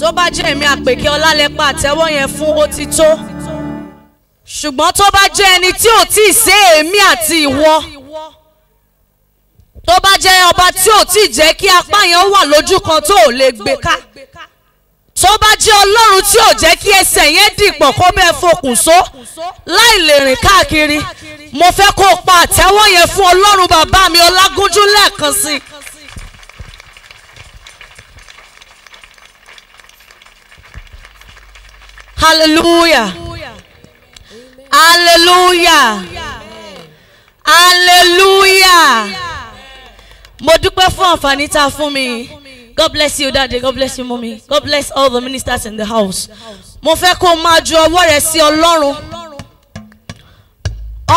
tó bá jẹ́ èmi àpèkẹ́ ọlálẹ́pà àtẹ́wọ́ yẹn fún ó ti tó ṣùgbọ́n tó bá jẹ́ ẹni tí ò tí ì ṣe èmi àti ìwọ tó bá jẹ́ ọba tí ò tí ì jẹ́ kí apá yẹn wà lójú kan tó ò lè gbé ká tó bá jẹ́ ọlọ́run tí ò jẹ́ kí ẹsẹ̀ yẹn dìpọ̀ kó bẹ́ẹ̀ fokùn só láì lè rìn káàkiri mo fẹ́ kó pa àtẹ́wọ́ yẹn fún ọlọ́run bàbá mi ọlágúnjú lẹ́ẹ̀kan sí i. Hallelujah. Hallelujah. Hallelujah. Mo dúpẹ́ fún àǹfààní tá a fún mi. God bless you daddy. God bless you mommy. God bless all the ministers in the house. Mo fẹ́ kó o máa ju ọwọ́ rẹ sí Ọlọ́run.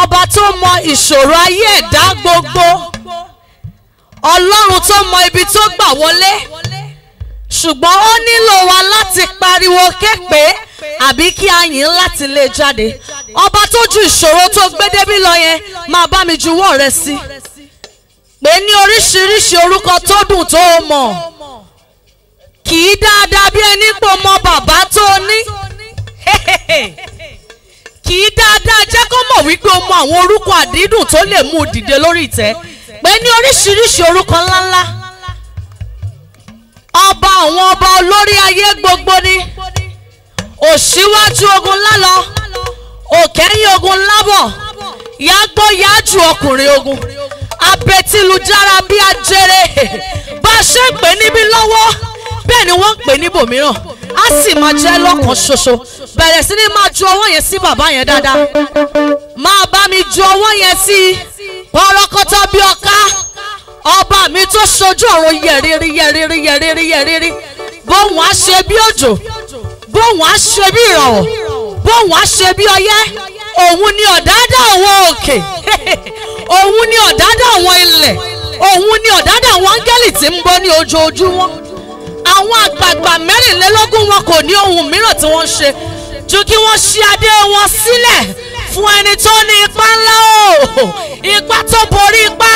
Ọba tó mọ ìṣòro ayé ẹ̀dá gbogbo. Ọlọ́run tó mọ ibi tó gbà wọlé. Ṣùgbọ́n ó nílò wa láti pariwo képe àbí kí a yìn láti lè jáde ọba tó ju ìṣòro tó gbé débí lọ yẹn máa bá mi juwọ́ rẹ sí pé ní oríṣiríṣi orúkọ tó dùn tó o mọ̀ kì í dáadáa bí ẹni pò mọ bàbá tó o ní kì í dáadáa jẹ́ kó mọ̀ wípé o mọ àwọn orúkọ àdídùn tó lè mú dìde lórí ìtẹ́ pé ní oríṣiríṣi orúkọ ńláńlá ọba àwọn ọba olórí ayé gbogbo ni òṣìwájú ogun ńlá lọ òkẹ́yìn ogun ńlá bọ̀ yàgbó yájú ọkùnrin ogun abetilujára bíi ajere bá a ṣe ń pè níbi lọ́wọ́ bẹ́ẹ̀ ni wọ́n ń pè níbòmíràn á sì máa jẹ́ lọ́kàn ṣoṣo bẹ̀rẹ̀ sí ni máa ju ọwọ́ yẹn sí bàbá yẹn dáadáa máa bá mi ju ọwọ́ yẹn sí pọ́rọ́kọ́tọ́ bí ọká ọba mi tó ṣojú ọ̀run yẹ̀rírí yẹ̀rírí yẹ̀rírí yẹ̀rírí bóun á ṣe bí òjò bóun á ṣe bí ìràwọ̀ bóun á ṣe bí ọyẹ́ òun ni ọ̀dádá àwọn òkè òun ni ọ̀dádá àwọn ilẹ̀ òun ni ọ̀dádá àwọn áńgẹ́lì tí ń bọ́ ní ojoojúmọ́ àwọn àgbààgbà mẹ́rìnlélógún wọn kò ní ohun mìíràn tí wọ́n ṣe ju kí wọ́n ṣí adé wọn sílẹ̀ fún ẹni tó ní ipá ńlá o ipá tó borí ipá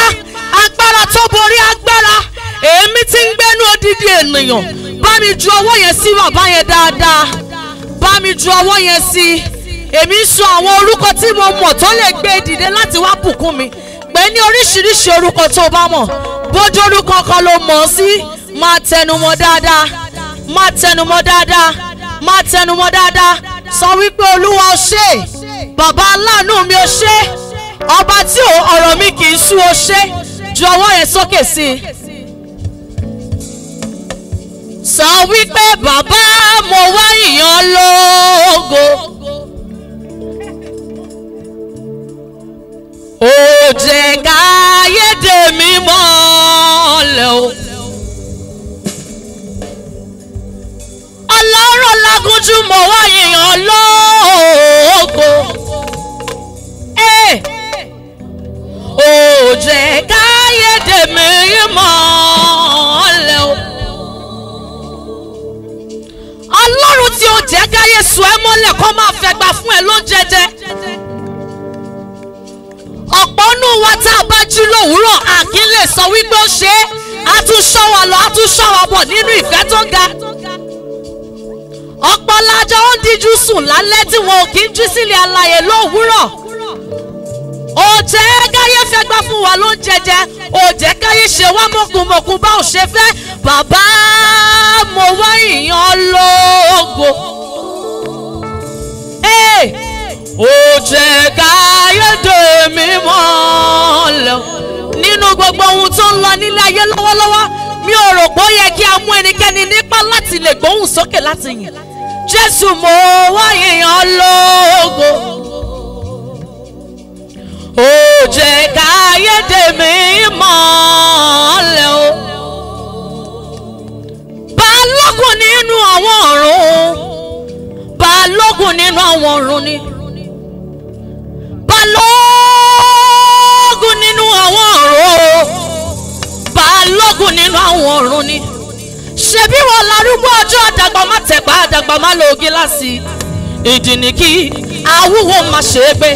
agbára tó borí agbára èmi ti ń gbẹ́nu odidi ènìyàn bá mi ju ọwọ́ yẹn sí bàbá yẹn dáadáa bá mi ju ọwọ́ yẹn sí èmi sọ àwọn orúkọ tí mo mọ̀ tó lè gbé e dìde láti wá bùkún mi pé ní oríṣiríṣi orúkọ tó o bá mọ̀ bójú orúkọ kan ló mọ̀ ọ́ sí máa tẹnumọ́ dáadáa máa tẹnumọ́ dáadáa máa tẹnumọ́ dáadáa sọ wípé olúwa ó ṣe bàbá aláàánú mi ó ṣe ọba tí ọ̀rọ̀ mi kì í sú ó ṣe ju ọwọ́ yẹn sókè sí i sọ wípé bàbá mo wá ìyàn lógo. ó jẹ́ káyédè mi mọ́lẹ̀ o. ọlọ́run lágúnjú mo wá ìyàn lógo. ó jẹ́ káyédè mi mọ́lẹ̀ o ọlọ́run tí ó jẹ́ káyé sùn ẹ́ mọ́lẹ̀ kó máa fẹ̀gbà fún ẹ ló ń jẹjẹ. ọ̀pọ̀ nù wa tá a bá jí lòwúrọ̀ àkín lè sọ wípé ó ṣe é a tún ṣọ́ wa lọ a tún ṣọ́ wa bọ̀ nínú ìfẹ́ tó ga. ọ̀pọ̀ lajọ ó ń díjú sùn lálẹ́ tí wọn ò kí ń jí sílẹ̀ alààyè lòwúrọ̀ ó jẹ́ káyé fẹ́ gbá fún wa ló ń jẹjẹ ó jẹ́ káyé ṣe wá mọ̀kùmọ̀kù bá ò ṣe fẹ́ bàbá mo wá ìyàn lógo. ó jẹ́ káyé dè mí mọ́lẹ̀ nínú gbogbo ohun tó ń lọ nílé ayé lọ́wọ́lọ́wọ́ mi ò rò pé ó yẹ kí a mú ẹnikẹ́ni nípa láti lè gbóhùn sókè láti yìn jésù mo wá ìyàn lógo ó jẹ́ káyé tèmi mọ́lẹ̀ o. balógun nínú àwọn ọ̀run balógun nínú àwọn ọ̀run ni balógun nínú àwọn ọ̀run balógun nínú àwọn ọ̀run ni ṣebí wọn larúgbó ọjọ́ àdàgbà má tẹ̀pá àdàgbà má lo gíláàsì ìdìní kí awúwo má ṣe é gbé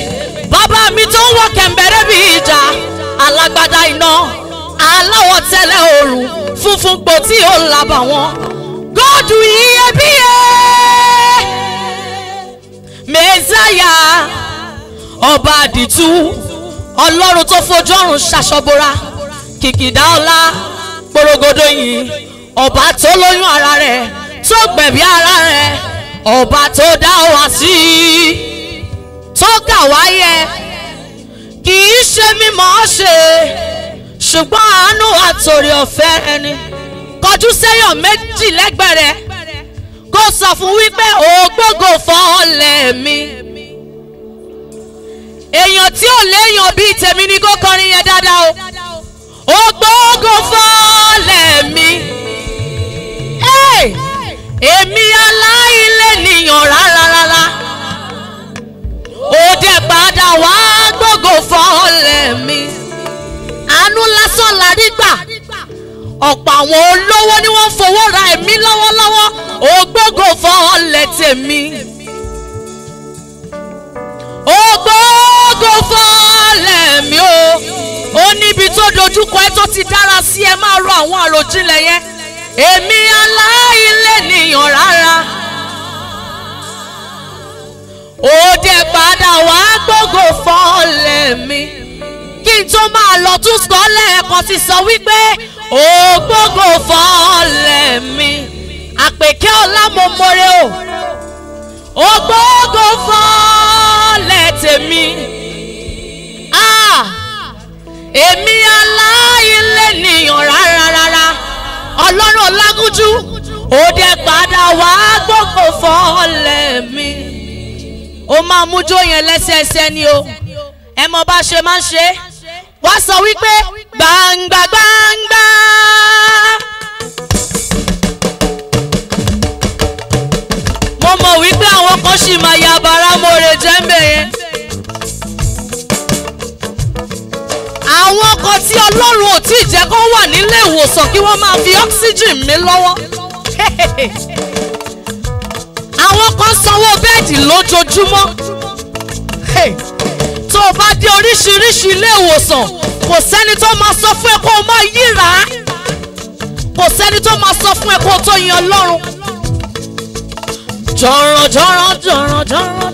bàbá mi tó ń wọ kẹ̀m̀bẹ̀rẹ̀ bí ìjà alágbádá iná aláwọ̀ tẹ́lẹ̀ òòrùn funfun gbò tí ó ń labà wọn. góòdù iyebíye mẹ́sáyà ọba àdìtú ọlọ́run tó fojú ọ̀run ṣaṣọ́bora kìkìdá ọlá gbòrògodò yìí ọba tó lóyún ara rẹ̀ tó gbẹ̀bí ara rẹ̀ ọba tó dá wa sí i tó kà wáyé kì í ṣe mímọ́ ṣe ṣùgbọ́n àánú àtòrí ọ̀fẹ́ ẹni kọjú sẹ́yàn méjì lẹ́gbẹ̀rẹ́ kó sọ fún wípé ògbógo fọ́ọ̀lẹ̀ mi èèyàn tí ò léèyàn bíi tèmi ni kó kọrin yẹn dáadáa o ògbógo fọ́ọ̀lẹ̀ mi èmi aláìlẹ́nìyàn rárá. rí gbà ọ̀pọ̀ àwọn olówó ni wọ́n fowó ra ẹ̀mí lọ́wọ́lọ́wọ́ ògbógo fọ́ọ̀lẹ̀ tèmi ògbógo fọ́ọ̀lẹ̀ mi o ó níbi tó dojúkọ ẹ tó ti dára sí ẹ máa rò àwọn àròjinlẹ̀ yẹn èmi aláìlẹ́nìyàn rárá ó dẹ̀ padà wá gbógo fọ́ọ̀lẹ̀ mi kí n tó máa lọ tún sọ lẹ́ẹ̀kan sí sọ wípé ògbógo fọ́ọ̀lẹ̀ mi àpèké ọlá mo mọ̀re o ògbógo fọ́ọ̀lẹ̀ tèmi ah! èmi aláìlẹ́nìyàn rárá rárá ọlọ́run ọlágúnjú òde padà wá gbogbo fọ́ọ̀lẹ̀ mi ó máa mú jó yẹn lẹ́sẹẹsẹ ni o ẹ mọ bá ṣe máa ń ṣe é wọ́n sọ wípé gbangba gbangba. mo mọ̀ wípé àwọn kan sì máa ya bara mòrè jẹ́ńbẹ̀ yẹn. àwọn kan tí ọlọ́run ò tí ì jẹ́ kó wà nílé ìwòsàn kí wọ́n máa fi oxygen mi lọ́wọ́. àwọn kan sanwó bẹ́ẹ̀dì lójoojúmọ́. Hey tó o bá dé oríṣiríṣi ilé ìwòsàn kò sẹ́ni tó máa sọ fún ẹ kó o má yíra kò sẹ́ni tó máa sọ fún ẹ kó o tó yin ọlọ́run. jọ̀ràn jọ̀ràn jọ̀ràn jọ̀ràn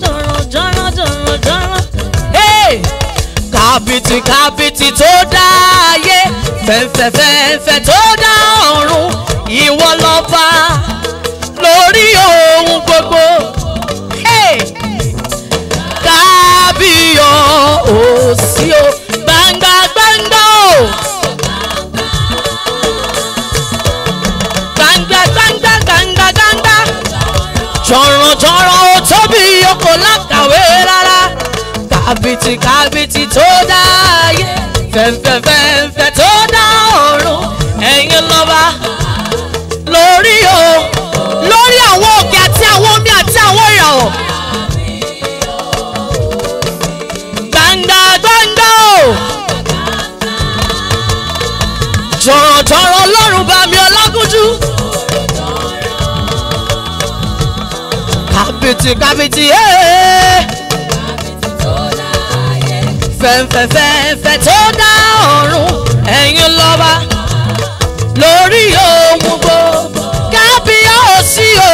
jọ̀ràn jọ̀ràn jọ̀ràn jọ̀ràn. kábìtì kábìtì tó dá ayé fẹ̀fẹ̀fẹ̀fẹ̀ tó dá ọ̀run ìwọ lọ́ba lórí ohun gbogbo. ò sí o gbangba gbangba o. gbangba gbangba gbangba gbangba jọ̀rọ̀jọ̀rọ̀ ó tóbi yòókù lákàwé rárá kàbìtì kàbìtì tó dáa yé fẹ̀fẹ̀fẹ̀fẹ̀ tó. kàfìtì kàfìtì ee. fẹ̀fẹ̀fẹ̀fẹ̀ tó dá ọ̀run ẹ̀yin lọ́ba lórí ohun gbogbo kábíyá ò sí o.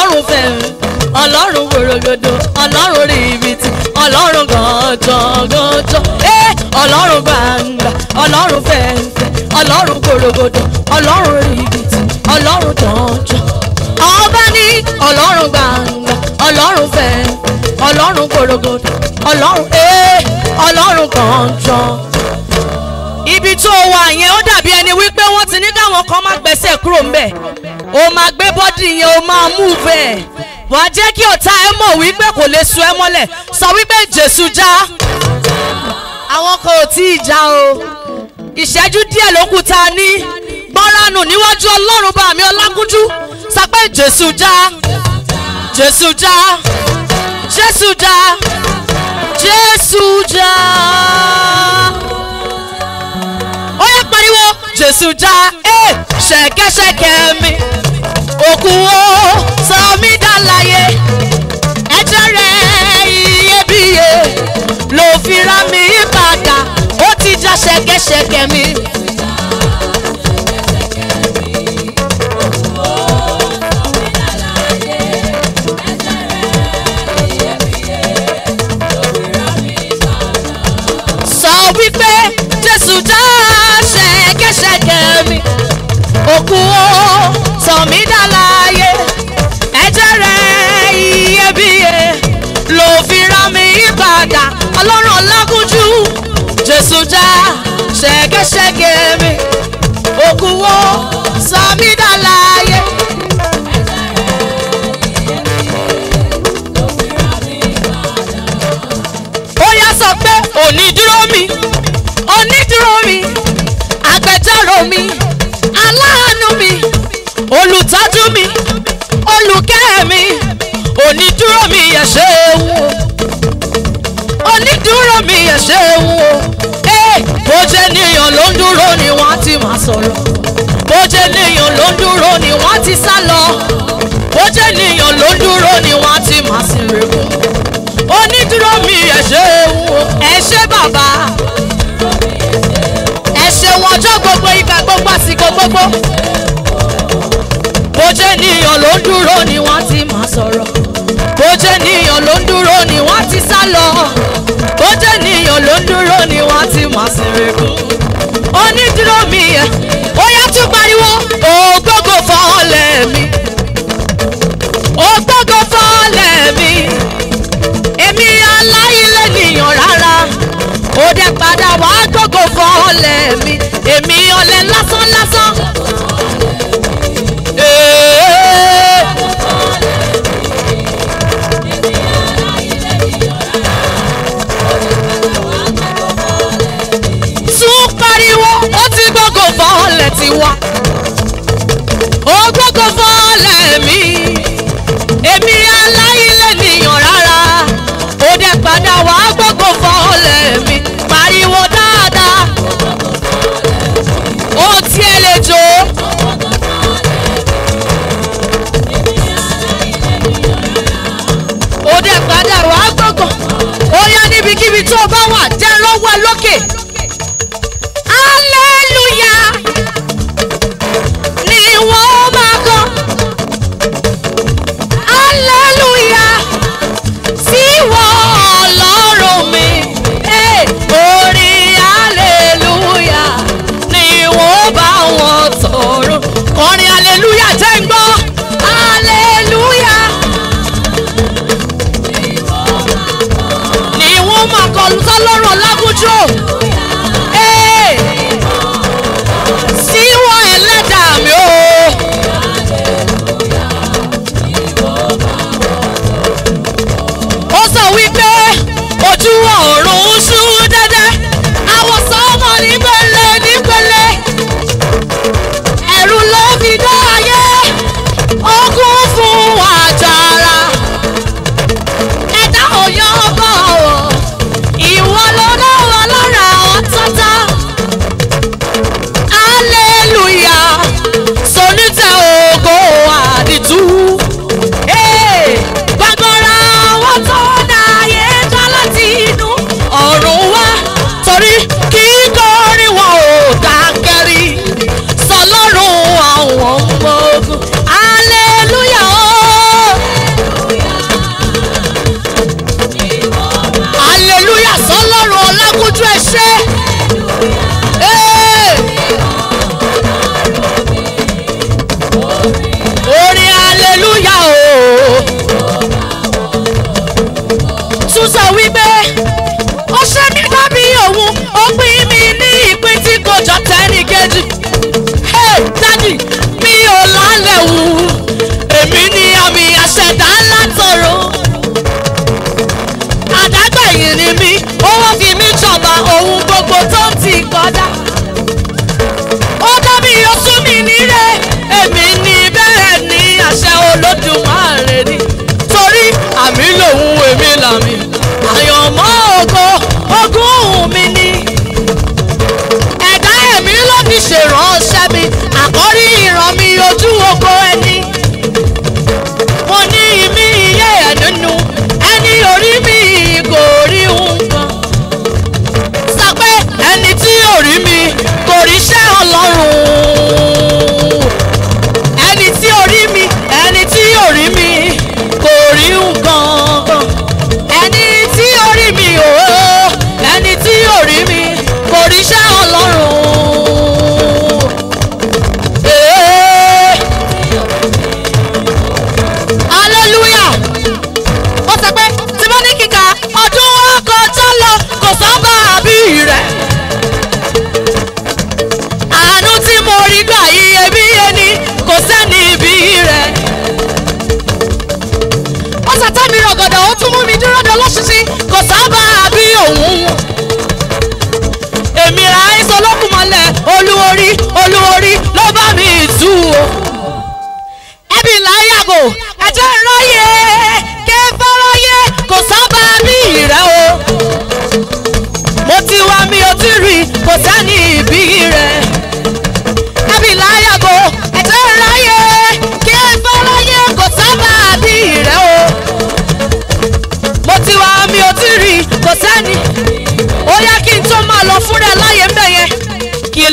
ọlọ́run fẹ̀mí ọlọ́run gbòrògbòdò ọlọ́run rìbìtì ọlọ́run gànjọ́gànjọ́ ẹ ọlọ́run gbàǹgbà ọlọ́run fẹ̀ǹfẹ̀ ọlọ́run gbòrògbòdò ọlọ́run rìbìtì ọlọ́run jọ̀njọ́ ọba ní ọlọ́run gbàǹgbà ọlọ́run fẹ̀ǹfẹ̀ ọlọ́run gbòrògbòdò ọlọ́run ẹ ọlọ́run gànjọ́ ibi tó wà yẹn ó dàbí ni wípé wọ́n ti ní káwọn kan máa gbẹ̀sẹ̀ kúrò ńbẹ̀ o máa gbé bọ́dì yẹn o máa mú bẹ́ẹ̀ wàá jẹ́ kí ọ̀tá ẹ mọ̀ wípé kò lè sun ẹ mọ́lẹ̀ sọ wípé Jésù já àwọn kan ò tí ì já o ìṣẹ́jú díẹ̀ ló kù tá a ní gbọ́ránù níwájú Ọlọ́run bá mi Ọlágúnjú sọ pé Jésù já Jésù já Jésù já Jésù já jésù já ẹ eh, ṣẹ̀kẹ́ṣẹ̀kẹ́ mi oku o. sọ mi dalaye, ẹ̀jẹ̀ rẹ̀ iyebíye ló fi rán mi padà ó ti já ṣẹ̀kẹ́ṣẹ̀kẹ́ mi. mi òkú ó sọ mí dàláyé ẹ̀jẹ̀ rẹ̀ iyebíye ló fi ra mi padà ọlọ́run ọlágúnjú jésù já ṣẹ́gẹ́ṣẹ́gẹ́ mi òkú ó sọ mí dàláyé. tọ́jú mi olùkẹ́ mi onídúró mi yẹ ṣeun o onídúró mi yẹ ṣeun o eh, bó jẹ́ níyàn ló ń dúró ni wọ́n ti máa sọ̀rọ̀ bó jẹ́ níyàn ló ń dúró ni wọ́n ti sá lọ bó jẹ́ níyàn ló ń dúró ni wọ́n ti máa sin rẹ̀kùn onídúró mi ẹ ṣeun o ẹ ṣé bàbá ẹ ṣeun ọjọ́ gbogbo ìgbà gbogbo àsìkò gbogbo bó jẹ́ níyàn ló ń dúró ni wọ́n ti máa sọ̀rọ̀ bó jẹ́ níyàn ló ń dúró ni wọ́n ti sá lọ bó jẹ́ níyàn ló ń dúró ni wọ́n ti máa sìnrìn kún onídúró mi yẹn. lọ́lẹ̀ mi èmi aláìlẹ̀ nìyàn rárá ó dẹ̀ padà wá gbogbo fọ́ọ̀lẹ̀ mi pariwo dáadáa ó tiẹ̀ lè jó. ó dẹ̀ padà wá gbogbo ó yá níbikíbi tó bá wà jẹ́ lọ́wọ́ lókè.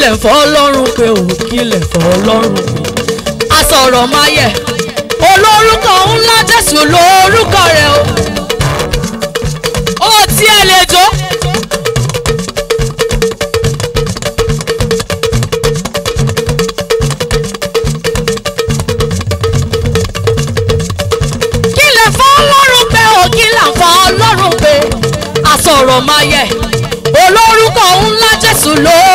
kílẹ̀ fọ́ ọlọ́run pé ò kílẹ̀ fọ́ ọlọ́run pé asọ̀rọ̀ máa yẹ olórúkọ ńlá jésù lórúkọ rẹ o ó tí ẹ lè jó. kílẹ̀ fọ́ ọlọ́run pé ò kílẹ̀ fọ́ ọlọ́run pé asọ̀rọ̀ máa yẹ olórúkọ ńlá jésù lórúkọ rẹ o.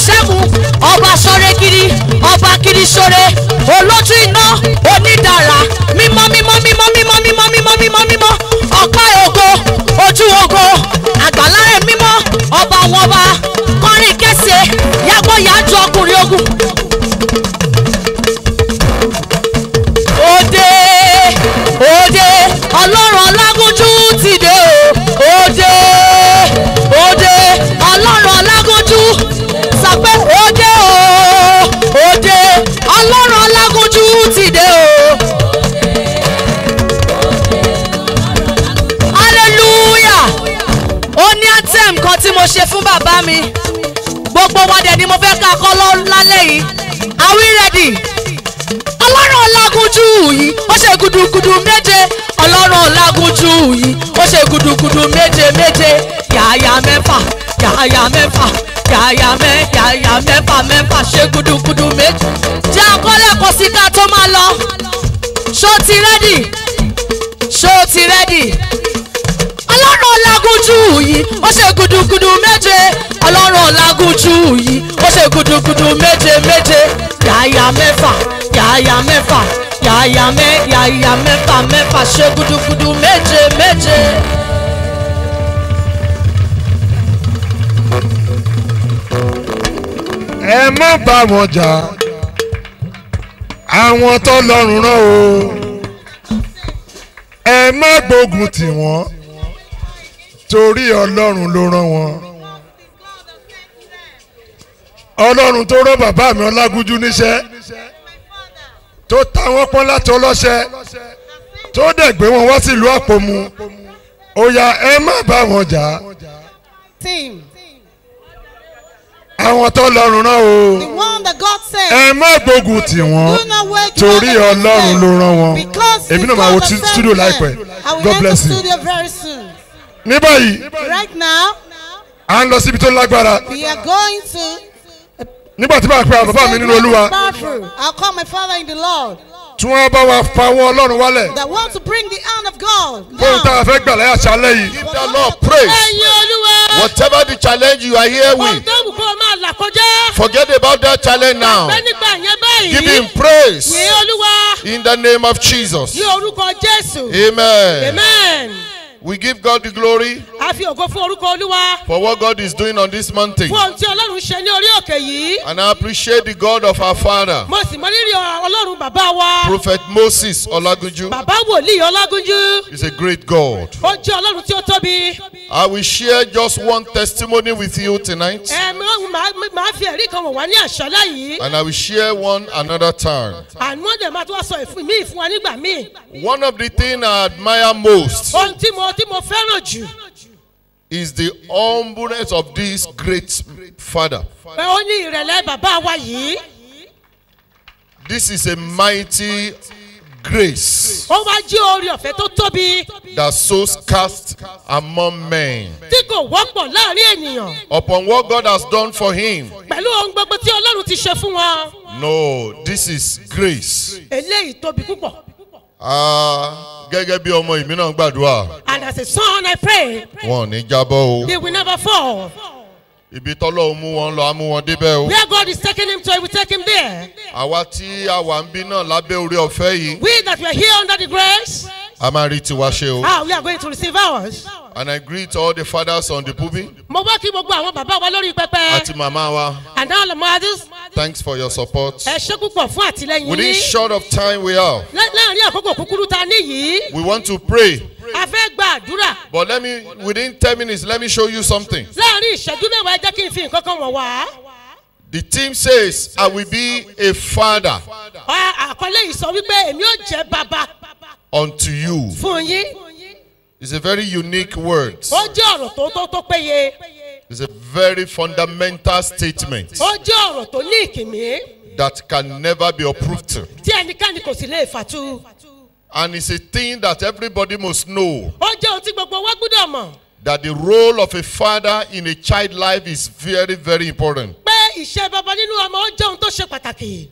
ìṣẹ́gun ọba sọ̀rẹ́ kiri ọba kiri sọ̀rẹ́ olótú iná onídàrá mímọ́ mímọ́ mímọ́ mímọ́ mímọ́ mímọ́ mímọ́ mímọ́ ọ̀pá ògo ojú ògo àgbàlá rẹ̀ mímọ́ ọba àwọn ọba kọrin kẹsẹ̀ yàgbọ́ yàjọ́ ọkọ. mo ṣe fún bàbá mi gbogbo wọn dẹ̀ ni mo fẹ́ ká kọ́ lálẹ́ yìí are we ready ọlọ́run ọlágúnjú yìí ó ṣe gudugudu méje ọlọ́run ọlágúnjú yìí ó ṣe gudugudu méje méje yàyà mẹ́fà yàyà mẹ́fà yàyà mẹ́ yàyà mẹ́fà mẹ́fà ṣe gudugudu méje jẹ́ akọ́lẹ̀ kò sí ká tó máa lọ ṣó ti rẹ́dì ṣó ti rẹ́dì ọlọ́run lágúnjú yìí ó ṣe gudugudu méje ọlọ́run lágúnjú yìí ó ṣe gudugudu méje méje yàyà mẹ́fà yàyà mẹ́fà yàyà mẹ́ yàyà mẹ́fà mẹ́fà ṣe gudugudu méje méje. ẹ má bá wọn jà àwọn tó lọ́rùn rán o ẹ má gbógun tì wọ́n torí ọlọ́run ló rán wọn ọlọ́run tó rán bàbá mi ọlágúnjú níṣẹ́ tó ta wọ́n pọ́n láti ọlọ́ṣẹ́ tó dẹ̀ gbé wọn wá sílùú àpòmù ó yá ẹ má bá wọn jà àwọn tó lọ́run rán o ẹ má gbógun tì wọ́n torí ọlọ́run ló rán wọn èmi náà máa wo studio láìpẹ́ God bless you ní báyìí. right now. à ń lọ síbi tó lágbára. we are going to. nígbà tí màá pe àwọn bàbá mi nínú olúwa. I call my father in the Lord. tí wọ́n bá wa fa wọn ọlọ́run wálẹ̀. that want to bring the hand of God. fóun tá a fẹ́ gbà láyà ṣálẹ̀ yìí. give the Lord praise. whatever the challenge you are here with. ohun tó máa là kọjá. forget about that challenge now. bẹ́ẹ̀ nígbà yẹn báyìí. give him praise. yẹ olúwa. in the name of Jesus. ní orúkọ Jésù. amen. amen. We give God the glory. A fi ògo fún orúkọ Olúwa. For what God is doing on this mountain. Fún ohun tí Ọlọ́run ṣe ní orí òkè yìí. And I appreciate the God of our father. Mo sì mọ rírì Ọlọ́run bàbá wa. Prophet Moses Olagunju. Bàbá wòlíì Olagunju. He's a great God. Ó jẹ́ Ọlọ́run tí ó tóbi. I will share just one testimony with you tonight. Ẹ máa fi ẹ̀rí kan wọ̀ wá ní àṣálá yìí. And I will share one another time. Àná ọ̀dẹ̀ máa tún wá sọ ìfún mi ìfún wa nígbà míì. One of the things I admire most. Ohun tí mo tí mo fẹ́ràn jù. is the humbleness of this great father. pé ó ní ìrẹ̀lẹ̀ bàbá wa yìí. this is a mighty grace. ó wá jí orí ọ̀fẹ́ tó tóbi. that so cast among men. tí kò wọ́pọ̀ láàrin ènìyàn. upon what God has done for him. pẹ̀lú ohun gbogbo tí ọlọ́run ti ṣe fún wọn. no this is grace. eléyìí tóbi púpọ̀. Ah, gẹ́gẹ́ bí ọmọ ìmí náà gbàdúrà. and as a son I pray. wọn ò ní jábọ́ o. they will never fall. Ibi tọ́lọ́ mú wọn lọ, a wọn débẹ̀ o. Where God is taking him to, he will take him there. Àwa tí a wà ń bí náà lábẹ́ orí ọ̀fẹ́ yìí. We that we are here under the grace. A máa rí tiwa ṣe o. Ah, we are going to receive ours. And I greet all the fathers on the pulpit. Mo wá kí gbogbo àwọn bàbá wa lórí pẹpẹ. Àti màmá wa. And all the mothers. Thanks for your support. Ẹ ṣé púpọ̀ fún àtìlẹyìn Within short of time we have. Láàárín àkókò kúkúrú ta níyìí. We want to pray. A fẹ́ gba àdúrà. But let me within ten minutes let me show you something. Láàárín ìṣẹ́jú mẹ́wàá jẹ́ kí n fi nǹkan kan wọ̀ wá. The team says I will be a father. Àkọlé ìsọ wípé èmi ò jẹ́ bàbá unto you. Fún yín. It's a very unique word. Ó jẹ́ ọ̀rọ̀ tó tó tó péye. It's a very fundamental statement. Ó jẹ́ ọ̀rọ̀ tó ní ìkìmí. That can never be approved. Tí ẹnikẹ́ni kò sì lè fàtú. And it's a thing that everybody must know. Ó jẹ́ ohun tí gbogbo wa gbúdọ̀ mọ̀. That the role of a father in a child life is very very important. Pé ìṣe bàbá nínú ọmọ ó jẹ́ ohun tó ṣe pàtàkì.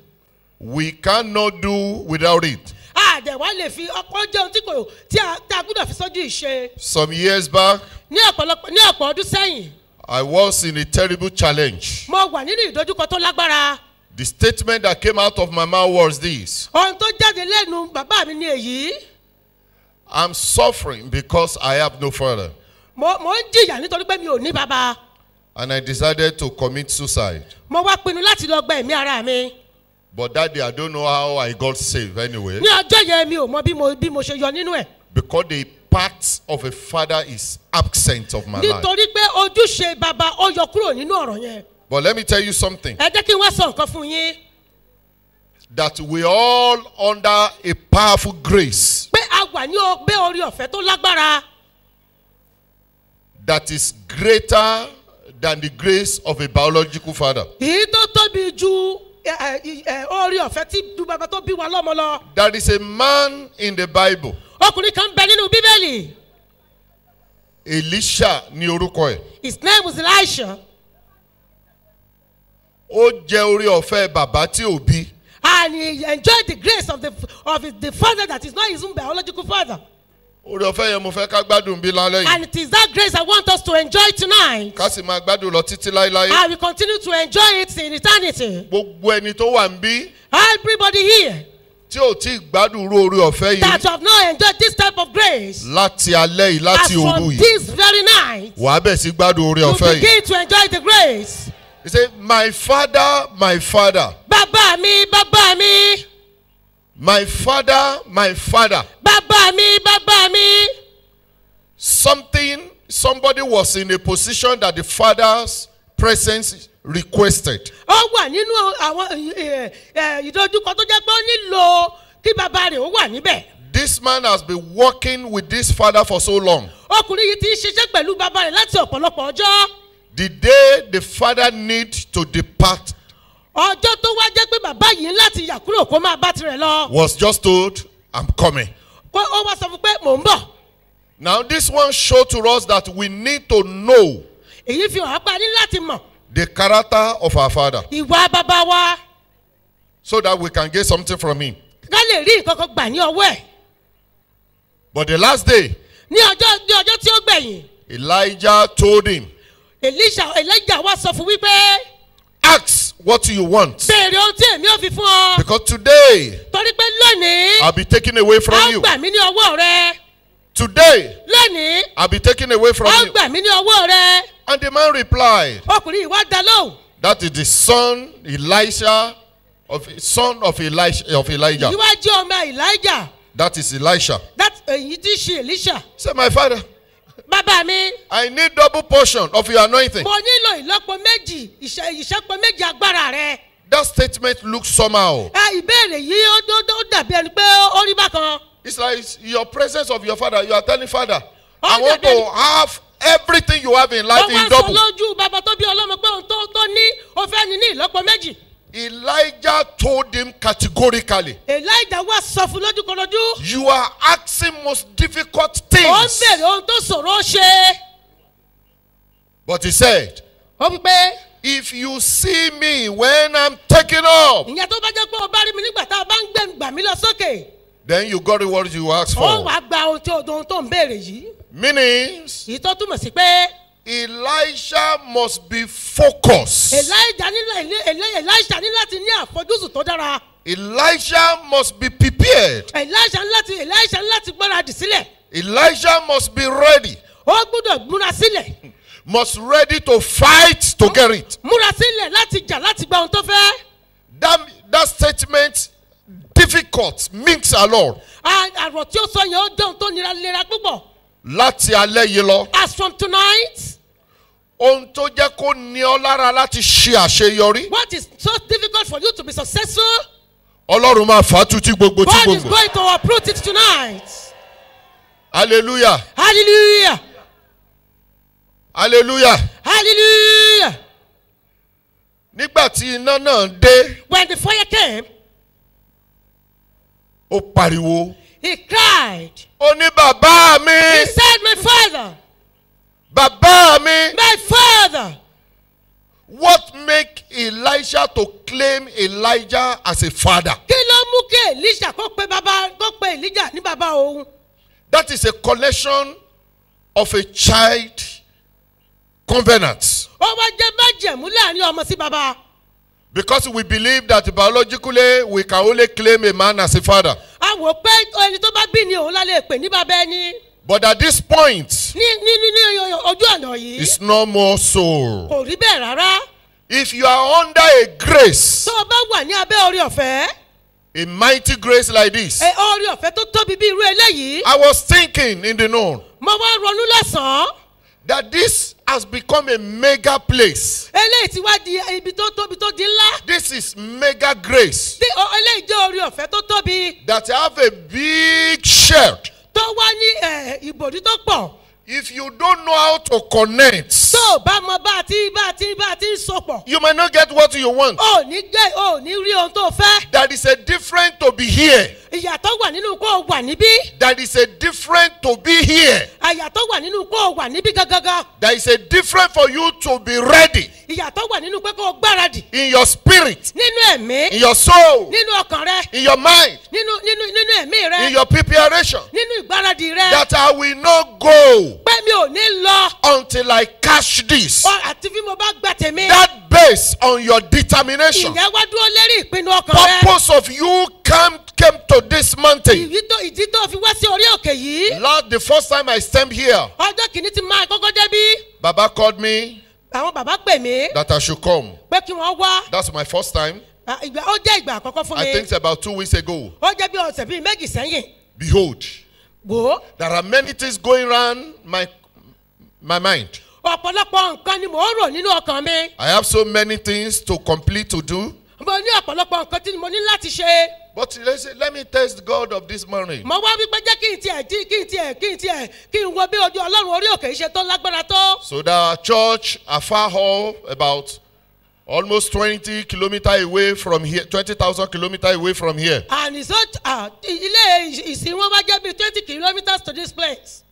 We cannot do without it àdẹ̀wá lè fi ọkọ jẹ́ ohun tí kò tí a gbúdọ̀ fi sójú ìṣe. some years back. ní ọ̀pọ̀lọpọ̀ ní ọ̀pọ̀ ọdún sẹ́yìn. I was in a terrible challenge. mo wà nínú ìdojúkọ tó lágbára. The statement that came out of my mouth was this. ohun tó jáde lẹ́nu bàbá mi ni èyí. I'm suffering because I have no father. mo mo ń jìyà nítorí pé mi ò ní bàbá. And I decided to commit suicide. mo wá pinnu láti lọ gba ẹ̀mí ara mi. But that day, I don't know how I got saved anyway. Ní ọjọ́ yẹn mi ò mọ bí mo bí mo ṣe yọ nínú ẹ̀. Because the part of a father is absent of my life. Nítorí pé ojúṣe bàbá ó yọ kúrò nínú ọ̀rọ̀ yẹn. But let me tell you something. Ẹ jẹ́ kí n wá sọ nǹkan fún yín. That we all under a powerful grace. Pé a wà ní ọgbẹ́ orí ọ̀fẹ́ tó lágbára. That is greater than the grace of a biological father. Èyí tó tóbi ju orí ọ̀fẹ́ tí du tó bí wa lọ́mọ lọ. there is a man in the bible. ọkùnrin kan bẹ nínú bíbélì. elisha ni orúkọ ẹ. his name was elisha. ó jẹ orí ọ̀fẹ́ bàbá tí ò bí. and he enjoyed the grace of the of the father that is not his own biological father. Orí ọ̀fẹ́ yẹn mo fẹ́ ká gbádùn bí lálẹ́ yìí. And it is that grace I want us to enjoy tonight. Ká sì máa gbádùn lọ títí láéláé. I will continue to enjoy it in eternity. Gbogbo ẹni tó wà ń bí. Everybody here tí ò tí gbádùn ru orí ọ̀fẹ́ yìí. that you have not enjoyed this type of grace. láti alẹ́ yìí láti òru yìí. as for this very night. wà á bẹ̀ sí gbádùn orí ọ̀fẹ́ yìí. you begin to enjoy the grace. he say my father my father. bàbá mi bàbá mi. My father, my father. Bàbá mi, bàbá mi. Something, somebody was in a position that the father's presence requested. Ó wà nínú àwọn ìdojúkọ tó jẹ́ pé ó nílò kí bàbá rẹ̀ ó wà níbẹ̀. This man has been working with this father for so long. Ọkùnrin yìí ti ń ṣiṣẹ́ pẹ̀lú bàbá rẹ̀ láti ọ̀pọ̀lọpọ̀ ọjọ́. The day the father need to depart ọjọ́ tó wá jẹ́ pé bàbá yìí láti yà kúrò kó máa bá tirẹ̀ lọ. was just told i'm coming. kó ó wá sọ fún pé mò ń bọ̀. now this one show to us that we need to know. èyí fi hàn apá ní láti mọ̀. the character of our father. ìwà bàbá wa. so that we can get something from him. ká lè rí nǹkan kan gbà ní ọwọ́ ẹ̀. but the last day. ní ọjọ́ ní ọjọ́ tí ó gbẹ̀yìn. Elijah told him. Elijah wá sọ fún wípé. ask what you want. Béèrè ohun tí èmi ò fi fún ọ. Because today. Torí pé lónìí. I'll be taken away from you. Á gbà ní ọwọ́ rẹ. Today. Lónìí. I'll be taken away from you. Á gbà ní ọwọ́ rẹ. And the man replied. Ọkùnrin ìwà dá lóhùn. That is the son Elisha of son of Elisha of Elijah. Ìwájú ọmọ Elijah. That is Elisha. That èyí tí ṣe Elisha. Say my father bàbá mi. I need double portion of your anointing. mo nílò ìlọ́po méjì ìṣẹ́po méjì agbára rẹ. That statement looks somehow. ìbéèrè yìí ó dàbí ẹni pé ó rí bákan. It's like your presence of your father you are telling father I want to have everything you have in life in double. wọ́n wá sọ lójú bàbá tó bí ọlọ́mọ pé òun tó ní ó fẹ́ ní ní ìlọ́po méjì. Elijah told him categorically. Elijah wá sọ fún lójúkọlójú. You are asking most difficult things. Ó ń bèrè ohun tó ṣòro ṣe. But he said. Ó ń pé. If you see me when I'm taking up. Ìyẹn tó bá jẹ́ pé o rí mi nígbà tá a bá ń gbé gbà mí lọ sókè. Then you got reward you asked for. Ó wàá gba ohun tí ohun tó ń béèrè yìí. Meanings. Ìtọ́túmọ̀ sí pé. Elijah must be focused. Elijah ní Elijah ní láti ní àfojúsùn tó dára. Elijah must be prepared. Elijah ní láti Elijah ní láti gbáradì sílẹ̀. Elijah must be ready. Ó gbúdọ̀ múra sílẹ̀. Must ready to fight to get it. Múra sílẹ̀ láti jà láti gba ohun tó fẹ́. That that statement difficult means a lot. Àrò tí ó sọ yẹn ó dé ohun tó nira nira púpọ̀. Láti alẹ́ yìí lọ. As from tonight ohun tó jẹ́ kó ní ọ lára láti ṣe àṣeyọrí. what is so difficult for you to be successful. ọlọ́run máa fà á tu gbogbo tí gbogbo. God is going to uproot it tonight. hallelujah. hallelujah. hallelujah. hallelujah. nígbà tí iná náà dé. when the fire came. ó pariwo. he cried. ó ní bàbá mi. he said my father. Bàbá mi. My father. What make Elijah to claim Elijah as a father? Kí ló mú kí Elisha kó pe bàbá kó pe Elijah ní bàbá òun? That is a collection of a child covenant. Ó wá jẹ́ májẹ̀mú láàrin ọmọ sí bàbá. Because we believe that biologically we can only claim a man as a father. A wò pé ẹni tó bá bí ni òun lálẹ́ pè ní bàbá ẹni. But at this point. Ní ní ní ọjọ́ àná yìí. It's no more so. Kò rí bẹ́ẹ̀ rárá. If you are under a grace. Tó o bá wà ní abẹ́ orí ọ̀fẹ́. A mighty grace like this. Ẹ orí ọ̀fẹ́ tó tóbi bí irú eléyìí. I was thinking in the known. Mo wá ronú lọ́sàn-án. That this has become a mega place. eléyìí ti wá di ibi tó tóbi tó di ńlá. this is mega grace. eléyìí jẹ́ orí ọ̀fẹ́ tó tóbi. that have a big shirt tó wá ní eh, ìbòrí tó pọ̀ If you don't know how to connect. Tó bá mọ bá a ti bá a ti bá a ti sopọ̀. You may not get what you want. O ní gbé o ní rí ohun tó fẹ́. That is a different to be here. Ìyàtọ̀ wà nínú kó o wà níbí. That is a different to be here. Àyàtọ̀ wà nínú kó o wà níbí gangan. That is a different for you to be ready. Ìyàtọ̀ wà nínú pé kó o gbáradì. In your spirit. Nínú ẹ̀mí. In your soul. Nínú ọkàn rẹ. In your mind. Nínú nínú nínú ẹ̀mí rẹ. In your preparation. Nínú ìgbáradì rẹ. That I will not go pé mi ò ní lọ. until I cash this. àti bí mo bá gba tèmi. that based on your determination. ìyẹn wá dúró lérí ìpinnu ọkàn rẹ. purpose of you come came to this mountain. ìdí tó fi wá sí orí òkè yìí. Lord the first time I stand here. ọjọ́ kìíní ti máa kọ́kọ́ débí. Baba called me. àwọn bàbá pè mí. that I should come. pé kí wọ́n wá. that's my first time. ìgbà ó jẹ́ ìgbà àkọ́kọ́ fún mi. I think it's about two weeks ago. ó jẹ́ bí ọ̀sẹ̀ bíi méjì sẹ́yìn. behold. Wò. There are many things going round my my mind. Ọ̀pọ̀lọpọ̀ nǹkan ni mò ń rò nínú ọkàn mi. I have so many things to complete to do. Mo ní ọ̀pọ̀lọpọ̀ nǹkan tí mo ní láti ṣe. But let's, let me test God of this morning. Mo wá wípé jẹ́ kí n tiẹ̀ kí n tiẹ̀ kí n tiẹ̀ kí n wo bí ojú Ọlọ́run orí òkè ṣe tó lágbára tó. So that our church, Afar off about almost twenty kilometer away from here twenty thousand kilometer away from here. and it's not uh, ilé ìsìn wọn wá jẹ́ bí twenty kilometers to this place.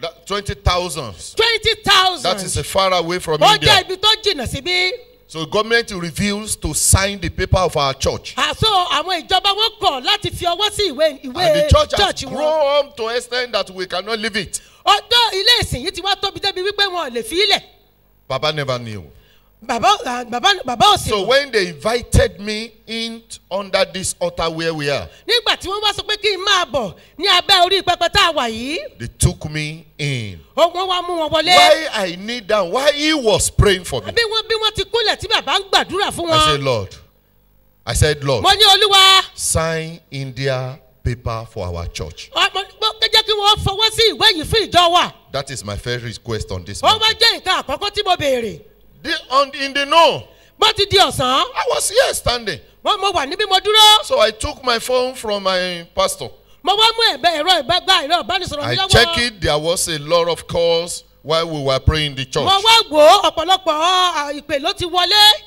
that twenty thousand. twenty thousand. that is a far away from India. ó ibi tó jìnnà síbí. So government reveals to sign the paper of our church. Àso ah, àwọn ìjọba wọn kọ̀ láti fi ọwọ́ sí ìwé ìwé church wọn. And the church has grown up to extent that we cannot leave it. Ọjọ́ ilé ìsìn yìí ti wá tóbi débi wípé wọn ò lè fi í Baba never knew. Baba, uh, Baba, Baba so when they invited me in under this altar where we are. Nígbà tí wọ́n wá sọ pé kí n máa bọ̀ ní abẹ́ orí pẹpẹ tá a wà yìí. They took me in. Ogun wa mú wọn wọlé. Why I kneel down? Why he was praying for me? Bí wọ́n bí wọ́n ti kúnlẹ̀ tí bàbá ń gbàdúrà fún wọn. I said Lord. I said Lord. Mo ní Olúwa. Sign India paper for our church. jẹ́ kí wọ́n fọwọ́ sí ìwé yìí fún ìjọ wa. That is my first request on this. Ó wá jẹ́ nǹkan àkọ́kọ́ tí mo béèrè. The, on, in the know. bó ti di ọ̀sán. I was here standing. wọ́n mo wà níbí mo dúró. So I took my phone from my pastor. mo wá mú ẹ̀bẹ̀ ẹ̀rọ ìgbàgbà ẹ̀rọ ìbánisọ̀rọ̀ mi lọ́wọ́. I checked it there was a lot of calls while we were praying in the church. mo wá wo ọ̀pọ̀lọpọ̀ ah, ìpè ló ti wọlé.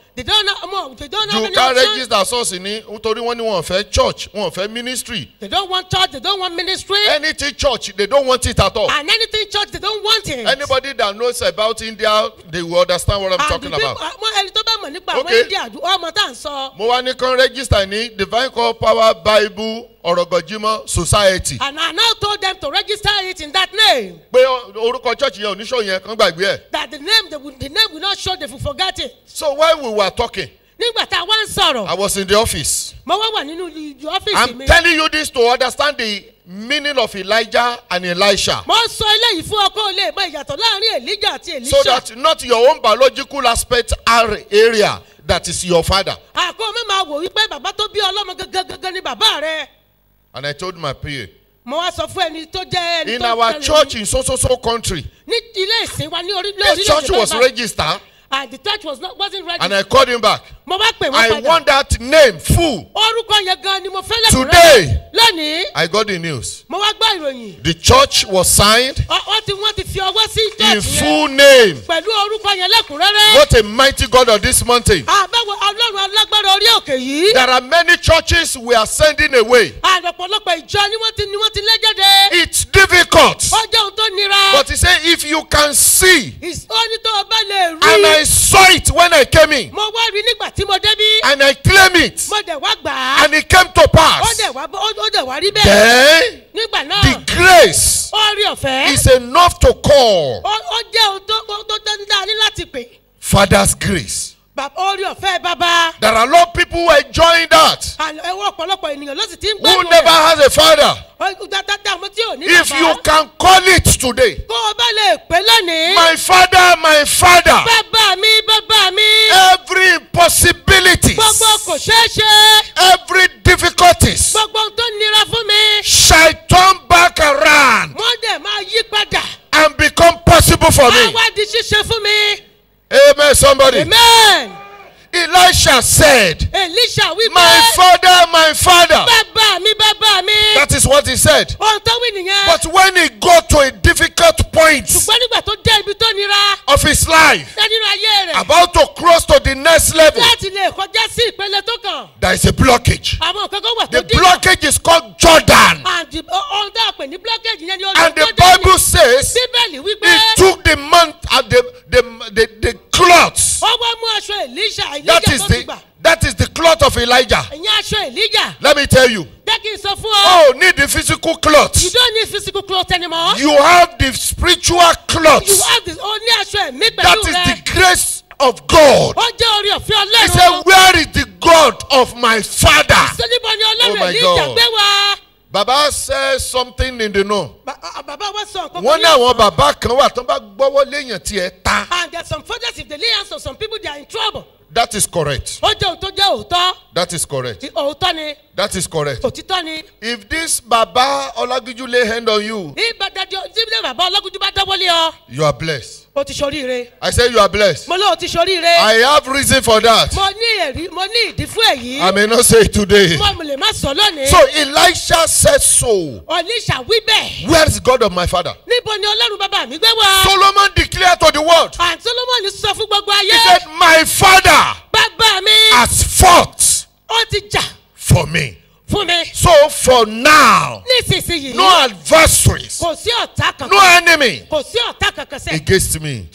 they don't know more they don't know. you can register source ni nítorí wọ́n ní wọ́n fẹ́ church wọ́n fẹ́ ministry. they don't want church they don't want ministry. anything church they don't want it at all. and anything church they don't want it. anybody that knows about India they will understand what I'm and talking people, about. àmọ́ ẹni tó bá mọ̀ nípa àwọn India ọmọ tá à ń sọ. mo wá ní kan register ní divine call power bible ọ̀rọ̀gànjímọ́ society. and I now told them to register it in that name. pé orúkọ church yẹn oníṣòwò yẹn kan gbàgbé ẹ̀. that the name the, the name will not show they will forget it. so while we were talking. nígbà tá a wá ń sọ̀rọ̀. I was in the office. mo wá wà nínú ọ́fíìsì mi. I'm telling you this to understand the meaning of Elijah and Elisha. mo sọ eléyìí fún ọkọ olè mọ ìyàtọ̀ láàrin Elijah àti Elisha. so that not your own biological aspect area that is your father. àkó mi máa wò wípé bàbá tó bí ọlọ́mọ gangan gangan ni bàbá rẹ. And I told my peer. Mo wá sọ fún ẹni tó jẹ́ ẹni tó tẹ̀lé. In our church in so so so country. Ní ilé ìsìn wa ní orílẹ̀-èdè. This church was registered. And ah, the church was not wasn't registered. And I called him back mo bá pè wọ́n padà. I want that name full. orúkọ yẹn gan ni mo fẹ́ lẹ́kùnrin. today lónìí. I got the news. mo wá gbọ́ ìròyìn. the church was signed. wọ́n ti wọ́n ti fi ọwọ́ sí church yẹn. in full name. pẹ̀lú orúkọ yẹn lẹ́kùnrẹ́rẹ́. what a mighty God of this mountain. àbẹ̀wò ah, ọlọ́run alágbára orí òkè yìí. there are many churches we are sending away. àdọ̀pọ̀lọpọ̀ ìjọ ni wọ́n ti ni wọ́n ti lé jáde. it's difficult. ó jẹ́ ohun tó nira. but he say if you can see. ó ní tó o bá lè rí. and I saw it when I came in. mo wá rí nígbà tí tí mo débí. and I claim it. mo dẹ̀ wá gbà á. and it came to pass. ó dẹ̀ wá ó dẹ̀ wá rí bẹ́ẹ̀. then nígbà náà. the grace. orí ọ̀fẹ́. is enough to call. ó jẹ́ ohun tó tó tó ń ní láti pè. father's grace orí ọ̀fẹ́ bàbá. there are a lot of people who enjoy enjoying that. ẹwọ́ ọ̀pọ̀lọpọ̀ ènìyàn ló sì ti ń gbàgbọ́. who never has a father. if you can call it today. my father my father. every impossibility. every difficulties. shall turn back around. and become possible for me. Amen, somebody. Amen. Elisha said, Elisha, we My father, my father. Baba, mi, baba, mi. That is what he said. But when he got to a difficult point of his life, about to cross to the next level, there is a blockage. The blockage is called Jordan. And the Bible says it the month uh, the, the, the, the cloth. ó wá mú aṣọ Èlíṣà Èlíṣà tó ti gbà. That is the cloth of Elijah. Ìyẹn aṣọ Elijah. Let me tell you. Jẹ́ kí n sọ fún ọ. Oh, need the physical cloth. You don't need physical cloth anymore. You have the spiritual cloth. You have the o ní aṣọ ẹ̀mí pẹ̀lú rẹ. That is the grace of God. Ó jẹ́ He said, where is the God of my father? Oh my God. Baba said something in the know. bàbá wa sọ nǹkan kan. wọ́n ní àwọn bàbá kan wà tó bá gbọ́wọ́ léèyàn tiẹ̀ ta. and there are some fathers if they lay hands on some people they are in trouble. That is correct. Ó jẹ́ òun jẹ́ òótọ́. That is correct. Òótọ́ ni. That is correct. Òtítọ́ ni. If this Baba Ọlágúnjú lay hand on you. Bí Bàdàdì Bàbá Ọlágúnjú bá dọ́wọ́lé ọ. You are blessed o ti ṣoríire. I say you are blessed. mo lóun ti ṣoríire. I have reason for that. mo ní èrí mo ní ìdí fún èyí. I may not say it today. mo lè má sọ lónìí. So Elisha said so. Elisha wí bẹ́ẹ̀. Where is God of my father? níbo ni Ọlọ́run bàbá mi gbé wá. Solomon declared to the world. and Solomon sọ fún gbogbo ayé. He said my father. bàbá mi. has fought. ó ti jà. for me fún mi. so for now. nísinsìnyí. no adversaries. kò sí ọ̀tá kankan. no enemy. kò sí ọ̀tá kankan sẹ́. against me.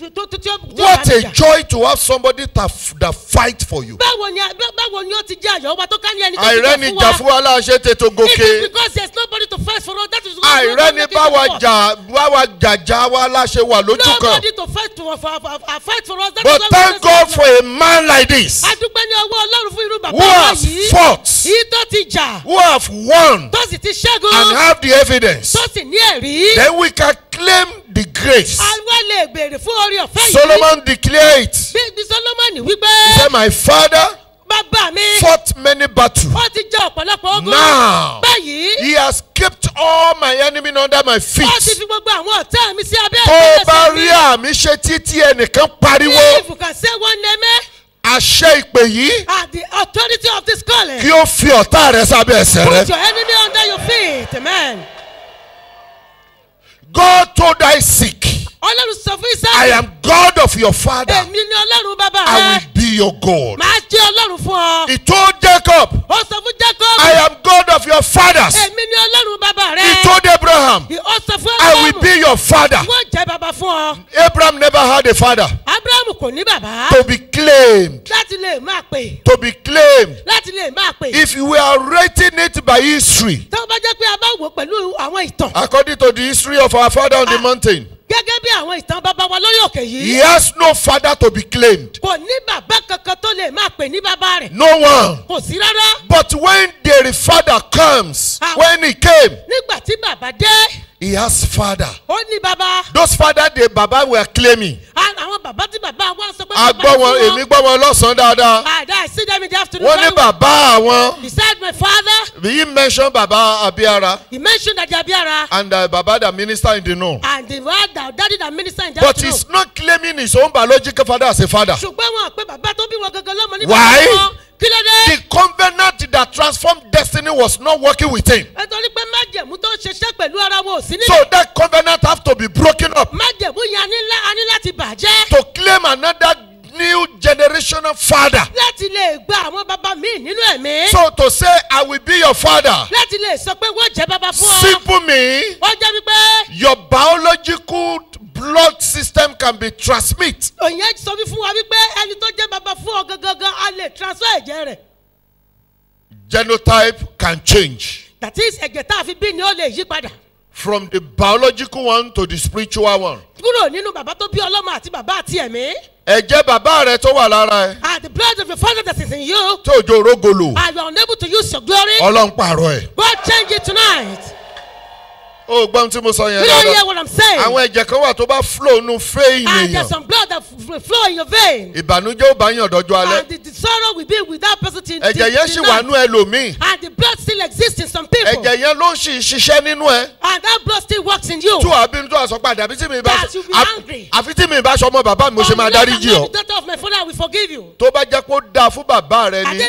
what a joy to have somebody that, that fight for you. báwo ni báwo ni ó ti jẹ́ àyọ̀ tó ká ní ẹni tó ti jẹ́ fún wa. àìrẹ́ni jà fún tètò gòkè. it is because there is nobody to fight for us that is why we are not making it work. àìrẹ́ni báwa jà báwa jàjà wa láṣẹ wà lójú kan. nobody to fight for, for, for, fight for us that but is why we are not making but thank God for a man like this. adúpẹ́ ní ọwọ́ ọlọ́run fún irú bàbá wa yìí. who has fought. ìtọ́ ti jà who have won. tó sì ti ṣẹ́gun. and have the evidence. tó sì ní ẹ̀rí. then we can claim the grace. àwa lè béèrè fún orí ọ̀fẹ́ yìí. solomon declared it. bí solomon wípé. he said my father. Bàbá mi. fought many battles. Ó ti jẹ ọ̀pọ̀lọpọ̀ ogun. Now báyìí. He has kept all my enemies under my feet. Ó ti fi gbogbo àwọn ọ̀tá mi sí abẹ́ ẹ̀ka ẹ̀sẹ̀ mi. Tó bá rí àmì ṣe títí ẹnìkan pariwo. Ní ìfùkàṣẹ́ wọn nẹ́mẹ́ àṣẹ ìpè yìí. at the authority of this calling. kí ó fi ọ̀tá rẹ sábẹ́ ẹsẹ̀ rẹ. put your enemy under your feet amen. go to thy sick ọlọ́run sọ fún israẹli. i am God of your father. èmi ni ọlọ́run bàbá rẹ. i will be your God. màá jẹ́ ọlọ́run fún ọ. he told jacob. ó sọ fún jacob. i am God of your fathers. èmi ni ọlọ́run bàbá rẹ. he told abraham. ó sọ fún abraham. i will be your father. wọ́n jẹ́ bàbá fún ọ. abraham never had a father. abraham kò ní bàbá. to be claimed. láti lè máa pè. to be claimed. láti lè máa pè. if you were rating it by history. tó bá jẹ́ pé a bá wò pẹ̀lú àwọn ìtàn. according to the history of our father on the ah. mountain gẹ́gẹ́ bí àwọn ìtàn bàbá wa lórí òkè yìí. he has no father to be claimed. kò ní bàbá kankan tó lè máa pè ní bàbá rẹ̀. no one. kò sí rárá. but when their father comes. àwọn ah. when he came. nígbà tí bàbá dé. he has father. ó ní bàbá. those father the baba were claiming. àwọn ah, àwọn bàbá tí bàbá wa sọ pé. a gbọ́ wọn èmi gbọ́ wọn lọ́sàn-án dáadáa. àdá I see them in the afternoon. wọ́n ní bàbá àwọn. he said my father. he mentioned baba Abiara. he mentioned Daddy Abiara. and uh, baba the minister in the north. and the father daddy the minister in the know. but he's not claiming his own biological father as a father. ṣùgbọ́n wọn pe bàbá tó bí wọn gangan lọ́mọ nípa wọn. why? kí ló dé. the covenant that transformed destiny was not working with him. nítorí pé májẹ̀mú tó ń ṣiṣẹ́ pẹ̀lú ara wọn ò sí nílẹ̀. so that covenant have to be broken up. májẹ̀mú yẹn a ní láti bàjẹ́. to claim another new generational father. láti lè gba àwọn bàbá mi nínú ẹ̀mí. so to say i will be your father. láti lè sọ pé wọ́n jẹ́ bàbá fún ọ. simple me. wọ́n jẹ́ wípé. your biological blood system can be transmit. òyìn sọ fún wa wípé ẹni tó jẹ́ bàbá fún ọ gangan a lè transfer ẹ̀jẹ̀ rẹ̀. genotype can change. that is ẹ̀jẹ̀ tá a fi bí ni ó lè yí padà. from the biological one to the spiritual one. kúrò nínú bàbá tó bí ọlọ́mọ àti bàbá àti ẹ̀mí. ẹ̀jẹ̀ bàbá rẹ tó wà lára ẹ. and the blood of your father that is in you. tí òjò rogolo. and you unable to use your glory. ọlọ́run pààrọ̀ ẹ̀. God change it tonight o gbọ́ tí mo sọ yẹn dáadáa. you don't hear what I'm saying. àwọn ẹ̀jẹ̀ kan wà tó bá flow nu vein èèyàn. and there's some blood that flow in your vein. ìbànújẹ́ ò bá yàn dọ́jọ́ alẹ́. and the, sorrow will be with that person till the night. ẹ̀jẹ̀ yẹn ṣì wà nú ẹlòmíì. and the blood still exists in some people. ẹ̀jẹ̀ yẹn ló ń ṣiṣẹ́ nínú ẹ. and that blood still works in you. tú àbínú tó àsọ padà àbí tí mi bá sọ àfi tí mi bá sọ ọmọ bàbá mi mo ṣe máa dáríjì ọ. tó bá jẹ́ kó dáa fún bàbá rẹ ni.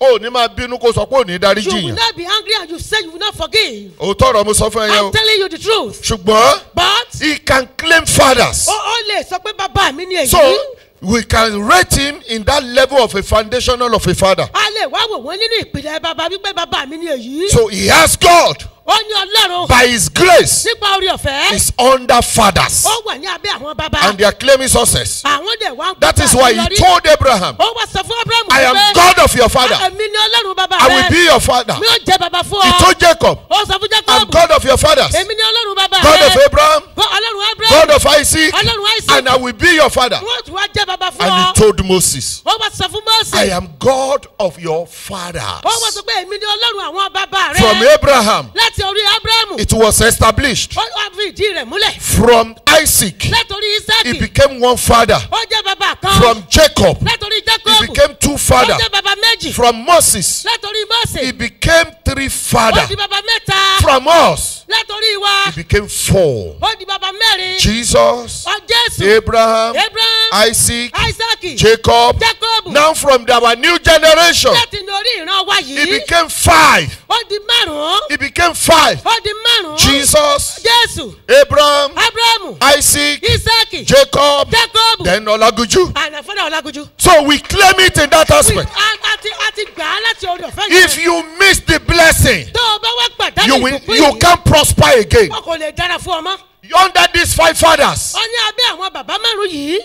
ò ní máa bínú kó sọ pé ò you will not be angry and you say you will not forgive sọ̀rọ̀ mo sọ fún ẹ yẹn o. I'm telling you the truth. ṣùgbọ́n but he can claim fathers. ó ó lè sọ pé bàbá mi ni èyí. so we can rate him in that level of a foundational of a father. a lè wá wò wọ́n nínú ìpìlẹ̀ bàbá wípé bàbá mi ni èyí. so he has God ó ní by his grace. nípa orí ọ̀fẹ́. is under fathers. ó wà ní abẹ́ àwọn bàbá. and they are claiming success. àwọn dẹ̀ wá ń kó that is why he told Abraham. ó wá sọ fún Abraham wípé. I am God of your father. èmi ni ọlọ́run bàbá rẹ. I will be your father. mi ò jẹ bàbá fún ọ. he told Jacob. ó sọ fún Jacob. I am God of your fathers. èmi ni ọlọ́run bàbá rẹ. God of Abraham. ọlọ́run Abraham. God of Isaac. ọlọ́run Isaac. and I will be your father. wọ́n ti wá jẹ bàbá fún ọ. and he told Moses. ó wá sọ fún Moses. I am God of your fathers. ó wá sọ pé èmi ni ọlọ́run àwọn bàbá rẹ. from Abraham. láti láti orí abrahamu. it was established. ó wá rẹ̀ múlẹ̀. from isaac. látòrí isaac. he became one father. ó jẹ́ bàbá kan. from jacob. látòrí jacob. he became two fathers. ó jẹ́ bàbá méjì. from moses. látòrí he became three fathers. ó di bàbá mẹ́ta. from us. látòrí wa. he became four. ó di bàbá mẹ́rin. jesus. ó jésù. abraham. abraham. isaac. isaac. jacob. jacob. now from our new generation. láti ìran wa yìí. he became five. ó di márùn-ún. he became five. five. ó di ún Jesus. Jésù. Abraham. Abrahamu. Isaac. Isaac. Jacob. Jacob. Then Olaguju. And Fada So we claim it in that aspect. Àti àti gbà á láti orí ọ̀fẹ́ If you miss the blessing. Tó o bá wá gbàdá ní ìbùkún yìí. You can prosper again. Wọn kò lè dára fún ọmọ. Under these five fathers. Ó ní abẹ́ àwọn bàbá márùn-ún yìí.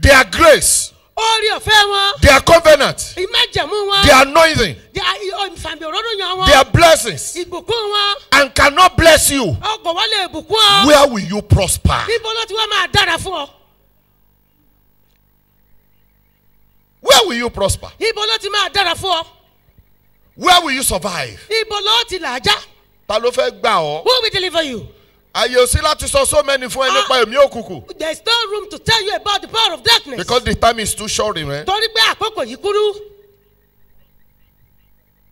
Their grace orí ọ̀fẹ́ wọn. their covenant. ìmájẹ̀mú wọn. their anointing. their ìfàmì òróró yan wọn. their blessings. ìbùkún wọn. and cannot bless you. ọkọ̀ wọn lè bùkún ọ. where will you prosper. níbo ló ti wá máa dára fún ọ. where will you prosper. níbo ló ti máa dára fún ọ. where will you survive. níbo ló ti làájá. ta ló fẹ́ gbà ọ́. who will deliver you. Àyè ò sí láti sọ so many fún ẹ ah! nípa ẹ̀mí òkùnkùn. There is no room to tell you about the power of darkness. Because the time is too short rẹ̀. Eh? Torí pé àkókò yìí kúrú.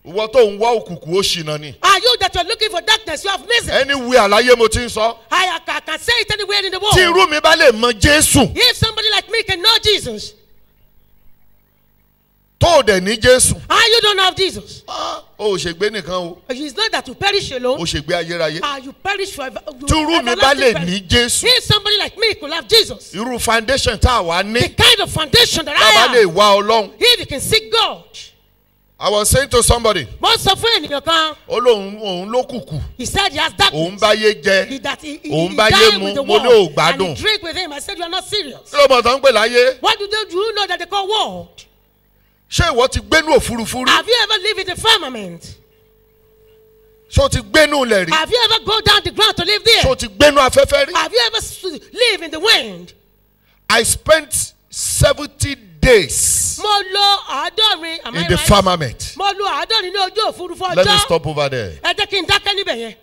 Ìwọ tó ń wá òkùnkùn ó ṣìnà ni. Are you that you are looking for darkness you have missed Anywhere àlàyé mo ti ń sọ. I, I can say it anywhere in the world. Tí irú mi bá lè mọ Jésù. If somebody like me can know Jesus tó o dẹ̀ ní jésù. ah you don't have Jesus. ah o ò ṣègbé nìkan o. it is not that you perish alone. o ṣègbé ayérayé. ah you perish forever. túrú mi bá lè ní jésù. if somebody like me could have Jesus. irú foundation tá a wá ní. the kind of foundation that I am. tá lè wá ọlọ́run. if you can seek God. I was saying to somebody. Mo sọ fún ènìyàn kan. Ó lóun òun ló kùkù. He said he has darkness. Òun báyé jẹ. Òun báyé mu. Mo ní ògbádùn. And he drink with him. I said you are not serious. Kí ló mọ̀ tán ń pè láyé? What do they do you know that they call world? ṣé ìwọ ti gbénú òfurufú rí. have you ever lived in the firmament. ṣé o ti gbénú ilẹ̀ rí. have you ever go down the ground to live there. ṣé o ti gbénú afẹ́fẹ́ rí. have you ever live in the wind. I spent seventy days. mo lo àádọ́rin am I right. in the firmament. mo lo àádọ́rin ní ojú òfurufú ọjọ́. let me stop over there. ẹ jẹ́ kí n dákẹ́ níbẹ̀ yẹn.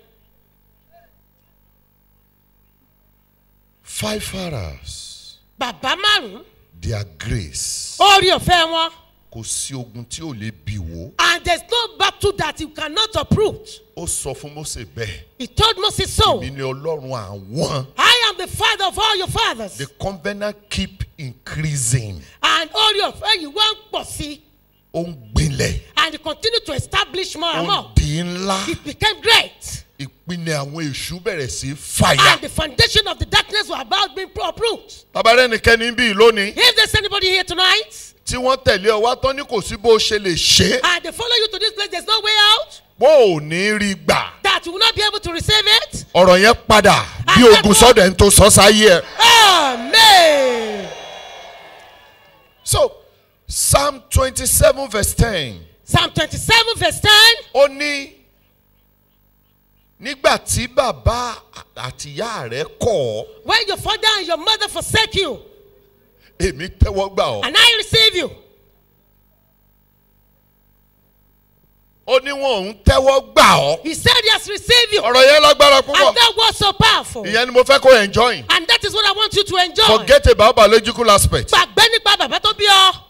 five hours. bàbá márùn their grace. oore ọ̀fẹ́ wọn. Kò sí ogun tí ò lè bì wó. And there is no battle that you cannot approve. Ó sọ fún Mósè bẹ́ẹ̀. He told Moses so. Èmi ni Ọlọ́run àwọn. I am the father of all your fathers. The covenant keep increasing. And all your ẹ̀yin wọ́n ń pọ̀ sí. Ó ń gbilẹ̀. And he continued to establish more and more. Ó di ńlá. It became great. Ìpinnu àwọn èṣù bẹ̀rẹ̀ sí fàyà. And the foundation of the darkness were about being approved. Tabarẹ́nikẹ́ni bí lónìí. If there is anybody here tonight tí wọ́n tẹ̀lé ọ wá tán ní kò sí bó ṣe lè ṣe. and they follow you to this place there is no way out. bó ò ní rí gbà. that you will not be able to receive it. ọ̀rọ̀ yẹn padà bí ogun sọ́dọ̀ ẹni tó sọ sáyé ẹ. amen. so psalm twenty-seven verse ten. psalm twenty-seven verse ten. ó ní nígbà tí bàbá àtìyá rẹ kọ̀. when your father and your mother forsake you èmi tẹ́wọ́ gbà ọ́. and I receive you. ó ní wọn òun tẹ́wọ́ gbà ọ́. he said he has received you. ọ̀rọ̀ yẹn lágbára púpọ̀. and that was so powerful. ìyẹn ni mo fẹ́ kó enjoy. and that is what I want you to enjoy. forget about biological aspect. gbàgbé nípa bàbá tó bí ọ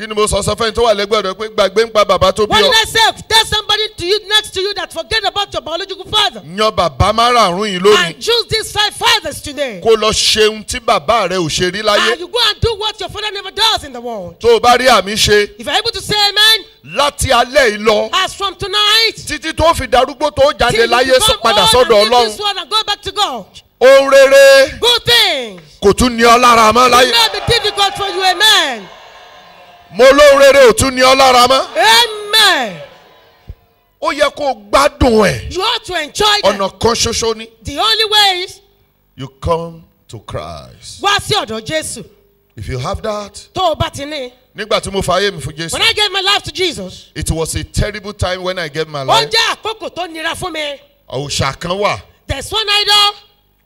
kí ni mo sọ sọ fẹ́ni tó wà lẹ́gbẹ̀ẹ́ rẹ pé gbàgbé ń pa bàbá tó bí ọ. what did I say? tell somebody to you next to you that forget about your biological father. yan bàbá márààrún yìí lónìí. and choose these five fathers today. kó lọ ṣe ohun tí bàbá rẹ ò ṣe rí láyé. and you go and do what your father never does in the world. tó o bá rí àmì ṣe. if you are able to say amen. láti alẹ́ yìí lọ. as from tonight. títí tó fi darúgbó tó jáde láyé padà sọ́dọ̀ Ọlọ́run. till you come old and leave this world and go back to God ohun rere kò tún ní ọ lára mọ́ láyé. it may be difficult for you amen mo lóhun rere ò tún ní ọ amen. ó yẹ kó o gbádùn ẹ̀. you ought to enjoy them. ọ̀nà kan ṣoṣo ni. the only way is. you come to Christ. wá sí ọ̀dọ̀ Jésù. if you have that. tó o bá ti ní. nígbà tí mo fààyè mi fún Jésù. when I gave my life to Jesus. it was a terrible time when I gave my life. ó jẹ́ àkókò tó nira fún mi. òòṣà kan wà. there's one idol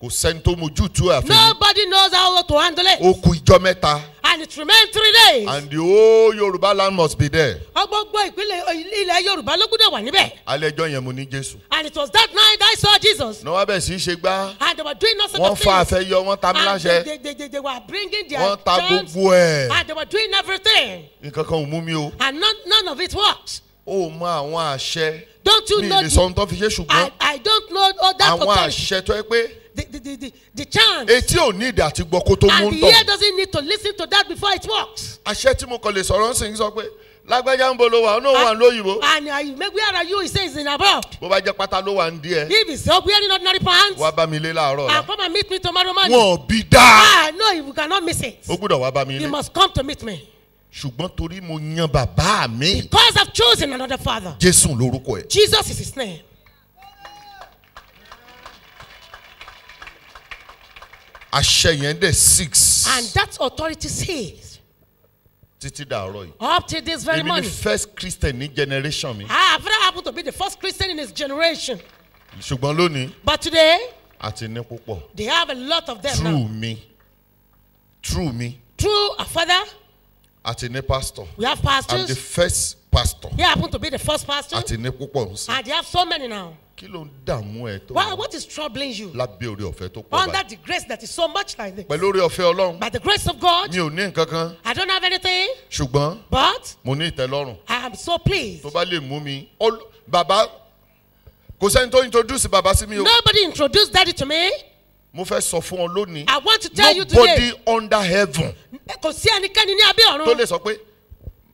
kò sẹ́ni tó mojú tú àfẹ́. nobody knows how to handle it. ó ìjọ mẹ́ta. and it remain three days. and the whole Yoruba land must be there. ọgbọgbọ ìpínlẹ̀ ilẹ̀ Yorùbá ló gbọ́dọ̀ wà níbẹ̀. alẹ́ yẹn mo ní Jésù. and it was that night I saw Jesus. ní wọ́n bẹ̀ sí í ṣe gbá. and they were doing nothing but things. fa àfẹ́ yọ wọ́n ta mí láṣẹ. and they, they they they were bringing their wọ́n ta gbogbo ẹ̀. and they were doing everything. nǹkan ò mú mi o. and none none of it worked o mọ àwọn àṣẹ. don't you know the mi tó fi ṣe ṣùgbọ́n. I don't know all that potential. àwọn àṣẹ tó yẹ pé. The, the the the chance. etí ò ní ìdí gbọ́ kó tó mú tọ̀. and the ear doesn't need to listen to that before it works. àṣẹ tí mo kàn lè sọ̀rọ̀ ń sìn sọ pé lágbájá ń bo ló wà ó náà wà lóyìnbó. and uh, maybe where are you he says in abroad. bó bá jẹ pátá ló wà ń di ẹ. if he say wearing ordinary pants. wá bá mi lé láàárọ̀ la. and come and meet me tomorrow morning. wọn ò bí dáa. ah no you cannot miss it. ó gbúdọ̀ wá bá mi lé. you must come to meet me ṣùgbọ́n torí mo yan bàbá mi. because I've chosen another father. Jésù lórúkọ ẹ̀. Jesus is his name. àṣẹ yẹn dẹ̀ six. and that authority says. títí dàárọ̀ yìí. up till this very morning. èmi ni first Christian ní generation mi. ah father happened to be the first Christian in his generation. ṣùgbọ́n lónìí. but today. àti ní púpọ̀. they have a lot of them True now. through me through me. through a father at a pastor. We have pastors. I'm the first pastor. He happen to be the first pastor. At a púpọ̀ And they have so many now. Kí ló ń dààmú ẹ tó? Well, what is troubling you? Lábẹ́ orí ọ̀fẹ́ tó pọ̀ báyìí. Under the grace that is so much like this. Pẹ̀lú orí ọ̀fẹ́ Ọlọ́run. By the grace of God. Mi ò ní nǹkan kan. I don't have anything. Ṣùgbọ́n. But. Mo ní ìtẹ́lọ́rùn. I am so pleased. Tó bá lè mú mi, bàbá kò sẹ́ni tó introduce bàbá sí mi o. Nobody introduced daddy to me mo fẹ́ sọ fún ọ lónìí. I want to tell you today. nobody under heaven. kò sí ẹnikẹ́ni ní abẹ́ ọ̀run. tó lè sọ pé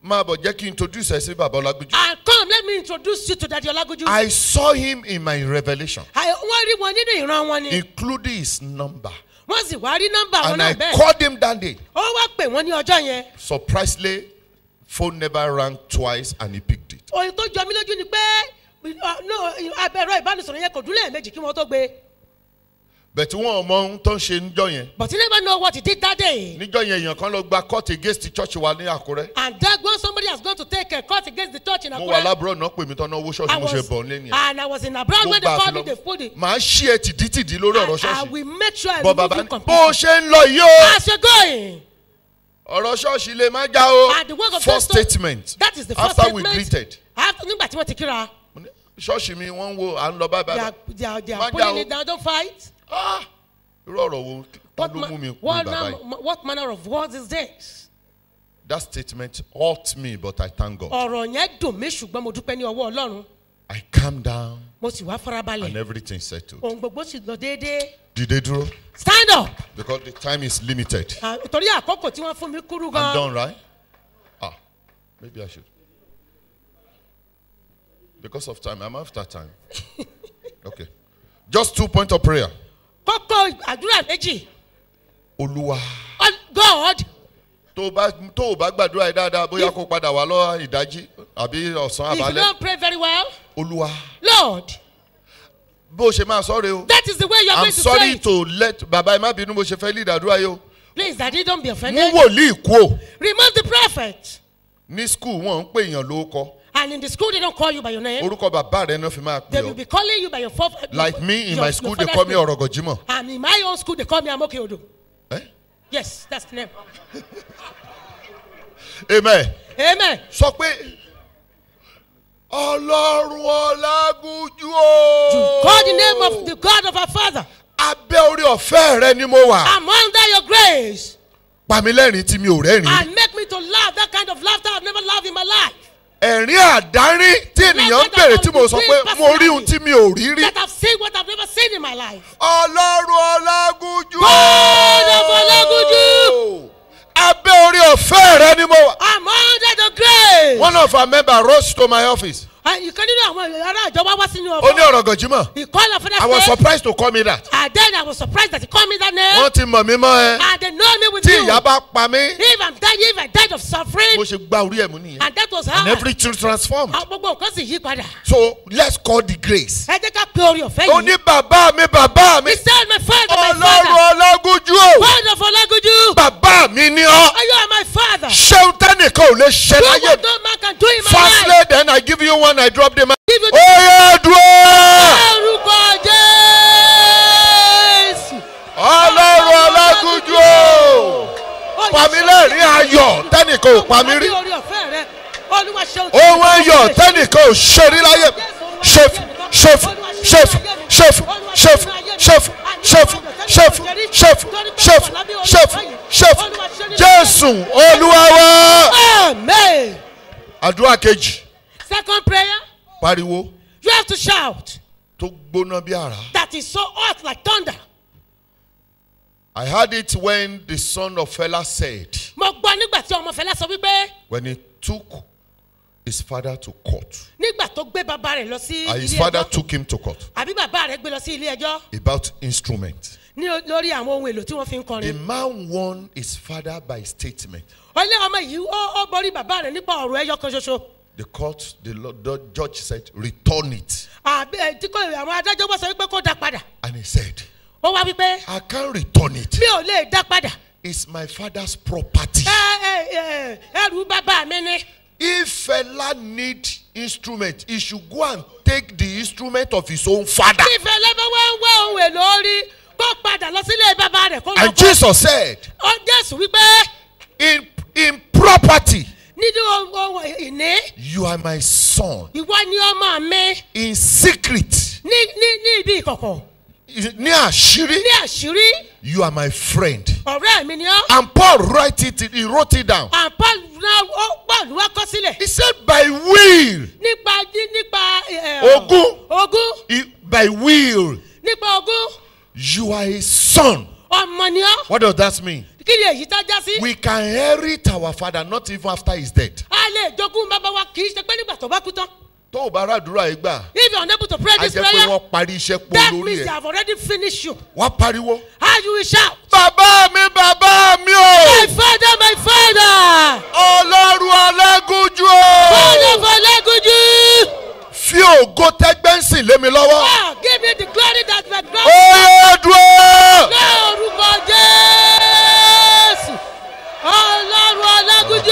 máa bọ̀ jẹ́ kí n introduce ẹ sí bàbá Ọlágúnjú. and ah, come let me introduce you to Daddy Ọlágúnjú. I saw him in my revelation. wọ́n rí wọn nínú ìran wọn ni. including his number. wọ́n sì wá rí nọ́mbà wọn náà bẹ́ẹ̀. and I called him that day. ó wá pè wọ́n ní ọjọ́ yẹn. surprisingly phone never rang twice and he picked it. ohun tó jọ mí lójú ni pé abẹ́rẹ́ uh, ìbánisọ̀rọ̀ yẹn kò dún lẹ́ẹ̀mejì kí wọ́n tó gbé bẹ̀tí wọn ò mọ ohun tó ń ṣe níjọ yẹn. but you never know what he did that day. níjọ yẹn èèyàn kan lọ gba court against the church wa ní àkúrẹ́. and that one somebody has gone to take a court against the church in àkúrẹ́. mo wà lábúrò náà pè tán náà owó ṣọ́ọ̀ṣì mo ṣe bọ̀ lẹ́yìn. and I was in abroad when they called me the food. màá ṣí ẹ tìdítìdí lórí ọ̀rọ̀ ṣọ́ọ̀ṣì. and I will make sure I remove you completely. bó ṣe ń lọ yìí o. as you go ọ̀rọ̀ ṣọ́ọ̀ṣì lè má já o. and the work of first statement. that is the first statement. after we greeted. after nígbà tí wọ́n ti kíra. ṣọ́ọ̀ṣì mi wọ́n ń wo à ń lọ they are they are pulling it down don't fight ah irú ọ̀rọ̀ wo what manner of words is this? that statement hurt me but I thank God. I calm down. and everything settled. Did they draw? stand up. because the time is limited. Ah, I'm done right? ah maybe I should. because of time I'm after time. okay just two points of prayer kókó àdúrà méjì. olúwa. God. tó o bá tó o bá gbàdúrà yìí dáadáa bóyá kó padà wá lọ ìdájí àbí ọ̀sán àbálẹ̀. if you don't pray very well. olúwa. lord. bó o ṣe máa sọ o. that is the way you are going to pray. i'm sorry to let baba ẹ binu bínú mo ṣe fẹ́ lead àdúrà yìí o. please daddy don't be offended. mú wòlíì kú o. remove the prophet. ní school wọn ń pè èèyàn lóko And in the school, they don't call you by your name. Orúkọ bàbá rẹ̀ ni wọ́n fi máa pè ọ́. They will be calling you by your fourth. Like me in my school, they call me Orogojimo. And in my own school, they call me Amoke Odo. Eh? Yes, that's the name. Amen. Amen. Sọ pé Ọlọ́run Ọlágúnjú o. You call the name of the God of our father. Abẹ́ orí ọ̀fẹ́ rẹ ni mo wà. I'm under your grace. Pa tí mi ò rẹ́rìn. And make me to laugh that kind of laughter I've never laughed in my life ẹ̀rín àdárín tí ènìyàn ń bèrè tí mo sọ pé mo rí ohun tí mi ò rí rí. that I've seen what I've never seen in my life. ọlọ́run ọlágúnjú. God of ọlágúnjú. abẹ́ orí ọ̀fẹ́ rẹ ni mo wà. I'm under the grace. one of our members rose to my office. Ah, ìkan nínú àwọn ará ìjọba wá sínú ọmọ. ó ní ọ̀rọ̀ gànjímọ̀. he called her I was surprised to call me that. and ah, then I was surprised that he called me that name. wọ́n ti mọ̀ mí mọ́ ẹ. and ah, they know me with you. tí ìyá bá pa mí. if I'm dead if I died of suffering. mo ṣe gba orí ẹ̀ mú nìyẹn. and that was how. and everything transformed. gbogbo nǹkan sì yí padà. so let's call the grace. ẹ jẹ́ ká pe orí ọ̀fẹ́ yìí. ó ní bàbá mi bàbá mi. he said my father my father. ọlọ́run ọlọ́gúnjú o. God of ọlọ́gúnjú. bàbá mi ni ọ́. you my father. ṣé o tẹ́nìkan ò lè ṣe láyé. do what no man can do in my life. First lady, then I give you one one I drop them. Oyè dùn. Orúkọ Jésù. Ọlọ́run ọlọ́gùnjú o. Pàmílẹ̀ rí ayọ̀ tẹ́nìkan ò pamí rí. Ohun ayọ̀ tẹ́nìkan ò ṣe rí láyé. Ṣèfù ṣèfù ṣèfù ṣèfù ṣèfù ṣèfù ṣèfù ṣèfù ṣèfù ṣèfù ṣèfù ṣèfù Jésù Olúwa wa. Àdúrà kejì second prayer. pariwo. you have to shout. tó gbóná bí àrá. that is so hot like thunder. I heard it when the son of Fela said. Mo gbọ́ nígbà tí ọmọ Fela sọ wípé. When he took his father to court. Nígbà tó gbé bàbá rẹ̀ lọ sí ilé ẹjọ́. And his father took him to court. Àbí bàbá rẹ̀ gbé lọ sí ilé ẹjọ́. About instrument. Ní lórí àwọn ohun èlò tí wọ́n fi ń kọrin. The man won his father by statement. Ọlẹ́ ọmọ yìí ó borí bàbá rẹ̀ nípa ọ̀rọ̀ ẹyọ kan ṣoṣo. The court, the, Lord, the judge said, return it. Ah, and he said, I can't return it. It's my father's property. If fella need instrument, he should go and take the instrument of his own father. And Jesus said, in, in property. Nínú ohun ìní. You are my son. Ìwọ ni ọmọ mi. In secret. Ní ní ní ibi ìkọ̀kọ̀. Ní àṣírí. Ní àṣírí. You are my friend. Ọ̀rẹ́ mi ni ọ́. And Paul write it he wrote it down. And Paul náà ó Paul wá kọ sílẹ̀. He said by will. Nípa nípa. Ogún. Ogún. By will. Nípa ogún. You are a son. Ọmọ ni ọ́. What does that mean? kí ni èyí tá já sí. we can inherit our father not even after he is dead. a lè jogún bàbá wa kì í ṣe pé nígbà tó bá kú tán. tó o bá ràdúrà yìí gbà. if you are unable to pray this prayer. a jẹ́ pé wọ́n parí iṣẹ́ pọ̀ lórí ẹ̀. that means they have already finished you. wá pariwo. how you will shout. bàbá mi bàbá mi o. my father my father. ọlọ́run alágúnjú o. father for alágúnjú fi ògo tẹ́gbẹ́ ń sìn lé mi lọ́wọ́. Ah, give me the glory that my grandfather. ó yẹ dúró. lórúkọ jẹ́.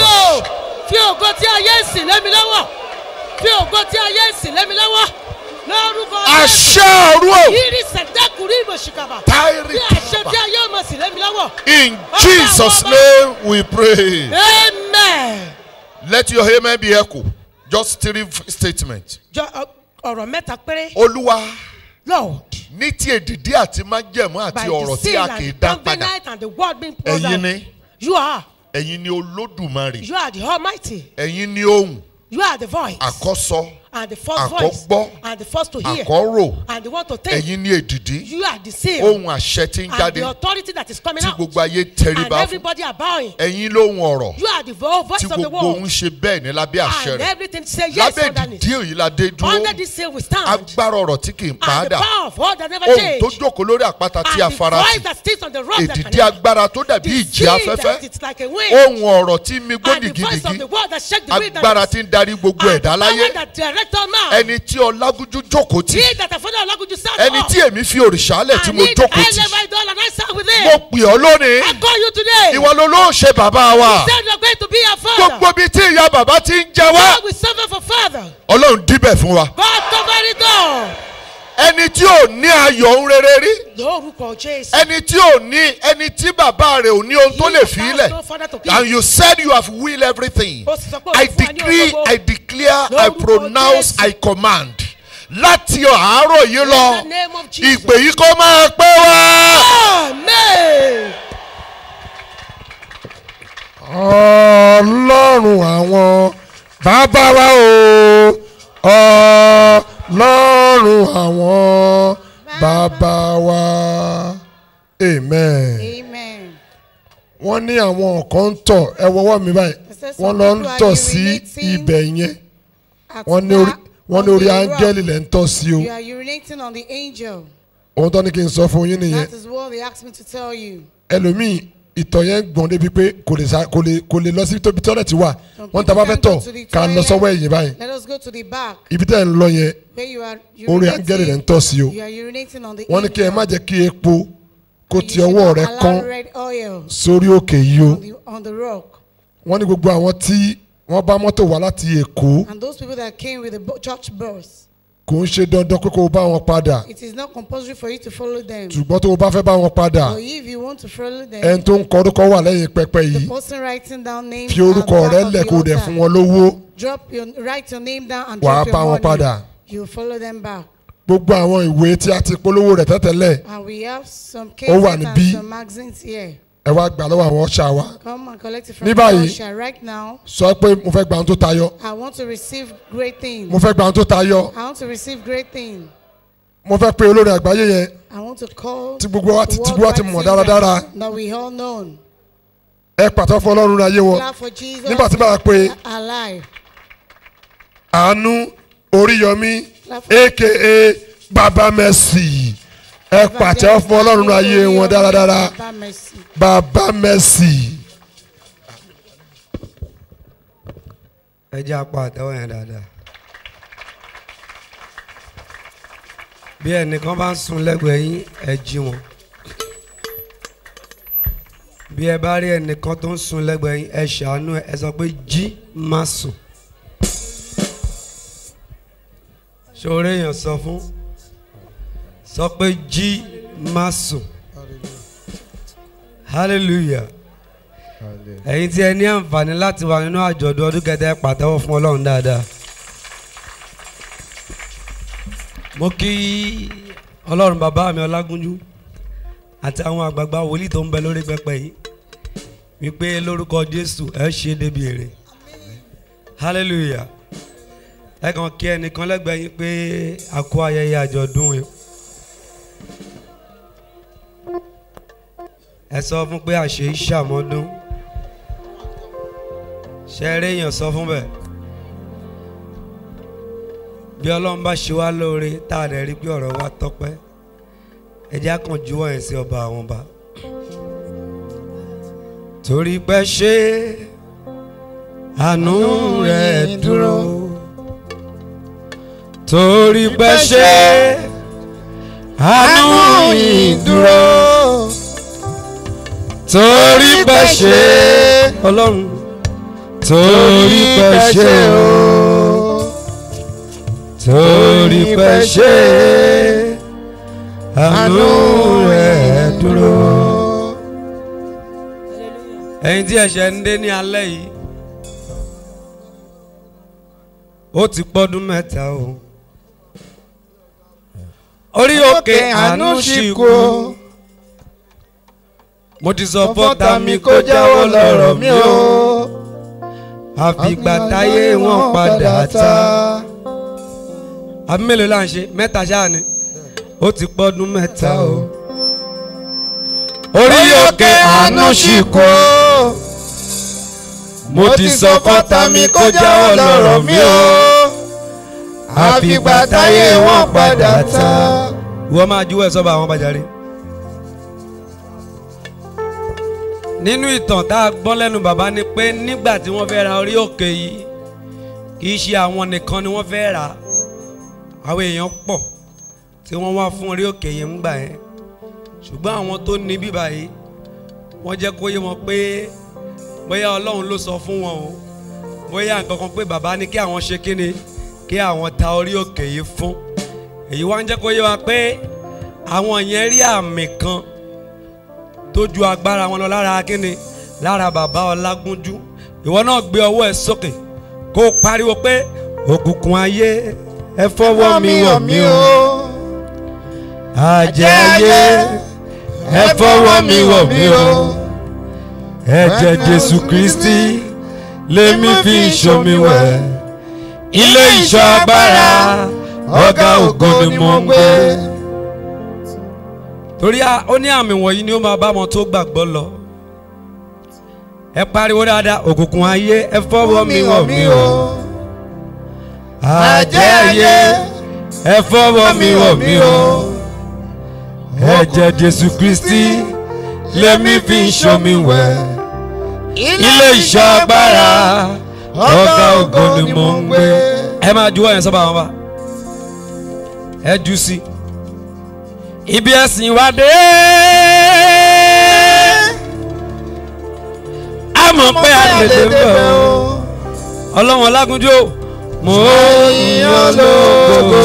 fi o fi ògo tí ayé ìsìn lémi lọ́wọ́ fi ògo tí ayé ìsìn lémi lọ́wọ́ lórúkọ àṣẹ òru yìí sẹ̀dákùrí ìmọ̀ṣìkàbà táìrì àṣẹ tí ayé ọmọ sì lémi lọ́wọ́. in Jesus name we pray. amen. let your amen be echo just three statements. jọ ọ̀rọ̀ mẹ́ta péré. olúwa. lord ní ti èdìdí àti májẹ̀mú àti ọ̀rọ̀ tí a kì í dá padà ẹ̀yin ni. you are ẹ̀yin ni olódùmarè. you are the almighty. ẹ̀yin ni ohùn. you are the voice. àkọ́sọ and the first voice and the first to hear àkọ́rò and the one to take ẹ̀yin ní èdìdí you are the same ohun àṣẹ tí ń jáde and the authority that is coming out gbogbo ayé tẹríba fún and everybody are bowing you are the voice of the world gbogbo ohun ṣe bẹ́ẹ̀ ní lábẹ́ àṣẹ rẹ̀ and everything say yes under it lábẹ́ ìdí this say we stand kì í padà and the power of all that never change ohun tó jókòó lórí àpáta tí a fara sí èdìdí agbára tó dàbí ìjì afẹ́fẹ́ ohun ọ̀rọ̀ tí mi gbó dìgídìgí agbára tí ń darí gbogbo ẹ̀dá láyé director now. ẹni tí ọlágúnjú jókòó tì. he that the father ọlágúnjú sat up. ẹni tí èmi fi òrìṣà lẹ̀ tí mo jókòó tì. I left my door and I sat with him. mo pè ọ́ lónìí. I call you today. ìwọ ló ló ń ṣe bàbá wa. said you are going to be our father. gbogbo ibi tí ìyá bàbá ti ń jẹ wá. God will suffer ọlọ́run díbẹ̀ fún wa. God it all ẹni tí ò ní ayọ̀ ń rere rí. lórúkọ jésù. ẹni tí ò ní ẹni tí bàbá rẹ̀ ò ní ohun tó lè fi ilẹ̀. and you said you have will everything. I decree I declare I pronounce I command. láti àárọ̀ yìí lọ ìpè yìí kó máa pẹ́ wá. ọlọ́run àwọn bàbá wa o lọ́rùn àwọn bàbá wa amen. amen. wọ́n ní àwọn kan ń tọ̀ ẹ wọ́wọ́ mi báyìí wọ́n lọ ń tọ̀ sí ibẹ̀ yẹn wọ́n ní orí áńgẹ́lì lẹ́ ń tọ́ sí o. you are urinating on the angel. tó ní kí n sọ fún yín nìyẹn. that is what they asked me to tell you. ẹlòmíì ìtọ̀ yẹn gbọ̀n débi pé kò lè lọ sí tóbi tọ́lẹ̀tì wà wọ́n tàbá fẹ́ tọ̀ ká lọ sọ́wọ́ ẹ̀yìn báyìí ibi tẹ́ ẹ̀ ń lọ yẹn orí angẹ́rì rẹ̀ ń tọ̀ sí o wọ́n ní kí ẹ má jẹ́ kí epo kó ti ọwọ́ rẹ̀ kán sórí òkè yìí o wọ́n ní gbogbo àwọn tí wọ́n bá mọ́tò wá láti Èkó. and those people that came with the church bus kò ń ṣe dandan pé kò bá wọn padà. it is not compulsory for you to follow them. ṣùgbọ́n tó o bá fẹ́ bá wọn padà. but if you want to follow them. ẹni tó ń kọ orúkọ wà lẹ́yìn pẹpẹ yìí. the person writing down names. fi orúkọ rẹ lẹ̀ kó dẹ̀ fún wọn lówó. drop your write your name down and drop your money. wàá bá wọn padà. you follow them back. gbogbo àwọn ìwé tí a ti polówó rẹ̀ tẹ́tẹ̀lẹ̀. and we have some cases and some magazines here ẹ wá gbà lọ́wọ́ àwọn ọ̀ṣà wa. come and collect it from the ọ̀ṣà right now. sọ pé mo fẹ́ gba ohun tó tayọ. I want to receive great things. mo fẹ́ gba ohun tó tayọ. I want to receive great things. mo fẹ́ pe olórin àgbáyé yẹn. I want to call ti gbogbo wa ti gbogbo wa ti mọ̀ dáradára. that we all know. ẹ pàtó fún ọlọ́run ayé wọn. for Jesus. nígbà tí bàbá pe. alive. àánú oríyọmí aka baba mercy ẹ pàtẹ́ fún ọlọ́run ayé wọn dáradára bàbá mẹ́sì. ẹ jẹ́ apá àtẹ́wọ́ yẹn dáadáa. bí ẹnìkan bá ń sùn lẹ́gbẹ̀ẹ́ yín ẹ jí wọn. bí ẹ bá rí ẹnìkan tó ń sùn lẹ́gbẹ̀ẹ́ yín ẹ ṣàánú ẹ sọ pé jí má sùn. ṣòro èèyàn sọ fún sọ pé jí má sùn hallelujah ẹ̀yin tí ẹ ní àǹfààní láti wà nínú àjọ̀dún ọdún gẹ́gẹ́ pàtẹ́wọ́ fún ọlọ́run dáadáa mo kí ọlọ́run bàbá mi ọlágúnjú àti àwọn àgbààgbà wòlíì tó ń bẹ lórí pẹpẹ yìí wípé lórúkọ jésù ẹ ṣe débi èrè hallelujah ẹ kàn kí ẹnìkan lẹ́gbẹ̀ẹ́ yín pé a kú ayẹyẹ àjọ̀dún yìí. ẹ sọ fún pé àṣẹ ìṣàmọ́dún ṣe eré sọ fún bẹ́ẹ̀ bí ọlọ́run bá ṣe wá lóore tá a rẹ̀ rí pé ọ̀rọ̀ wa tọ́pẹ́ ẹjẹ́ àkànjú wọ̀nyẹn sí ọba àwọn ọba torí pé ṣé àánú rẹ̀ dúró torí pé ṣé àánú yìí dúró torí pẹ́ ṣe ọlọ́run torí pẹ́ ṣe o torí pẹ́ ṣe àánú rẹ̀ dúró. ẹ̀yin tí ẹ̀ṣẹ̀ ń dé ní alẹ́ yìí ó ti pọ́dún mẹ́ta o orí òkè àánú ṣì kú mo ti sọ fọ́tà mi kó jáwọ́ lọ́rọ̀ mi o àfìgbà táyé wọn padà ta àbí mélòó là ń ṣe mẹ́ta ṣáà ni ó ti pọ́dún mẹ́ta o. orí òkè àánú ṣì kú mo ti sọ fọ́tà mi kó jáwọ́ lọ́rọ̀ mi o àfìgbà táyé wọn padà ta. ìwọ máa juwọ́ sọ́ba àwọn bàjẹ́ rí. nínú ìtàn tá a gbọ́ lẹ́nu bàbá ni pé nígbà tí wọ́n fẹ́ ra orí òkè yìí kì í ṣe àwọn nìkan ni wọ́n fẹ́ rà àwọn èèyàn pọ̀ tí wọ́n wá fún orí òkè yìí ń gbà yẹn ṣùgbọ́n àwọn tó ní bíbà yìí wọ́n jẹ́ kó yé wọn pé bóyá ọlọ́run ló sọ fún wọn o bóyá nǹkan pé bàbá ní kí àwọn ṣe kíni kí àwọn ta orí òkè yìí fún èyí wá ń jẹ́ kó yé wa pé àwọn yẹn rí àmì kan tó ju agbára wọn lọ lára kíni lára bàbá Ọlágúnjú ìwọ náà gbé ọwọ́ ẹ sókè kó o pariwo pé òkùnkùn ayé ẹ fọwọ́ mi wọ̀ mí o àjẹ́ ayé ẹ fọwọ́ mi wọ̀ mí o ẹ̀jẹ̀ Jésù Kristi lèmi fi ìṣomi wẹ̀ ilé ìṣọ́ agbára ọ̀gá ògo ni mo ń gbé torí ó ní àmì wọ̀nyí ni ó máa bá wọn tó gbàgbọ́ lọ ẹ pariwo dáadáa òkùnkùn ayé ẹ fọwọ́ mi wọ̀ mí o àjẹ́ ayé ẹ fọwọ́ mi wọ̀ mí o ẹ̀jẹ̀ Jésù Kristi lèmi fi ń ṣomi wẹ̀ ilé ìṣọ́ agbára ọ̀gá ògo ni mò ń gbé. ẹ máa juwọ́ yẹn sọ́ba àwọn bá ẹ jù sí i ibi ẹ̀sìn wa dé. a mọ̀ pé a lè dé bẹ̀ o. ọlọ́run ọlágúnjú mo yàn lógo.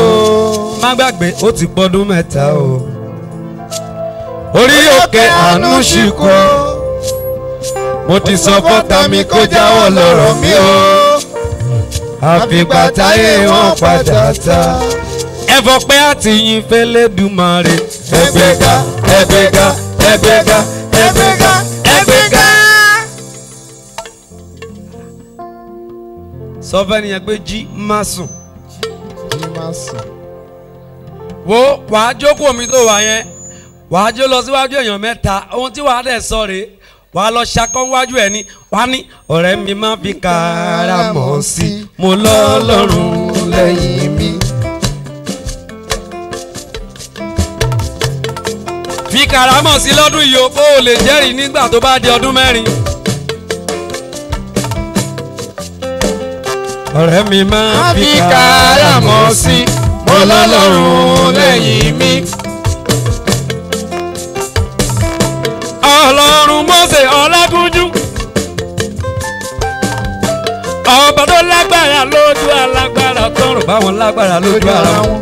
má gbàgbé ó ti pọ́dún mẹ́ta o. orí òkè àánú ṣì kú. mo ti sọ fọ́tà mi kó jáwọ́ lọ́rọ̀ mi o. àfìgbà táyé wọn padà ta ẹ fọpẹ́ àtìyìn fẹ́lẹ́dùmarè. ẹgbẹ́ga ẹgbẹ́ga ẹgbẹ́ga ẹgbẹ́ga ẹgbẹ́ga. sọ fẹ́ni yẹn pé jí má sùn. jí má sùn. wo wàá jókòó mi tó wà yẹn wàá jó lọ síwájú èèyàn mẹ́ta ohun tí wàá dẹ̀ sọ rèé wà á lọ ṣakọ́wájú ẹni wà á ní ọ̀rẹ́ mi má fi kàrà mọ̀ sí mo lọ́lọ́run lẹ́yìn mi. fi karamọ̀ sí lọ́dún yìí o kó o lè jẹ́rìí nígbà tó bá di ọdún mẹ́rin. ọ̀rẹ́ mi máa fi karamọ̀ sí mo lọ́lọ́run lẹ́yìn mi. ọlọ́run Mósè ọlágúnjú ọba tó lágbára lójú alágbára tọrọ báwọn lágbára lójú ara wọn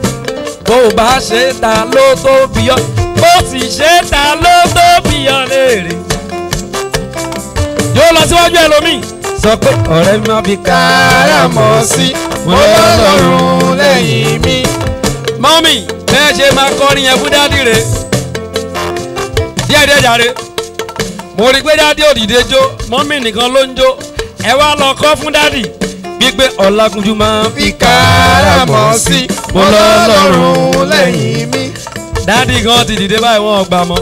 bó bá ṣe ta ló tó bí ọ bó sì ṣe ta ló tó fi hàn léèrè. yóò lọ síwájú ẹlòmíì. sọ pé ọ̀rẹ́ mi máa fi kára mọ́ sí mo lọ lọ́rùn lẹ́yìn mi. mọ́mì bẹ́ẹ̀ ṣe máa kọrin yẹn fún dádì rẹ̀ díẹ̀ díẹ̀ jàre mo rí i pé dádì òdìdé jó mọ́mì nìkan ló ń jó ẹ wá lọ kọ́ fún dádì gbígbé ọ̀làgúnjú máa fi kára sí mo lọ lọ́rùn lẹ́yìn mi dáàdì gan ti dìde báyìí wọ́n gbà mọ́.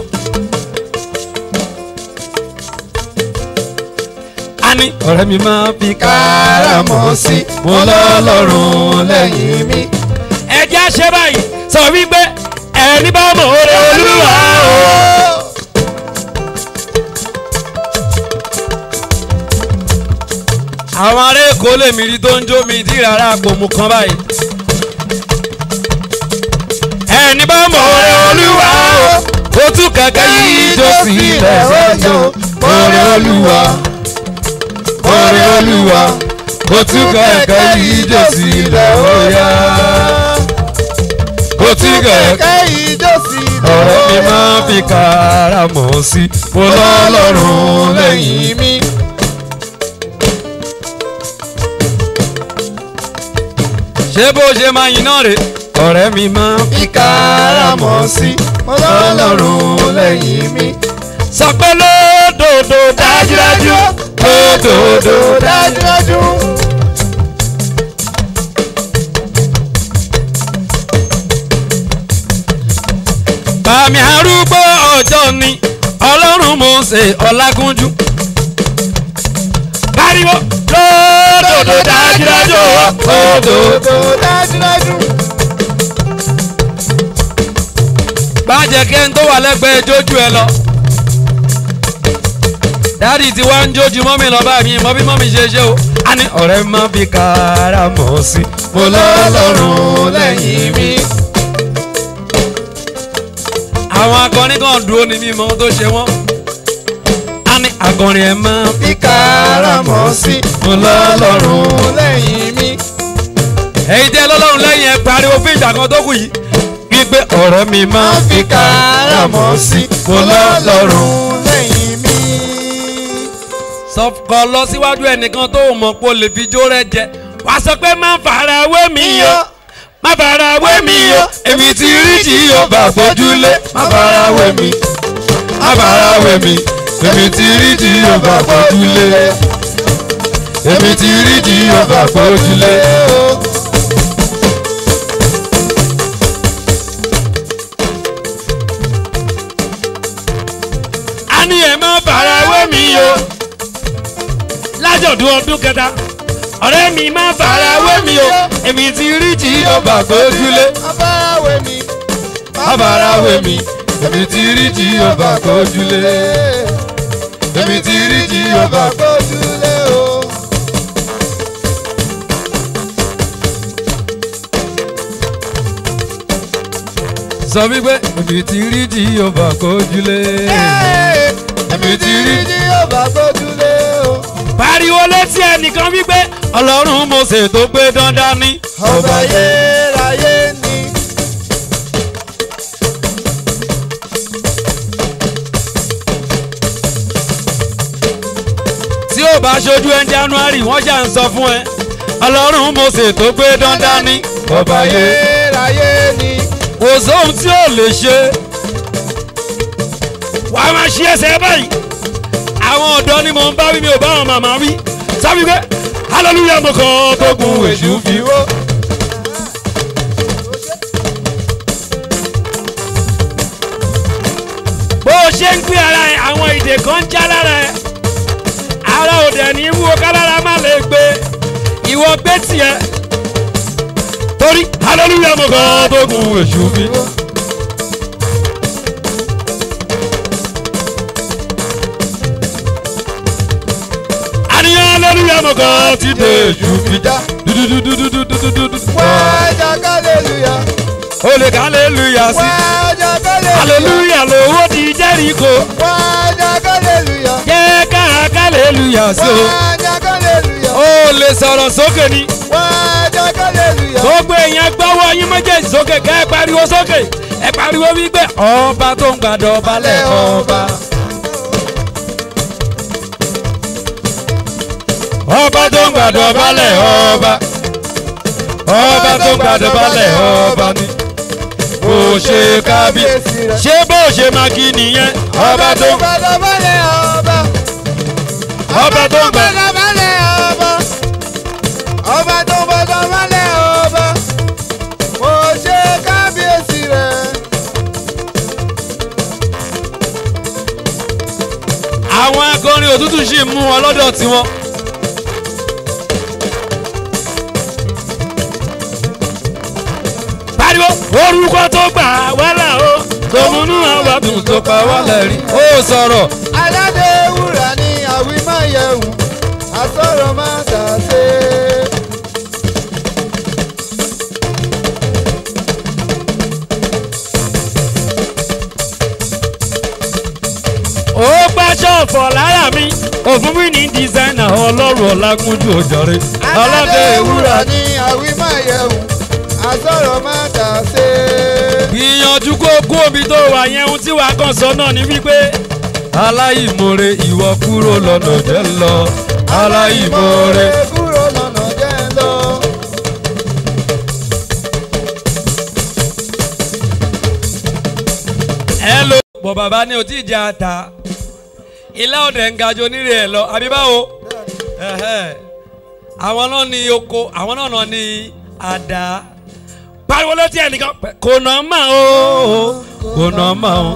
ani ọ̀rẹ́ mi máa fi káràmọ́ sí mo lọ́lọ́run lẹ́yìn mi. ẹ jẹ́ àṣẹ báyìí sọ wípé ẹni bá mọ̀ ọ́rẹ́ olúwa o. àwọn ará èkó lèmi rí tó ń jó mi dí rárá kò mú kan báyìí ẹni bá mọ̀ ọ̀rẹ́ olúwa o tún kẹ̀kẹ́ yìí jó sí ẹ̀sẹ̀ jó ọ̀rẹ́ olúwa ọ̀rẹ́ olúwa o tún kẹ̀kẹ́ yìí jó sí ilẹ̀ o tún kẹ̀kẹ́ yìí jó sí ilẹ̀ ọ̀yà mi máa fi kára mọ̀ sí mo lọ́lọ́run lẹ́yìn mi. ṣé bó ṣe máa yín náà rèé ọ̀rẹ́ mi mọ́ ìkárà mọ́ sí mo lọ́lọ́run lẹ́yìn mi. sọ pé lódodo dájúdájú lódodo dájúdájú. bàmí arúgbó ọjọ́ ni ọlọ́run mo ṣe ọlágúnjú. pariwo lódodo dájúdájú lódodo dájúdájú. bá jẹ́ kí ẹni tó wà lẹ́gbẹ̀ẹ́ jójú ẹ lọ. dáàdì tí wá ń jójú mọ́mì lọ bá mi mọ́ bí mọ́mì ṣe ṣe o. a ní ọ̀rẹ́ má fi kára mọ̀ sí. mo lọ́lọ́run lẹ́yìn mi. àwọn akọrin kan dúró ní mímọ tó ṣe wọ́n. a ní akọrin ẹ má fi kára mọ̀ sí. mo lọ́lọ́run lẹ́yìn mi. èyí tẹ́ lọ́lọ́run lẹ́yìn ẹ pariwo fún ìjà kan tó kù yìí gbé ọ̀rọ̀ mi máa fi kàárà mọ́ sí mo lọ́lọ́run lẹ́yìn mi. sọkọ lọ síwájú ẹnìkan tó mọ̀ pé o lè fi jó rẹ jẹ wàá sọ pé má fara wé mi yọ má fara wé mi yọ èmi ti rí tí yóò bá gbójúlé má fara wé mi má fara wé mi èmi ti rí tí yóò bá gbójúlé èmi ti rí tí yóò bá gbójúlé. ọ̀rẹ́ mi o lájọ̀dún ọdún kẹta ọ̀rẹ́ mi má fara wé mi o èmi ti rí jí ọba gbójúlé. má fara wé mi èmi ti rí jí ọba gbójúlé. èmi ti rí jí ọba gbójúlé o. sọ wípé èmi ti rí jí ọba gbójúlé ríjìríjì yóò bá sójúlé o. pariwo létí ẹnìkan wípé ọlọ́run mo ṣètò pé dandan ni. ọba yéèrayé ni. tí ó bá ṣojú ẹ January wọ́n ṣà ń sọ fún ẹ ọlọ́run mo ṣètò pé dandan ni. ọba yéèrayé ni. kò sóhun tí ó lè ṣe wàá máa ṣí ẹsẹ̀ báyìí àwọn ọ̀dọ́ ni mò ń bá wí mi ò bá àwọn màmá wí sábì pé hallelujah mo kàn tó gun èṣù fi wó. bó o ṣe ń pín ara ẹ àwọn ìdè kan ń já lára ẹ ara ò dẹ̀ ní wúwo kálára má lè gbé ìwọ gbé tiẹ̀ torí hallelujah mo kàn tó gun èṣù fi wó. kan ti dé ju fi já. Wájà kálẹ̀lúyà. Olè kálẹ̀lúyà sí. Wájà kálẹ̀lúyà. Kálẹ̀lúyà lówó ti Jẹ́ríkò. Wájà kálẹ̀lúyà. Jẹ́ ká kálẹ̀lúyà sí o. Wájà kálẹ̀lúyà. Olè sọ̀rọ̀ sókè ni. Wájà kálẹ̀lúyà. Gbogbo èèyàn gbọ́wọ́ yín méjèèjì sókè ká ẹ pariwo sókè. Ẹ pariwo wípé ọba tó ń gbàdọ̀ balẹ̀ ọba. ọba tó ń gbàdọ̀ balẹ̀ ọba ọba tó ń gbàdọ̀ balẹ̀ ọba ni kò ṣe kábíyèsí rẹ̀ ṣé bó ṣe máa kí nìyẹn ọba tó ń gbàdọ̀ balẹ̀ ọba ọba tó ń gbàdọ̀ balẹ̀ ọba ọba tó ń gbàdọ̀ balẹ̀ ọba kò ṣe kábíyèsí rẹ̀. àwọn akọrin òtútù sì ń mú wọn lọ́dọ̀ tiwọn. pariwo orúkọ tó gbà wálà o tòmúnú àwọn dùn tó pa wálà rí ó sọ̀rọ̀. aládé wúrà ni àwí máa yẹ̀wù àsọ̀rọ̀ máa dà sí ó gbá ṣọ́ọ̀fọ̀ láyà mi òfin mi ní dísáínà ọlọ́run ọ̀làgúnjú òjọ̀re. aládé ewúrà ni àwímáyẹ̀wò àsọ̀rọ̀ má dà ṣe. gbìyànjú kó kú omi tó wà yẹn ohun tí wàá kàn sọ náà ni wípé. aláìmoore ìwọ kúrò lọ́nà jẹ́ lọ. aláìmoore kúrò lọ́nà jẹ́ lọ. ẹ lo bọ̀ bàbá ni ò tí ì jẹ́ ata ilé ọ̀dẹ̀ ń gajo nílé ẹ̀ lọ àbí báwo àwọn náà ní oko àwọn náà ní àdá pariwo létí ẹnìkan kò nà mà ó kò nà mà ó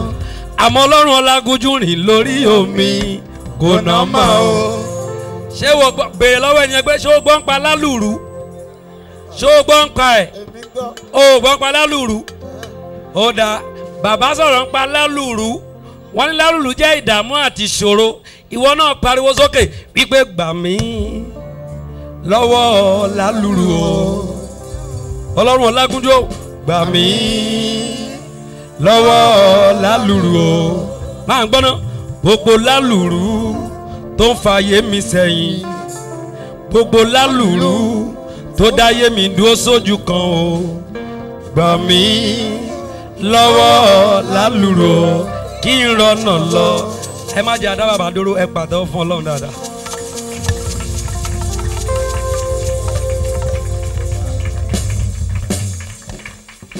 àmọ́ ọlọ́run ọlágúnjú rìn lórí omi kò nà mà ó. ṣé wo gbọ́ béèrè lọ́wọ́ ẹni ẹgbẹ́ ṣé o gbọ́ ń pa lálùrù ṣé o gbọ́ ń pa ẹ̀ o gbọ́ ń pa lálùrù ó dáa bàbá sọ̀rọ̀ ń pa lálùrù wọ́n ní lálùrù jẹ́ ìdààmú àti ìṣòro ìwọ náà pariwo sókè wípé gbà mí lọ́wọ́ lálùrù o ọlọ́run ọlágúndé o gbà mí lọ́wọ́ lálùrù o máa ń gbọ́ná gbogbo lálùrù tó ń fa mi sẹ́yìn gbogbo lálùrù tó dáyé mi dúró sójú kan o gbà mí lọ́wọ́ lálùrù o kí n rọnà lọ ẹ má jẹ́ adábàbà dúró ẹ pàtẹ́wọ́ fún ọlọ́run dáadáa.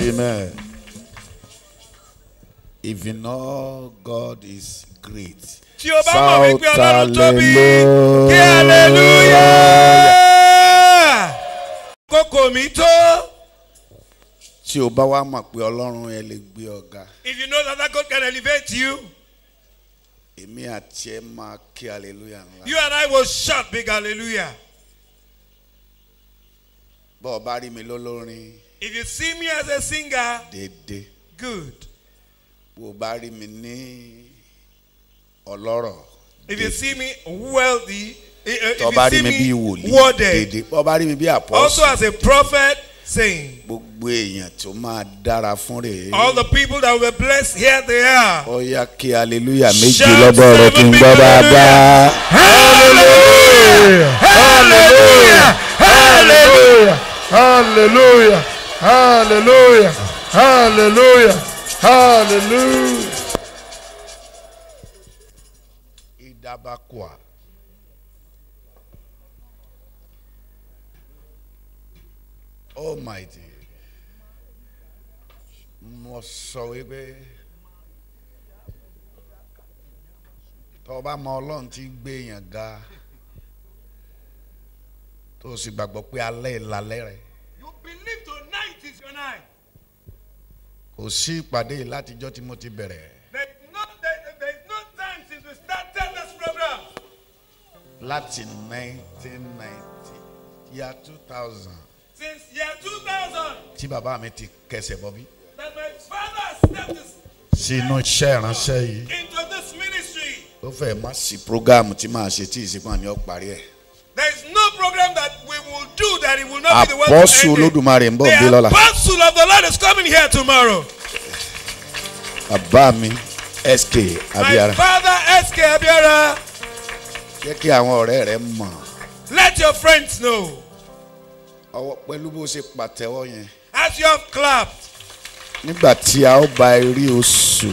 Amen. If you know God is great, shout hallelujah. hallelujah. Kókò mi tó. Tí o bá wá mọ̀ pé Ọlọ́run ẹ lè gbé ọ̀gá. If you know that that God can elevate you. Èmi àti ẹ máa kí hallelujah ńlá. You and I will shout big hallelujah. Bọ́ọ̀ bá rí mi lólórin. If you see me as a singer, dédé. Good. Bó o mi ní ọlọ́rọ̀. If you see me wealthy, eh, eh, if you see me worded, dédé. Bó o mi bí àpọ́sù. Also as a prophet saying. Gbogbo èèyàn tó máa dára fún rèé. All the people that were blessed here they are. Ó yá hallelujah méjì lọ́gbọ́n rẹ̀ kí n gbọ́ bàbá. Hallelujah! Hallelujah! Hallelujah! Hallelujah! hallelujah hallelujah hallelujah. ìdàbàkùà. almighty oh, mo sọ wípé tọ́ba mọ ọlọ́run ti gbé èèyàn ga tó sì gbàgbọ́ pé alẹ́ ìlàlẹ́ rẹ̀ believe tonight is your night. kò sí ìpàdé yìí látijọ́ tí mo ti bẹ̀rẹ̀. there is no time since we started this program. láti nineteen ninety year two thousand. since year two thousand. tí bàbá mi ti kẹsẹ̀ bọ́ bí. that my father stepped his. sínú iṣẹ́ ìránṣẹ́ yìí. into this ministry. ó fẹ́ má sí program tí màá ṣe tí ìsìnkú àná ó parí ẹ̀ àpọ́sù olódùmarè ń bọ̀ ń bí lọ́la. the apostle of the lord is coming here tomorrow. bàbá mi sk abiara. my father sk abiara. jẹ́ kí àwọn ọ̀rẹ́ rẹ mọ̀. let your friends know. ọwọ́ pẹ̀lú bó ṣe pàtẹ́wọ́ yẹn. as you have clapped. nígbà tí a ó bá rí oṣù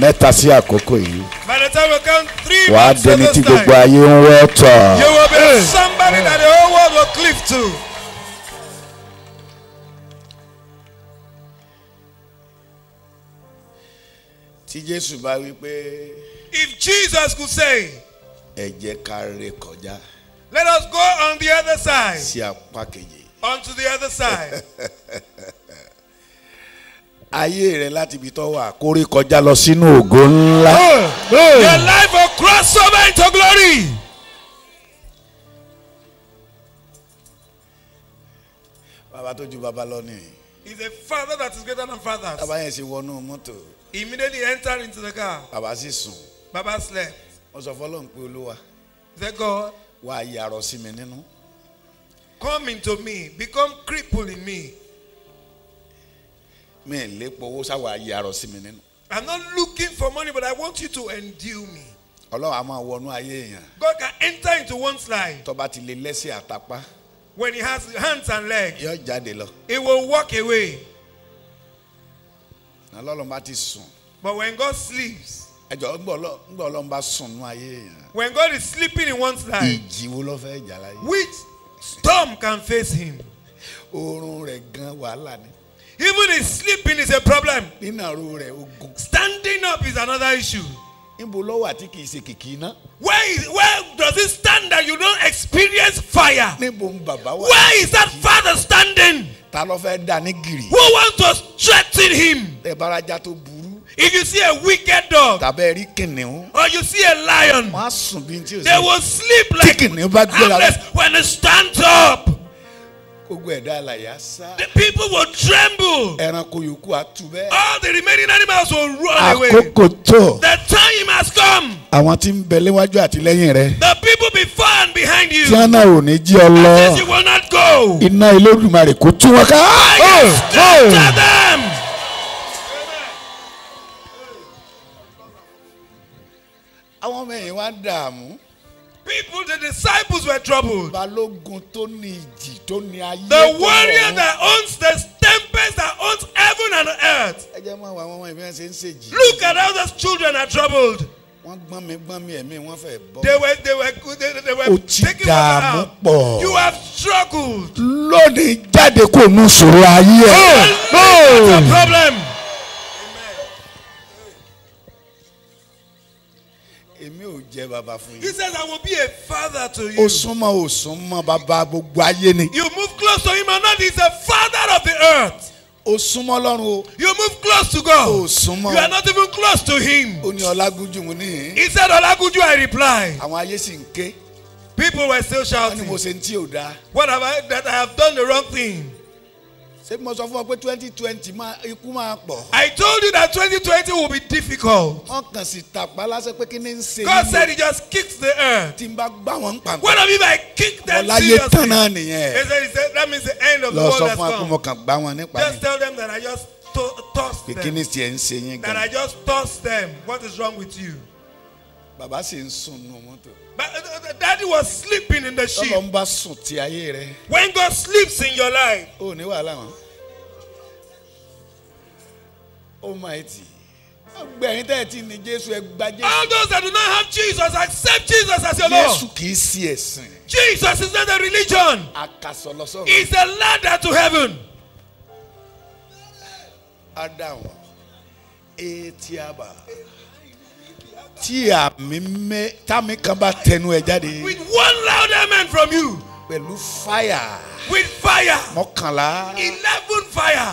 mẹ́ta sí àkókò yìí. by the time we count three months to this time. wàá dẹni tí gbogbo ayé ń wọ́ tọ̀. you will be some. Somebody that the whole world will cleave to. Tí Jésù bá wí pé. If Jesus could say. Ẹ jẹ́ ká ré kọjá. Let us go on the other side. Sí apá kejì. Onto the other side. ayé rẹ láti ibi tó wà kórè kọjá lọ sínú ògo ńlá. your life will cross over into glory. bàbá tó ju bàbá lọ ni. he a father that is greater than fathers. bàbá yẹn ṣe wọnú mọ́tò. he immediately entered into the car. bàbá sì sùn. bàbá slept. wọ́n sọ fọlọ́run pé olúwa. he said God. wá yàrá sí mi nínú. come into me become cripple in me. mi ì lè pọ̀ owó sáwọ́ yàrá sí mi nínú. I not looking for money but I want you to endue me. Ọlọ́run a máa wọnú ayé èèyàn. God can enter into one's life. Tó ti lè lẹ́sẹ̀ àtàpá when he has hands and legs. yóò jáde lọ. he will walk away. ọlọ́run bá ti sùn. but when God sleeps. ẹjọ ngbọ ọlọ́run bá sùn nù ayé yẹn. when God is sleeping in one's life. ìjì wo ló fẹ́ jà láyé. which storm can face him. oorun rẹ̀ gan wàhálà ni. even his sleeping is a problem. nínú àrò rẹ̀ ogun. standing up is another issue níbo ló wà tí kìí ṣe kìkì iná. where is where does it stand that you don't experience fire. níbo ń bàbá wà. where is that father standing. ta ló fẹ́ dá ní gìrì. who wants to strengthen him. ẹ bára já tó burú. If you see a wicked dog. tàbí rí kìnìún. or you see a lion. wọ́n á sùn bí n tí o sọ. they will sleep like. tí when they stand up. Gbogbo ẹ̀dá alàyè á The people will tremble. Ẹranko yòókù á tú bẹ́ẹ̀. All the remaining animals will run away. Àkókò tó. The time has come. Àwọn tí ń bẹ léwájú àti rẹ. The people before and behind you. Tí Anna ò ní jí ọ lọ. Unless you will not go. Iná Olódùmarè kó tú wọn ká. I can still tell them. Àwọn ọmọ ẹ̀yìn wá dààmú. People the disciples were troubled. Balógun tó ní ìjì. The warrior that owns the tempest that owns heaven and earth. Look at how those children are troubled. wọ́n gbọ́n mi gbọ́n mi ẹ̀mí wọ́n fẹ́ bọ́. they were they were they, they were taking water out. pọ̀. you have struggled. lónìí jáde kò nu sòrò ayé ẹ. oh no. that's your problem. èmi ò jẹ́ bàbá fún yín. he says I will be a father to you. ó súnmọ́ ó gbogbo ayé ni. you move close to him and now he is the father of the earth. O súnmọ́ o. You move close to God. O You are not even close to him. O ní Ọlágúnjú mo ní. He said Ọlágúnjú I reply. Àwọn ayé sì ń ké. People were still shouting. Wọ́n ní mo ṣe ń tí ò dáa. What have I that I have done the wrong thing? ṣé mo sọ fún ọ pé twenty twenty máa ikú máa pọ̀. I told you that twenty twenty will be difficult. wọ́n kàn sí tàpá lásán pé kí ni ń ṣe. God said he just kicked the earth. tí n bá gbá wọn pàmò. one of you I kick them seriously. ọ̀la tán náà nìyẹn. he said he said that means the end of the world has come. lọ sọ fún akúmọ̀ kan gbá wọn nípa mi. just tell them that I just to toss them. pé ni tiẹ̀ ń ṣe yín gan. that I just toss them what is wrong with you. bàbá sì ń sùn nù mọ́tò. Uh, uh, daddy was sleeping in the sheep. Tọ́lọ́ ń bá sùn ti ayé rẹ. When God sleeps in your life. O ní wàhálà wọn. Almighty. Gbogbo ẹ̀yin tẹ́ ẹ ti ní Jésù ẹ gba Jésù. All those that do not have Jesus accept Jesus as your Lord. Jésù kì í sí ẹ̀sìn. Jesus is not a religion. Àkàsọ̀ lọ sọ̀rọ̀. It's a ladder to heaven. Adam, Etiaba. Etiaba tí àmì mé tàmí kan bá tẹnu ẹ jáde. with one loud amen from you. pẹ̀lú fire. with fire. mọ́kànlá. eleven fire.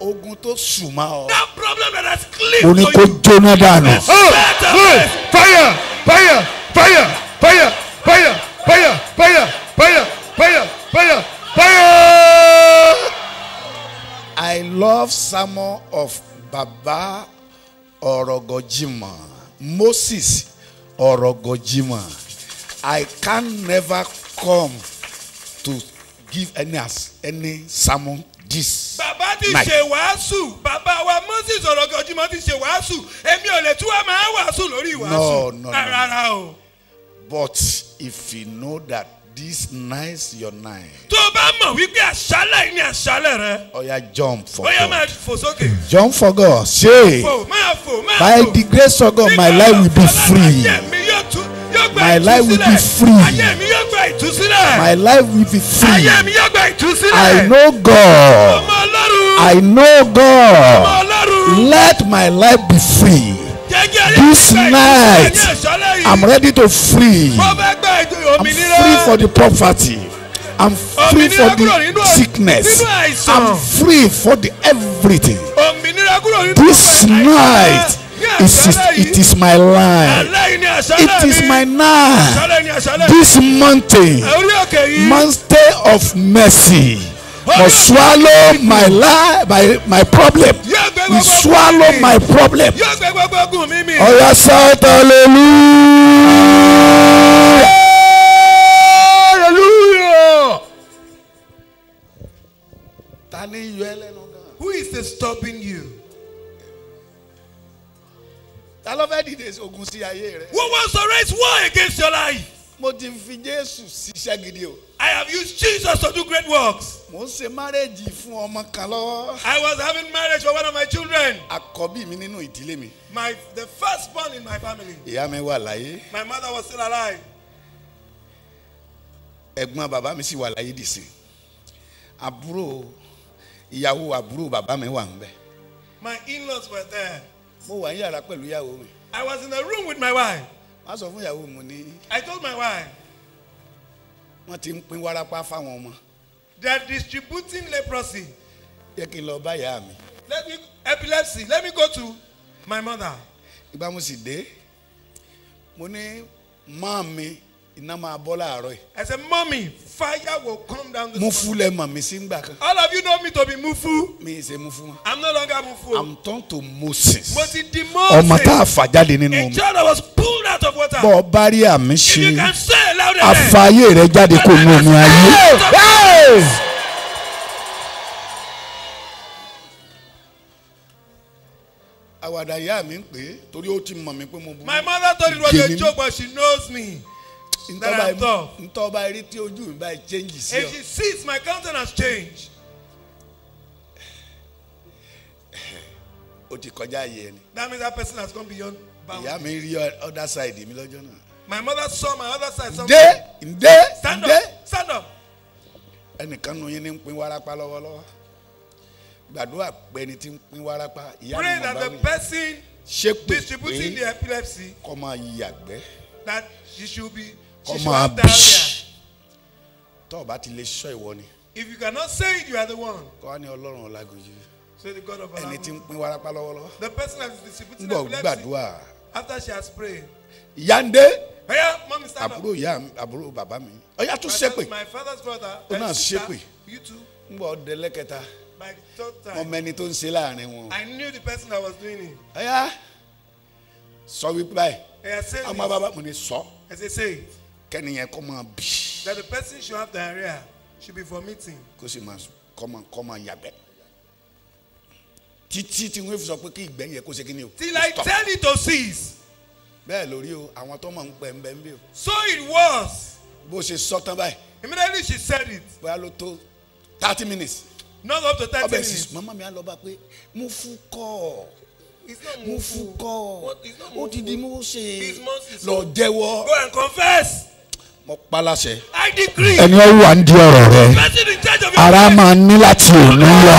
ogun tó sùn mọ́ ọ. that problem that has clean for you. o ní kó jóná dànù. fire fire fire fire fire fire fire fire fire fire fire. I love sermon of Baba Orogo Jimoh. Moses Orogojima. I can never come to give any as any sermon this night. Bàbá ti ṣe wàásù, bàbá wa Moses Orogojima ti ṣe wàásù, èmi ò lè tún wá máa wàásù lórí ìwàásù. No, no, no. But if you know that this nice your night. tó o bá mọ̀ wípé àṣálẹ̀ ni àṣálẹ̀ rẹ. oya oh, jump for God. oya máa fò sókè. jump for God ṣe. by the grace of God my life will be free. My life will be free. My life will be free. I know God. I know God. Let my life be free. This night, I'm ready to free. I'm free for the poverty. I'm free for the sickness. I'm free for the everything. This night, is, it is my life. It is my night. This mountain, mountain of mercy must swallow my lie, my my problem you swallow my problem ọ̀yà shout hallelujah. ta who is disturbing you. ta ló fẹ́ dìde ogun sí ayé rẹ. who wants to raise war against your life mo ti fi jésù ṣiṣẹ́ gidi o. I have used Jesus to do great works. Mo ń ṣe márẹ́jì fún ọmọ kan lọ́wọ́. I was having marriage for one of my children. Àkọ́bí mi nínú ìdílé mi. My the first born in my family. Ìyá mi wà láyé. My mother was still alive. Ẹ̀gbọ́n bàbá mi sì wà láyé dìsìn. Àbúrò ìyàwó àbúrò bàbá mi wà ńbẹ̀. My in-laws were there. Mo wà ní yàrá pẹ̀lú ìyàwó mi. I was in the room with my wife wọ́n sọ fún ìyàwó mi ní. I told my wife. wọ́n ti ń pín wárápá fáwọn ọmọ. They are distributing leprosy. yẹ kí n lọ bá ìyá mi. Let me epilepsy let me go to my mother. ìgbà mo sì dé mo ní máa mi iná máa bọ́ láàárọ̀ yìí. I said mommy fire will come down mufu lẹ mọ̀ sí gbà kan. all of you know me to be mufu. mi ì ṣe mufu mọ́. I'm no longer mufu. I'm turned to Moses. mo ti di Moses. ọmọ tá a fà jáde nínú omi. a child that was pulled out of water. bọ́ ọ àmì ṣe. if you can say it loud àfààyè rẹ jáde kó nu omi ayé. àwàdà ìyá mi ń pè é torí ó ti mọ̀ mi pé mo bu. my mother told me it was a joke but she knows me that I'm tough. ntọ́ba eré tí ojú mi báyìí change sí ọ. if she sees my countenance change. o ti kọjá yẹ ni. that means that person has gone beyond bounds. ìyá mi rí other side mi lọ́jọ́ náà. my mother saw my other side someday. ǹdẹ́ ǹdẹ́ stand up stand up. ẹnìkan nu yín ní ń pín wárápá lọ́wọ́lọ́wọ́ gbàdúrà pẹ́ni tí ń pín wárápá ìyá mi mọ̀ báwo. pray that the person distributing the epilepsy. kọ́ máa yàgbẹ́. that she should be ọmọ abì tó o ti lè sọ ìwọ ni. if you cannot say it you are the one. kọ́ ni ọlọ́run ọ̀làgòjì. say the God of Allah. ẹni tí ń pín warapa lọ́wọ́lọ́wọ́. the person that is distributing the blessing. ń bọ̀ gbàdúrà. after she has prayed. yande. oya mami stand up. àbúrò ìyá àbúrò bàbá mi. oya tún ṣépè. my father's brother. o náà ṣépè. you too. ń bọ̀ délẹ́kẹta. by the third time. mo mẹni tó ń ṣe láàrin wọn. I knew the person that was doing it. oya sọ wípé báyìí. oya say this. ọmọ bàbá mo ní sọ. I say kẹ́niyẹn kọ́ máa bì. that the person should have diarrhea should be vomiting. kó sì máa kọ́ máa kọ́ máa yàgbẹ́ títí tí wọ́n fi sọ pé kí ìgbẹ́ yẹn kó ṣe kí ni o. till I tell you to cease. bẹ́ẹ̀ lórí o àwọn tó mọ̀ ń pẹ́ ń bẹ́ ń bí o. so it was. bó ṣe sọ tán báyìí. immediately she said it. bóyá ló tó thirty minutes. not up to thirty minutes. ọbẹ̀ sì màmá mi á lọ bá pé mo fún kọ́ mo fún kọ́ ó ti di mo ṣe lọ jẹ́wọ́. go and confess mo pa láṣẹ. ẹni ó wà ní ọ̀rọ̀ rẹ ara máa ní láti òní lọ.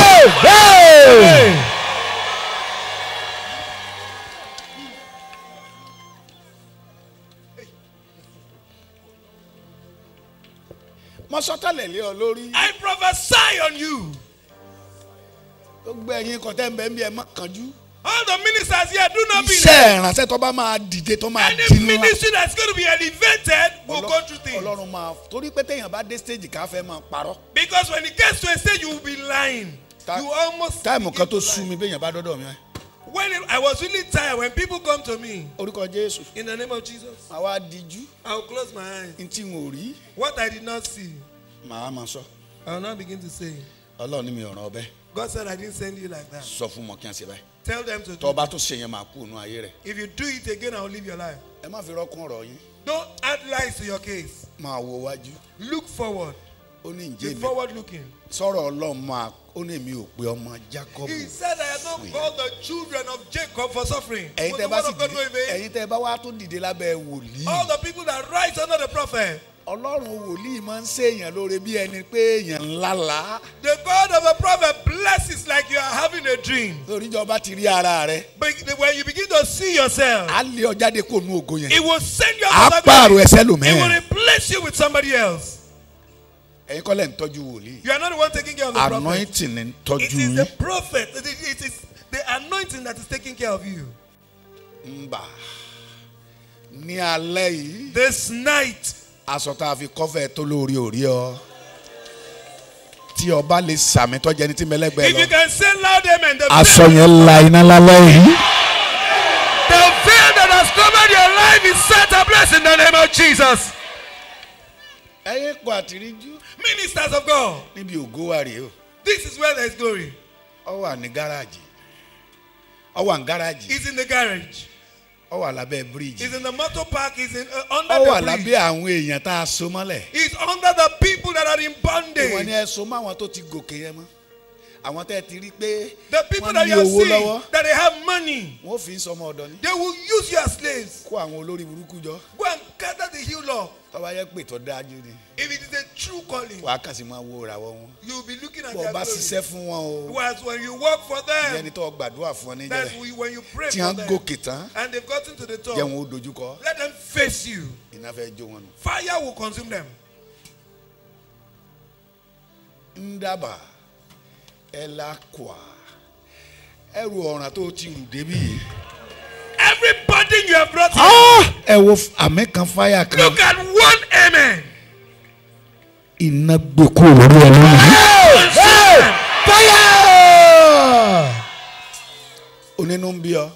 mo sọ tẹ́lẹ̀ lé ọ lórí. I prophesy on you. gbogbo ẹ̀yin kọ̀tẹ́ ń bẹ́ẹ̀ ń bí ẹ má kánjú. All the ministers here do not be there. Iṣẹ́ ìrànṣẹ́ tó bá máa dìde tó máa di ńlá. Any ministry that's going to be elevated will go through things. Ọlọ́run máa torí pé téèyàn bá dé stage ká fẹ́ máa parọ́. Because when it gets to a stage you will be lying. Ta you almost. Táìmù kan tó sú mi béèyàn bá dọ́dọ̀ mi. When it, I was really tired when people come to me. Orúkọ Jésù. In the name of Jesus. Àwa dijú. I will close my eyes. N tí n ò rí. What I did not see. Màá máa sọ. I will now begin to say. Ọlọ́run ni mi ò ràn ọ God said I didn't send you like that. Sọ fún mọ kí n ṣe báyìí tell them to do. tọba tó ṣe yẹn máa kú inú ayé rẹ. if you do it again i will leave your life. ẹ má fi rọ́kùn ọ̀rọ̀ yín. don't add lies to your case. máa wo wájú. look forward. ó ní ǹjẹ́ mi be forward looking. sọ̀rọ̀ ọlọ́run máa ó ní mi ò pe ọmọ jacob. he said i have not called the children of jacob for suffering. ẹ̀yin tẹ́ bá sì dìde ẹ̀yin tẹ́ bá wá tó dìde lábẹ́ wòlíì. all the people that rise under the prophet. Ọlọ́run wòlíì máa ń ṣèyàn lóore bí ẹni pé èèyàn ńlá la. The God of a prophet blesses like you are having a dream. Torí ìjọba ti rí ara rẹ. But when you begin to see yourself. A lè ọ jáde kó nu ògo yẹn. It will send you out of that place. A pààrọ̀ ẹsẹ̀ lòmẹ́rin. It will replace you with somebody else. Ẹ̀yin kọ́lẹ̀ ń tọ́jú wòlíì. You are not the one taking care of the prophet. Anointing ń tọ́jú yín. It is the prophet it is, the anointing that is taking care of you. Mbà ní alẹ́ yìí. This night aṣọ tá a fi kọ́fẹ́ tó lórí òrí ọ tí ọba lè sàmì tọ́jà ẹni tí mẹlẹ́gbẹ́ lọ. if you can say loud amen. aṣọ yẹn la iná lálẹ́ yìí. the veil that has covered your life is set ablaze in the name of Jesus. ẹyẹ kọ àtìríjú. ministers of God. níbi ògo wà rèé o. this is where there is glory. ó wà ní gáràjì ó wà ní gáràjì. it's in the garage ó wà lábẹ́ bíríìjì. is in the motor park is in uh, under the bridge. ó wà lábẹ́ àwọn èèyàn tá a so mọ́lẹ̀. is under the people that are in bondage. ìwọ ni ẹ so mọ́ àwọn tó ti gòkè yẹn mọ́ àwọn tẹ́ ti rí pé wọ́n ní owó lọ́wọ́ that they have money. fi sọmọ ọ̀dọ́ ni. they will use you as slaves. kó àwọn olórí burúkú jọ. go and gather the hill up. tọ́ba yẹ pé tọ́ dájú ni. if it is a true calling. wàá kà sí máa wo ìràwọ̀ wọn. you will be looking at their glory. bọ̀ bá ṣiṣẹ́ fún wọn o. was when you work for them. ìyẹn ni gbàdúrà fún ọ níjẹ́ rẹ̀. that's when you pray for them. tí wọ́n gòkè tán. and they have gotten to the top. jẹ́ ó dojú let them face you. iná fẹ́ jó wọn fire will consume them. ń dábàá ẹ lákùá ẹrù ọ̀ràn tó ti rù débì. every something you have brought here. Ah! ẹ wo àmì kan fáyà kan. look at one amen. iná gbẹ̀kú òwúrọ̀ ọlọ́run. fáyà. onínú ń bí ọ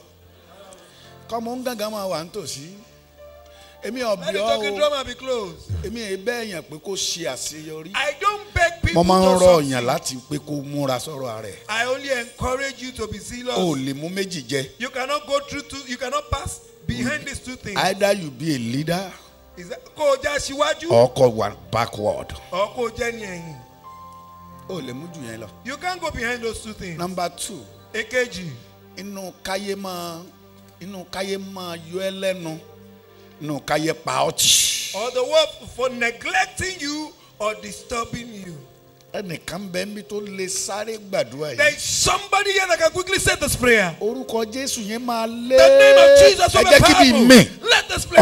kọ́mọ ń gángan máa wà nítòsí èmi ọ̀bí ọ́ o èmi ẹ̀ bẹ́ẹ̀ pé kó ṣe àṣeyọrí. I don't beg people to succeed. mo máa ń rọ ọ̀yàn láti pé kó múra sọ̀rọ̀ rẹ̀. I only encourage you to be zealous. o lè mú méjì jẹ. you cannot go through two you cannot pass behind mm. these two things. either you be a leader. kó o jẹ́ aṣíwájú. or kó wà backward. or kó jẹ́ ní ẹ̀yìn. o lè mú jù yẹn lọ. you can't go behind those two things. number two. èkejì. inú káyé máa inú káyé máa yọ ẹ lẹ́nu. No nù ká yẹ pa ọ́ tì. or the word for neglecting you or disturbing you ẹnìkan bẹ níbi tó lè sáré gbàdúrà yìí. there is somebody here that can quickly say this prayer. orúkọ jésù yẹn máa lé. the name of jesus will be powerful. ẹ jẹ́ kí bí mi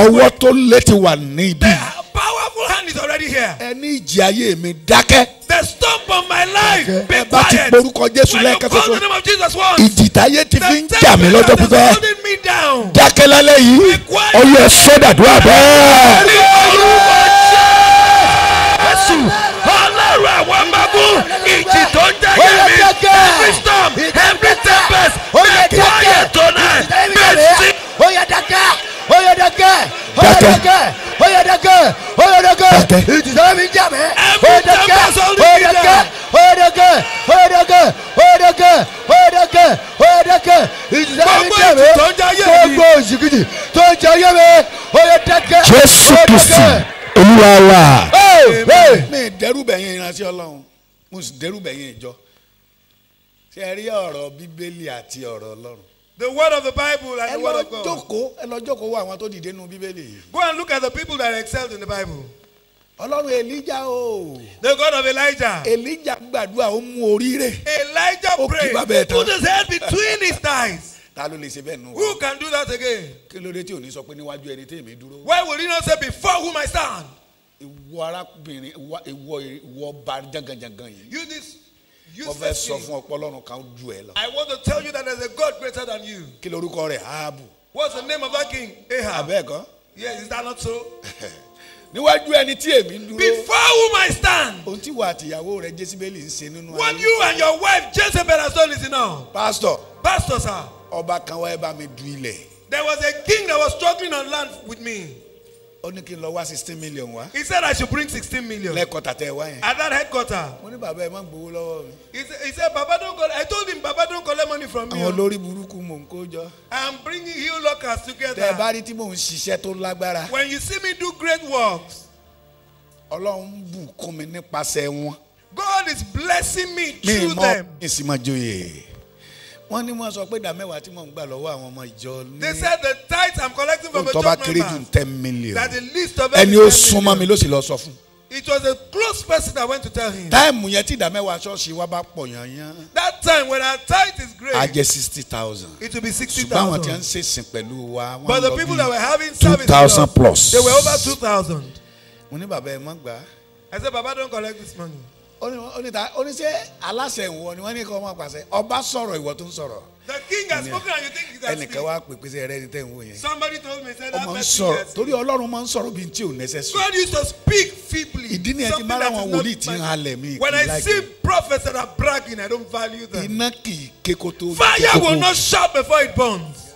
ọwọ́ tó lé ti wà níbí. the powerful hand is already here. ẹni ìjì ayé mi dákẹ́. the storm of my life be quiet. ẹ bá ti porúkọ jésù lẹ́ẹ̀kan ṣoṣo. ìjì táyé ti fi ń jà mí lọ́jọ́ pípẹ́. dákẹ́ lálẹ́ yìí ọyọ ẹ sọ́dàdúrà bẹ́ẹ̀. orúkọ jésù àwọn magun ìjì tó ń jẹ́gẹ́ mi every storm every tempest make quiet tonight make sin. ó yá dákẹ́ ó yá dákẹ́ ó yá dákẹ́ ó yá dákẹ́ ó yá dákẹ́ ìjì tó ń jà mẹ́ ó yá dákẹ́ ó yá dákẹ́ ó yá dákẹ́ ó yá dákẹ́ ó yá dákẹ́ ó yá dákẹ́ ó yá dákẹ́ ìjì tó ń jà mẹ́ gbogbo ìjì tó ń jẹ́ yé mi ó yá dákẹ́ ó yá dákẹ́. jésù kìsì olúwa wa. mi dẹ́rùbẹ̀ yẹn ọlọ́run mo sì dẹ́rùbẹ̀ ìjọ ṣe rí ọ̀rọ̀ bíbélì àti ọ̀rọ̀ ọlọ́run. The word of the Bible and the word of God. ẹ lọ jókòó ẹ lọ jókòó wo àwọn tó dìde nínú bíbélì Go and look at the people that excelled in the Bible. Ọlọ́run Elijah o. The God of Elijah. Elijah gbàdúrà ó mú orí rẹ̀. Elijah prayed put his head between his thighs ta ló lè ṣe bẹ́ẹ̀ nù. who can do that again. kí ló dé tí ò ní sọ pé níwájú ẹni tí èmi dúró. why would he not say before whom I stand. ìwọ arábìnrin ìwọ ìwọ ba janganjangan yìí. you this mo fẹ́ sọ fún ọpọlọ́run kan ju ẹ lọ. I want to tell you that there is a God greater than you. kí lorúkọ rẹ̀ Áhábù. what's the name of that king? Ahab. abẹ́ẹ̀kọ́. yes is that not so. níwájú ẹni tí èmi dúró. before whom I stand. ohun tí wà àtìyàwó rẹ Jésìbélì ń ṣe nínú ayé. what you and your wife Jezebel has done is now? pastor. pastor sir ọba kan wáyé bá mi du ilẹ̀. there was a king that was struggling on land with me. ó ní kí n lọ wá sixteen million wá. he said I should bring sixteen million. lẹ́kọ̀tà tẹ wá yẹn. at that headquarter. mo ní bàbá ẹ má gbowó lọ́wọ́ mi. he said he said baba don collect I told him baba don collect money from me. àwọn olórí burúkú mò ń kó I am bringing heel lockers together. tẹ bá rí tí mò ń ṣiṣẹ́ tó lágbára. when you see me do great works. ọlọ́run bùkún mi nípasẹ̀ wọn. God is blessing me through them. mi mọ ìsìnmájòyè wọ́n ní wọ́n sọ pé ìdá mẹ́wàá tí mò ń gbà lọ́wọ́ àwọn ọmọ ìjọ ní. they said the tithe I'm collecting from the church member. tọ́ba kéré ju ten million. that the list of every ten million. ẹni ó súnmọ́ mi ló sì lọ sọ fún. it was a close person that went to tell him. táìmù yẹn tí ìdá mẹ́wàá ṣọ́ọ̀ṣì wa bá pọ̀ yanyan. that time when our tithe is great. a jẹ sixty thousand. it will be sixty thousand. ṣùgbọ́n àwọn tí wọ́n ń ṣèsìn pẹ̀lú wa. but the people that were having service. two thousand plus. they were over two thousand. mo ní bàbá ẹ mọ́ gbà. I said baba don't collect this money oníṣẹ́ aláṣẹ ìwọ ni wọ́n ní kó máa pàṣẹ ọba sọ̀rọ̀ ìwọ tó ń sọ̀rọ̀. the king has spoken and you think he has ẹnìkan wá pè pé ẹrẹ ni tẹ ń wò yẹn. somebody told me say that person is. ọmọ ń sọ̀rọ̀ torí ọlọ́run máa ń sọ̀rọ̀ bíi tí ò necessary. God used to speak feebly. ìdí ni ẹ ti mára wọn wòlíì tí ń halẹ̀ mi. when I see prophets that are bragging I don't value them. iná kì í ké kó tó. fire will not shout before it burns.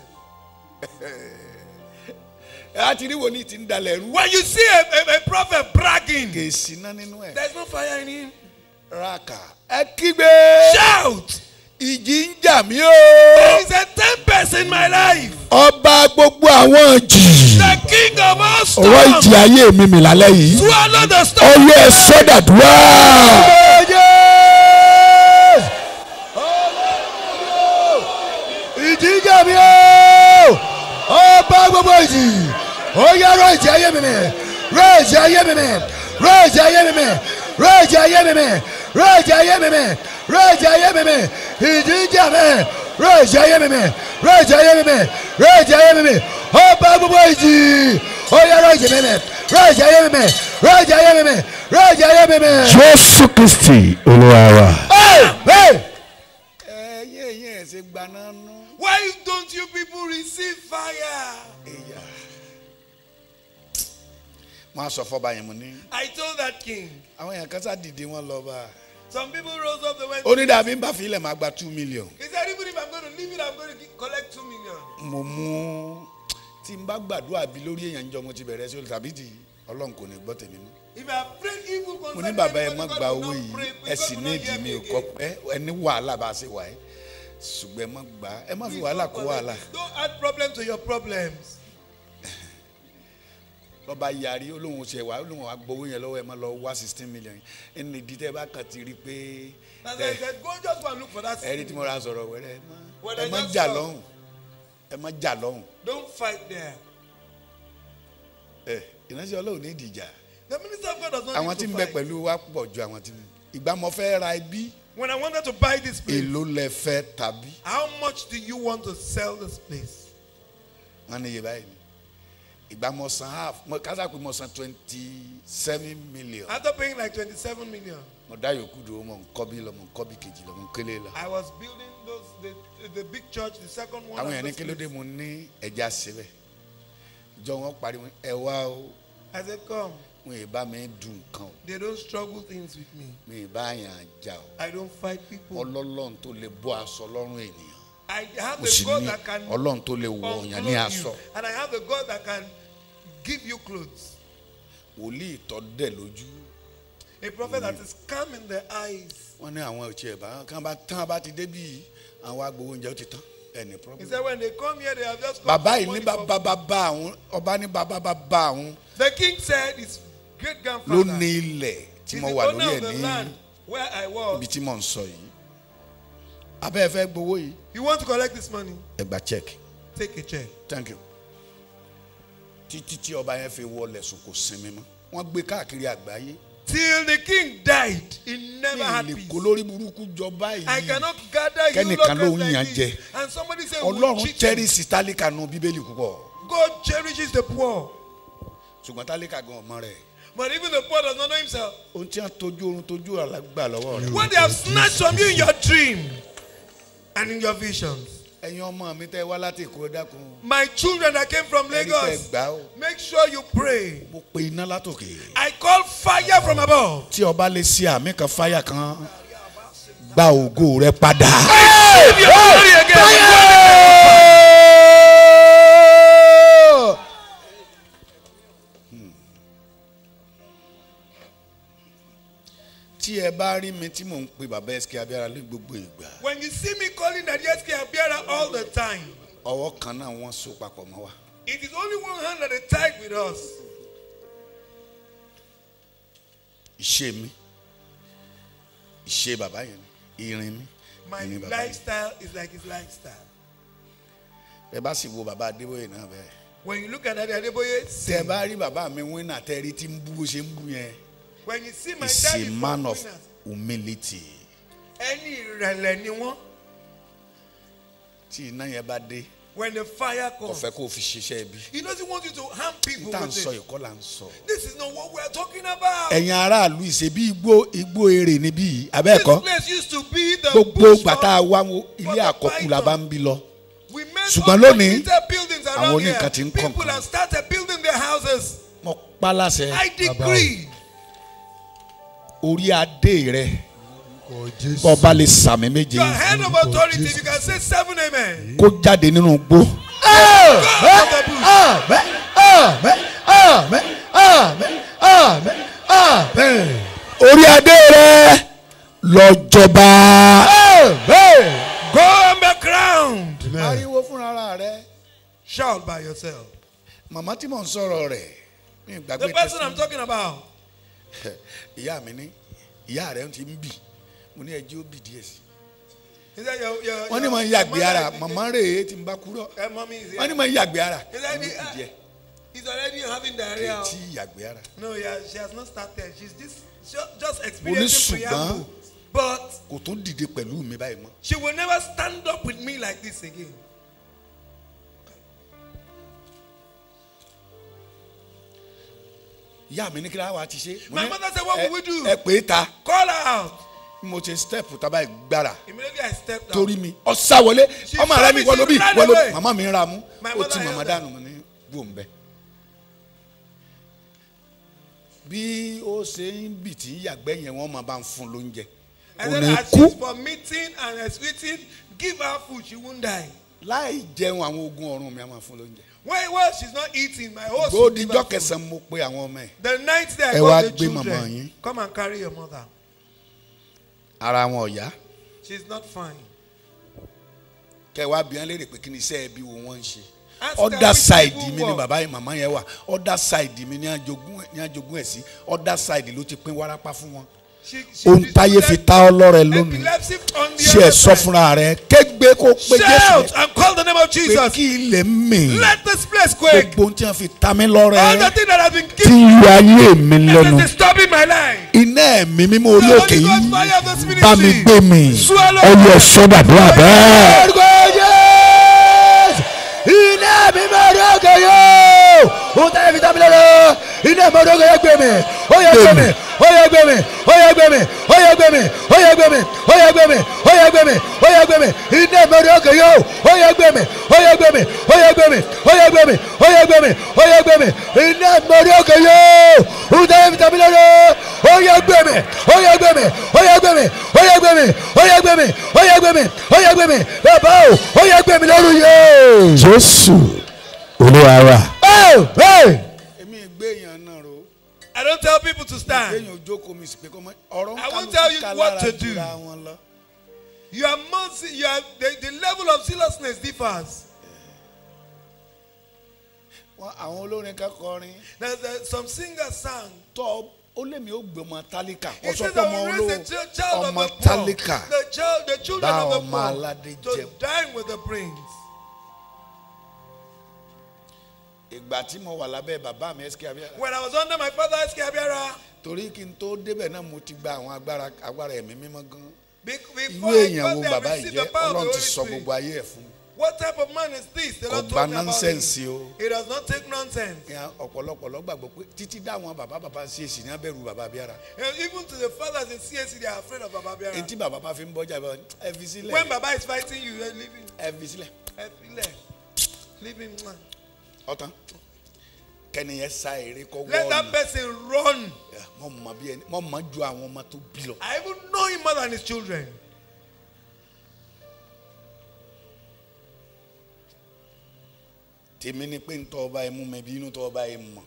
a ti rí wòlíì tí ń dalẹ̀ rú. when you see a, a, a prophet bragging. kèsì náà nínú ẹ. there is no fire in him raka. ẹ kígbe. shout. ìjì ń jà mí o. there is a tempest in my life. ọba gbogbo àwọn jì. the king of all storms. ọwọ́ ìjì ayé mi mi lálẹ́ yìí. swallow the storm. ọwọ́ ẹ sọ́dàdúrà. ìjì ń jà mí o. ọba gbogbo ìjì. ó yá ìjì ayé mi mi. rọ ayé mi mi. rọ ayé mi mi. rọ ayé mi mi. Ró ìjà ayé mi mì. ayé mi mì. Ìjì ń ayé mi mì. ayé mi mì. ayé mi Ọba gbogbo ìjì. Ó yá ró ìjì ayé mi mì. ayé mi mì. ayé mi Jésù Kristi Olúwa Ẹyẹ ẹyẹ ẹ ṣe gbaná nú. Why don't you people receive fire? Yeah wọn aṣọ fọba yẹn mu ni. I told that king. àwọn yẹn kásá dìde wọn lọ bá a. Some people rose up the way. Only that dàbí ń bá about two million. Is said even if I'm going to leave it I'm going to collect two million. Mumu, mú tí n bá gbàdúrà bí lórí èèyàn jọ mo ti bẹ̀rẹ̀ sí tàbí tí Ọlọ́run kò ní gbọ́ tèmi mú. If I pray evil concerning me, mo ní bàbá ẹ má gba owó yìí ẹ sì ní ìdí mi ò kọ ẹ ẹ wàhálà bá a ṣe wà ẹ ṣùgbọ́n ẹ má gbà ẹ má fi wàhálà kó wàhálà. Don't add problem to your problems lọ́ba yarí olóhùn ṣe wá olóhùn agbowó yẹn lọ́wọ́ ẹ̀ máa lọ wá sixteen million ẹni ìdí tẹ́ bá kàn ti rí pé. ẹni tí mo ra sọ̀rọ̀ wẹ́rẹ́ ẹ má jà lọ́hùn ẹ má jà lọ́hùn. don't fight there. ẹ ìránṣẹ́ ọlọ́run ní ìdìjà. the minister of God does not need to fight. àwọn tí ń bẹ pẹ̀lú wa pọ̀ ju àwọn tí ń ìgbà fẹ́ ra ibi. when I wanted to buy this place. èló lẹ fẹ́ tàbí. how much do you want to sell this place. wọ́n ní iye báyìí ìgbà mo san half mo kásá pé mo twenty seven million. after paying like twenty seven million. mo dá yòókù dúró mo ń kọ́ bí lọ mo ń kọ́ bí kejì lọ mo ń kélé I was building those the the big church the second one. àwọn yẹn ní kílódé mo ní ẹja síbẹ̀ jọ wọn parí ẹ wá o. I said come. mo ì bá mi dùn nǹkan o. they don't struggle things with me. mi ì bá yàn án o. I don't fight people. ọlọ́lọ́run tó lè bọ́ aṣọ lọ́rùn ènìyàn mo sì ní ọlọ́run tó lè wọ ọ̀yàn ní aṣọ. and I have a God that can give you clothes. wòlíì tọ́ dẹ̀ lójú. a prophet that is calm the eyes. wọ́n ní àwọn ọ̀chẹ́ ìbá kan bá tán bá ti débi yìí àwọn agbowó oúnjẹ ó ti tán ẹni problem. he said when they come here they have just come. bàbá yìí ní bàbá àwọn ọba ní bàbá bàbá àwọn. the king said his great grandfather. ló ní ilẹ̀ tí mo wà lórí ẹ̀ ní ibi tí mo ń sọ yìí abẹ́ fẹ́ gbowó yìí. you want to collect this money. ẹ gba check. take a check. thank you. títí tí ọba yẹn fi wọlé sùn kò sinmi mọ́ wọ́n gbé káàkiri àgbáyé. till the king died he never had peace. mi lè burúkú jọ báyìí. I cannot gather you locals like this. jẹ. and somebody say we will ọlọ́run cherish tálíkà nu bíbélì púpọ̀. God cherishes the poor. ṣùgbọ́n tálíkà gan ọmọ rẹ̀. But even the poor does not know himself. Ohun tí a tójú oorun tójú àlágbà lọ́wọ́ rẹ̀. What they have snatched from you in your dream and in your visions. ẹ̀yin ọmọ mi tẹ́ wá láti Èkó my children that came from Lagos make sure you pray. mo pe iná látòkè. I call fire from above. tí o lè ṣe àmì kan fire kan gba ògo rẹ padà. Hey! Hey! Hey! tí ẹ bá rí mi tí mò ń pe bàbá Sk Abíára lé gbogbo ìgbà. when you see me calling Daddy Sk Abíára all the time. ọwọ́ kan náà wọ́n so papọ̀ mọ́ wa. it is only one hand that is tied with us. ìṣe mi ìṣe bàbá yẹn ìrìn mi. my lifestyle is like his lifestyle. ẹ bá sì wo bàbá Adébóyè náà bẹ́ẹ̀. when you look at Daddy Adébóyè. tẹ bá rí bàbá mi wínà tẹ rí tí ń bú bó ṣe ń bú yẹn. When you see my is dad a man of humility. Ẹni ìrẹ̀lẹ̀ ni wọ́n. Tí iná yẹn bá dé. When the fire comes. Kò fi ṣiṣẹ́ ibi. He doesn't want you to harm people with it. Ìta sọ ìkọ́ là ń sọ. This is not what we are talking about. Ẹ̀yin aráàlú ìṣèbí igbó igbó eré níbí abẹ́ẹ̀kọ́. This place used to be the bush. Gbogbo gbàtà wa ilé àkọ́kù la bá ń bí lọ. We made Ṣùgbọ́n lónìí àwọn oníkan ti ń People have started building their houses. Mo pa láṣẹ. I decree. Baba orí adé rẹ bọba lè sàmì méje kó jáde nínú gbó. orí adé rẹ lọ jọba. go on the ground. ariwo fúnra rẹ. shout by yourself. Mama Ti mò ń sọ̀rọ̀ rẹ̀. the person i'm talking about. ìyá mi ní ìyá rẹ̀ ti ń bì mo ní ẹjẹ́ ó bì díẹ̀ sí wọ́n ní mo ń yàgbé ara màmá rèé tí n bá kúrò wọ́n ní mo ń yàgbé ara mo bì díẹ̀. He's already having diarrhea. yàgbé ara. No, yeah, she has not started. She's just just experiencing preamble. But kò tún dìde pẹ̀lú mi báyìí mọ́. She will never stand up with me like this again. ìyá mi ní kí láwa ti ṣe. my mother said what will we do. ẹ pè é ta. call her out. mo ti step taba ìgbára. immediately I stepped down. torí mi ọ̀sá wọlé ọmọ rẹ mi wọlé bí wọlé màmá mi ra mú ó ti màmá dànù mi ní gbòǹbẹ. bí ó ṣe ń bì tí yàgbẹ́ yẹn wọ́n máa bá ń fún lóúnjẹ. and then as she is vomiting and is eating give her food she won't die. láì jẹun àwọn ogun ọ̀run mi a máa fún lóúnjẹ when well she's not eating my host. bó dijọ́ kẹsàn-án mo pe àwọn ọmọ ẹ̀. the night that I got the children. ẹ come and carry your mother. ara wọn ò yá. she's not fine. kẹ wá bí wọn léèrè pé kí ni iṣẹ́ wo wọ́n ń ṣe. other side mi ni bàbá yìí màmá yẹn wà other side mi ni àjogún ẹ̀ sí other side ló ti pín wárápá fún wọn ohun táyé fi ta ọ lọ́rẹ̀ lómi ṣe ẹ sọ fúnra rẹ kégbe kó pe jésù pé kí ilẹ̀ ń mì gbogbo ohun tí wọ́n fi ta mí lọ́rẹ̀ tí ń lu ayé mi lẹ́nu iná ẹ̀mí mímú orí òkè yìí bá mi gbé mi ọyọ sọ́dà bí wà bẹ́ẹ̀. iná ẹ̀mí mímú orí òkè yìí ohun táyé fi ta mí lọ́rẹ̀ iná ìmọ̀dógó yẹ gbé mi ó yẹ gbé mi ó yẹ gbé mi ó yẹ gbé mi ó yẹ gbé mi ó yẹ gbé mi ó yẹ gbé mi ó yẹ gbé mi ó yẹ gbé mi iná ìmọ̀dógó yẹ ó yẹ gbé mi ó yẹ gbé mi ó yẹ gbé mi ó yẹ gbé mi ó yẹ gbé mi ó yẹ gbé mi iná ìmọ̀dógó yẹ ó yẹ gbé mi ó yẹ gbé mi ó yẹ gbé mi ó yẹ gbé mi ó yẹ gbé mi ó yẹ gbé mi ó yẹ gbé mi ó yẹ gbé mi bàbá o ó yẹ gbé mi lọ́rùn yẹ. Jésù Olúwa wa. I don't tell people to stand. I won't tell you what to do. You are most you are the, the level of seriousness differs. Wọ́n àwọn olórin kan kọrin. There are some singers sang. Tọ́ ó lé the ó gbé ọmọ tálíkà ọsọ pé ọmọ olówó ọmọ tálíkà with the aládé ìgbà tí mo wà lábẹ́ bàbá mi SK Abíára. when I was under my father SK Abíára. torí kí n tó débẹ̀ náà mo ti gba àwọn agbára agbára ẹ̀mí mímọ́ gan. irú èèyàn wo bàbá yìí jẹ́ ọlọ́run ti sọ gbogbo ayé ẹ̀ fún. What type of man is this? The Lord told me about him. He does not take nonsense. Ọ̀pọ̀lọpọ̀ ló gbàgbọ́ pé títí dáwọn bàbá bàbá CAC ní abẹ́rù bàbá Abíára. Even to the fathers in CAC they are afraid of bàbá Abíára. Etí bàbá bá fi ń bọ́jà ẹ fi sílẹ̀. When Baba is fighting you, you are leaving. Ẹ fi sílẹ̀. Ẹ fi sílẹ̀. Leave him ọtán kẹniyẹn sa èrè kọ wọ́ọ̀lù. let that person run. mo mọ bí ẹni mo mọ ju àwọn ọmọ tó bí lọ. I even know him mother and his children. tèmi ni pé ntọ́ ọba ẹ̀ mú mi bí inú tọ́ ọba ẹ̀ mọ̀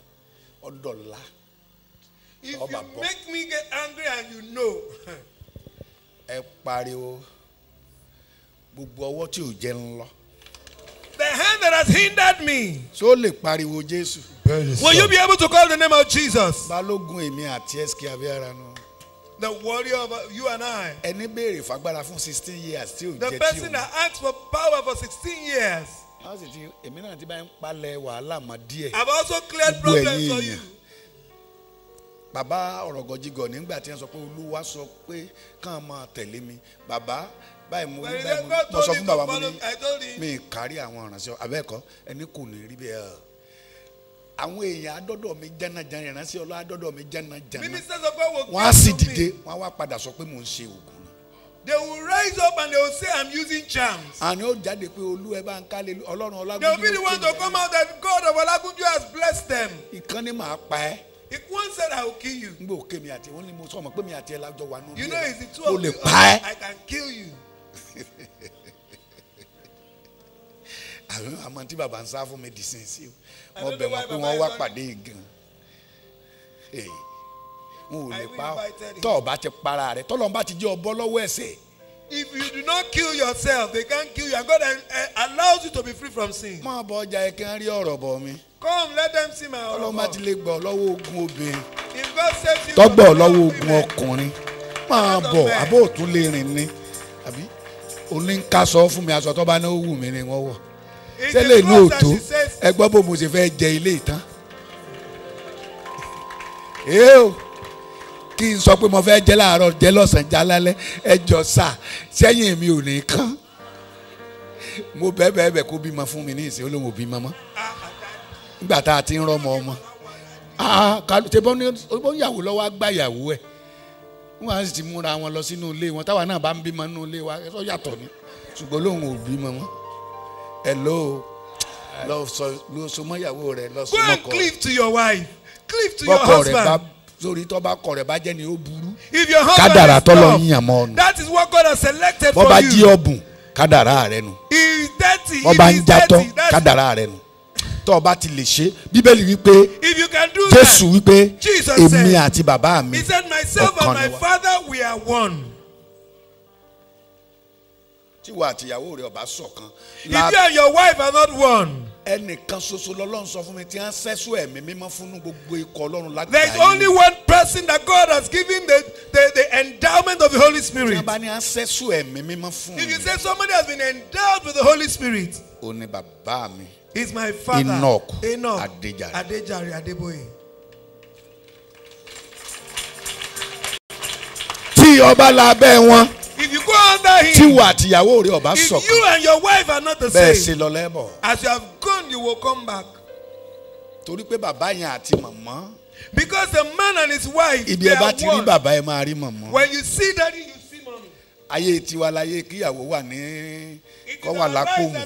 ọ̀dọ̀la. if you make me get angry and you know. ẹ pariwo gbogbo ọwọ́ tí ò jẹ́ ń lọ. The hand that has hindered me. So o lè pariwo Jésù? Will you be able to call the name of Jesus? Balógun èmi àti Ẹ́sìkì Abíára náà. The warrior of uh, you and I. Ẹni béèrè fagbára fún sixteen years tí ò jẹ́ tí o. The person that asked for power for sixteen years. Wọ́n sì ti èmi náà ti bá ń palẹ̀ wàhálà mọ́ díẹ̀. I've also cleared problems for you. Bàbá ọ̀rọ̀gọ̀jigọ̀ nígbà tí wọ́n sọ pé Olúwa sọ pé kàn máa tẹ̀lé mi. Bàbá báyìí mo rí báyìí mo sọ fún bàbá mi ní mi kárí àwọn ìránṣẹ́ abẹ́ẹ̀kọ́ ẹni kò ní rí bẹ́ẹ̀ àwọn èèyàn adọ́dọ̀ mi jẹ́nàjẹ́nà ìránṣẹ́ ọlọ́ adọ́dọ̀ mi jẹ́nàjẹ́nà wọ́n á sì dìde wọ́n á wá padà sọ pé mò ń ṣe òògùn ni. they will rise up and they will say I'm using charms. àní ó jáde pé olú ẹ bá ń kálẹ̀ ọlọ́run ọlágúnjú. they will be the ones to come out that God of Olagunju has blessed them. ìkànnì máa pa ẹ́. If one said I will kill you. N gbọ́ òkè àti wọn ni mo sọ ọmọ pé mi àti ẹ lájọ wà nínú You know it's the two of you. O lè pa ẹ́. I can kill you. àwọn àmọ́ tí bàbá ń sá fún mi di o wọ́n bẹ̀ wọ́n pé wọ́n wá pàdé gan n ò lè pa tọ́ ọba ti para rẹ̀ tọ́lọ́mbà ti jẹ́ ọbọ̀ lọ́wọ́ ẹ̀ṣẹ̀. If you do not kill yourself, they can't kill you. And God eh, eh, allows you to be free from sin. Má bọ ọjà ẹ rí ọ̀rọ̀ bọ̀ mi. Come, let them see my ọ̀rọ̀ bọ̀. Ọlọ́mọ ti lè gbọ́ lọ́wọ́ ogun obìnrin. If God ogun eh, ọkùnrin. Má bọ̀ àbó lè rìn ni. Àbí oníkàsọ fún mi aṣọ tó bá ní ó wù mí ni wọ́n wọ̀ sẹ́lẹ̀ inú òtó ẹ gbọ́ bó mo ṣe fẹ́ jẹ ilé ìtàn ee o kí n sọ pé mo fẹ́ jẹ láàárọ̀ jẹ lọ́sàn-án jẹ alálẹ́ ẹ jọ sà sẹ́yìn mi ò ní kán mo bẹ́ẹ̀ bẹ́ẹ̀ bẹ́ẹ̀ kó bímọ fún mi ní ìsìn olóhùn òbí mọ́mọ́ nígbà tá a ti ń rọ́mọ ọmọ ah kàlùtẹ́ bọ́ níyàwó lọ́wọ́ á gbà yàwó ẹ̀ wọ́n máa sì ti múra wọn lọ sínú ilé wọn táwa náà bá ń bímọ nínú ilé wa ẹ sọ ni ṣùgbọ́n lóun ò bímọ wọn ẹ lọ lọ sọ lọ so mọ́ ìyàwó rẹ lọ so mọ́ go and cleave to your wife cleave to your husband sórí tó bá kọ bá jẹ ni ó burú kádàrà tọ́lọ́ yíyan mọ́ ọ̀nà that is what God has selected for you bọ́ bá jí ọ̀bùn kádàrà rẹ nu bọ́ bá ń jatọ́ kádàrà rẹ nu tó o bá ti lè ṣe bíbélì wípé jésù wípé èmi àti bàbá mi ọ̀kan ni wá. tíwọ àtìyàwó rẹ ọba ṣọ̀kan. if you and your wife are not one. ẹnìkan ṣoṣo lọ́lọ́run sọ fún mi tí wọ́n sẹ́sọ ẹ̀mí mímọ́ fún gbogbo ikọ̀ ọlọ́run lágbàáyé. there is only one person that God has given the the, the endowment of the Holy Spirit. tí wọ́n bá ní wọ́n sẹ́sọ ẹ̀mí mímọ́ fún if you say somebody has been endowed with the Holy Spirit. ó ní bàbá mi is my father Enoch, Enoch Adejare. Adejare Adeboye. Tí ọba lábẹ́ wọn. If you go under him. Tí wà àtìyàwó rẹ̀ ọba sọ̀kan. If you and your wife are not the same. Bẹ́ẹ̀ ṣe lọ lẹ́bọ̀. As you have gone you will come back. Torí pé bàbá yẹn àti màmá. Because the man and his wife. Ibi ẹ ti rí bàbá ẹ máa rí màmá. When you see daddy ayé tiwa láyé kíyàwó wà ní lápòmù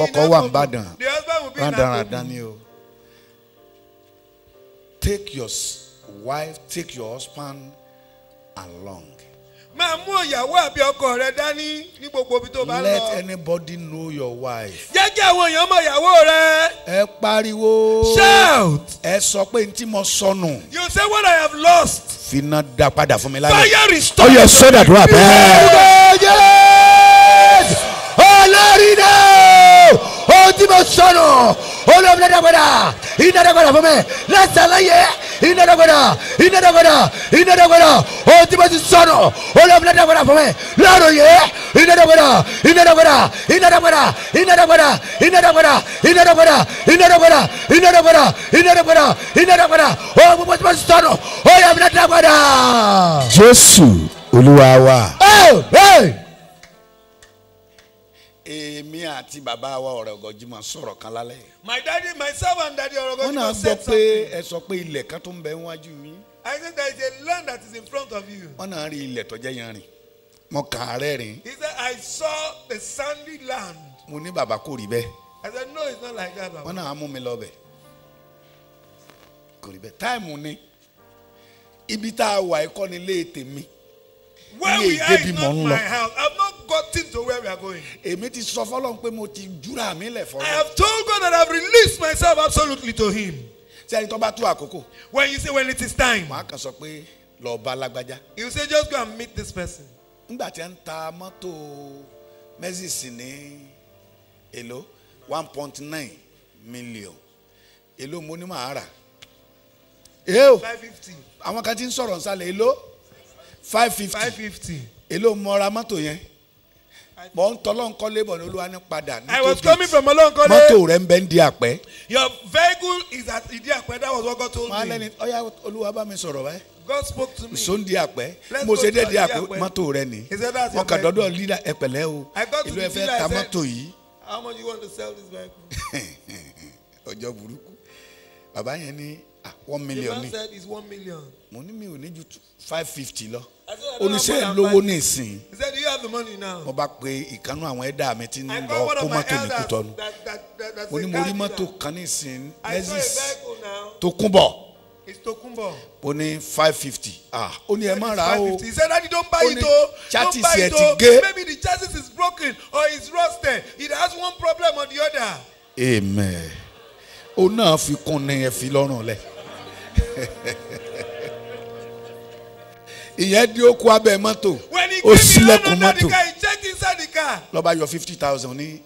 kọ́kọ́ wà rádaràdá ni o. Take your wife, take your husband along. máa mú ìyàwó àbí ọkọ rẹ dání ní gbogbo ibi tó bá lọ. let anybody know your wife. jẹ́ kí àwọn èèyàn mọ ìyàwó rẹ. ẹ pariwo. shout. ẹ sọ pé n tí mo sọnù. you say what I have lost. finá dá padà fún mi lálẹ́. fire restore. ó yẹ sọ́dà tó wà bẹ́ẹ̀. yes ọlọ́rin náà ohun tí mo sọnù olóòfin dá padà iná dá padà fún mi lẹ́sẹ̀ láyé iná dàgbàdà iná dàgbàdà iná dàgbàdà o tí mo ti sọnù o lọ fún dàgbàdà fún mi lọ́rọ̀ yẹ iná dàgbàdà iná dàgbàdà iná dàgbàdà iná dàgbàdà iná dàgbàdà iná dàgbàdà iná dàgbàdà iná dàgbàdà iná dàgbàdà iná o mo ti o lọ fún dàgbàdà. Jésù Olúwa wa. Oh, hey. èmi àti bàbá wa ọ̀rẹ́ ọ̀gọ́jìmọ̀ sọ̀rọ̀ kan lálẹ́. my daddy myself and daddy ọ̀rẹ́ ọ̀gọ́jìmọ̀ said something. wọ́n náà gbọ́ pé ẹ sọ pé ilẹ̀ kan tó ń bẹ níwájú yín. I said there is a land that is in front of you. wọ́n náà rí ilẹ̀ tọ́jẹ́ yẹn rìn Mọ kàn á rẹ́rìn. he said I saw the sandy land. mo ní bàbá kò rí bẹ́ẹ̀. I said no it's not like that baba. wọ́n náà á mú mi lọ bẹ̀ kò rí bẹ́ẹ̀ táìmù ni ibi tá a wà ẹ̀kọ́ ni léètè mi. where we are is not my house i have not gotten to where we are going. èmi ti sọ fọlọ́n pé mo ti júra mi lẹ̀ fọlọ́n. i have told God that i have released myself absolutely to him. ṣé ẹni tó bá tó àkókò. when you say when it is time. màá kàn sọ pé lọ bá lágbájá. you say just go and meet this person. nígbà tí a ń ta mọ́tò mẹ́sìsì ní èlò one point nine million èlò mo ní màá rà. five fifty. àwọn kan ti ń sọ̀rọ̀ nsàlẹ̀ èlò five fifty five fifty èló mo ra mọ́tò yẹn mọ̀ ń tọ́ lọ́nkọ́lé bọ̀ ní olúwa ní padà ní tó gate I was coming from ọlọ́nkọ́lé mọ́tò rẹ̀ ń bẹ ń di àpẹ́. your vehicle is at ìdí àpẹ́ that was what God told me. wọ́n á lẹ́ni ọ̀yá olúwa bá mi sọ̀rọ̀ báyìí. God spoke to me. Sóńdì àpẹ́. Mo ṣe dé di àpẹ́ mọ́tò rẹ ni. Mo kà dọ́dọ̀ lílà ẹ̀pẹ̀lẹ́ o. Ìlú ẹ̀fẹ́ ta mọ́tò yìí. How much you want to sell this vehicle? Ọjọ́ burúkú. Bàbá yẹn ní ah, one million ni. The man said it's one million. Mo ní mi ò ní ju five fifty lọ oníṣẹ́ lówó ní ìsìn mo bá pe ìkànnú àwọn ẹ̀dá mi tí ń lọ kó mọ́tò ní kútọ́nu mo ní mo rí mọ́tò kan ní ìsìn nexus tó kún bọ̀ ó ní five fifty ah ó ní ẹ má ra o he said daddy don't buy it o don't buy it o maybe the chassis is broken or it's rusted it has one problem or the other. amen ó náà fi kún ní ẹ fi lọ́rùn lẹ. ìyẹn di okùn abẹ́ mọ́tò ó sílẹ̀kùn mọ́tò lọ́ba yọ fifty thousand ní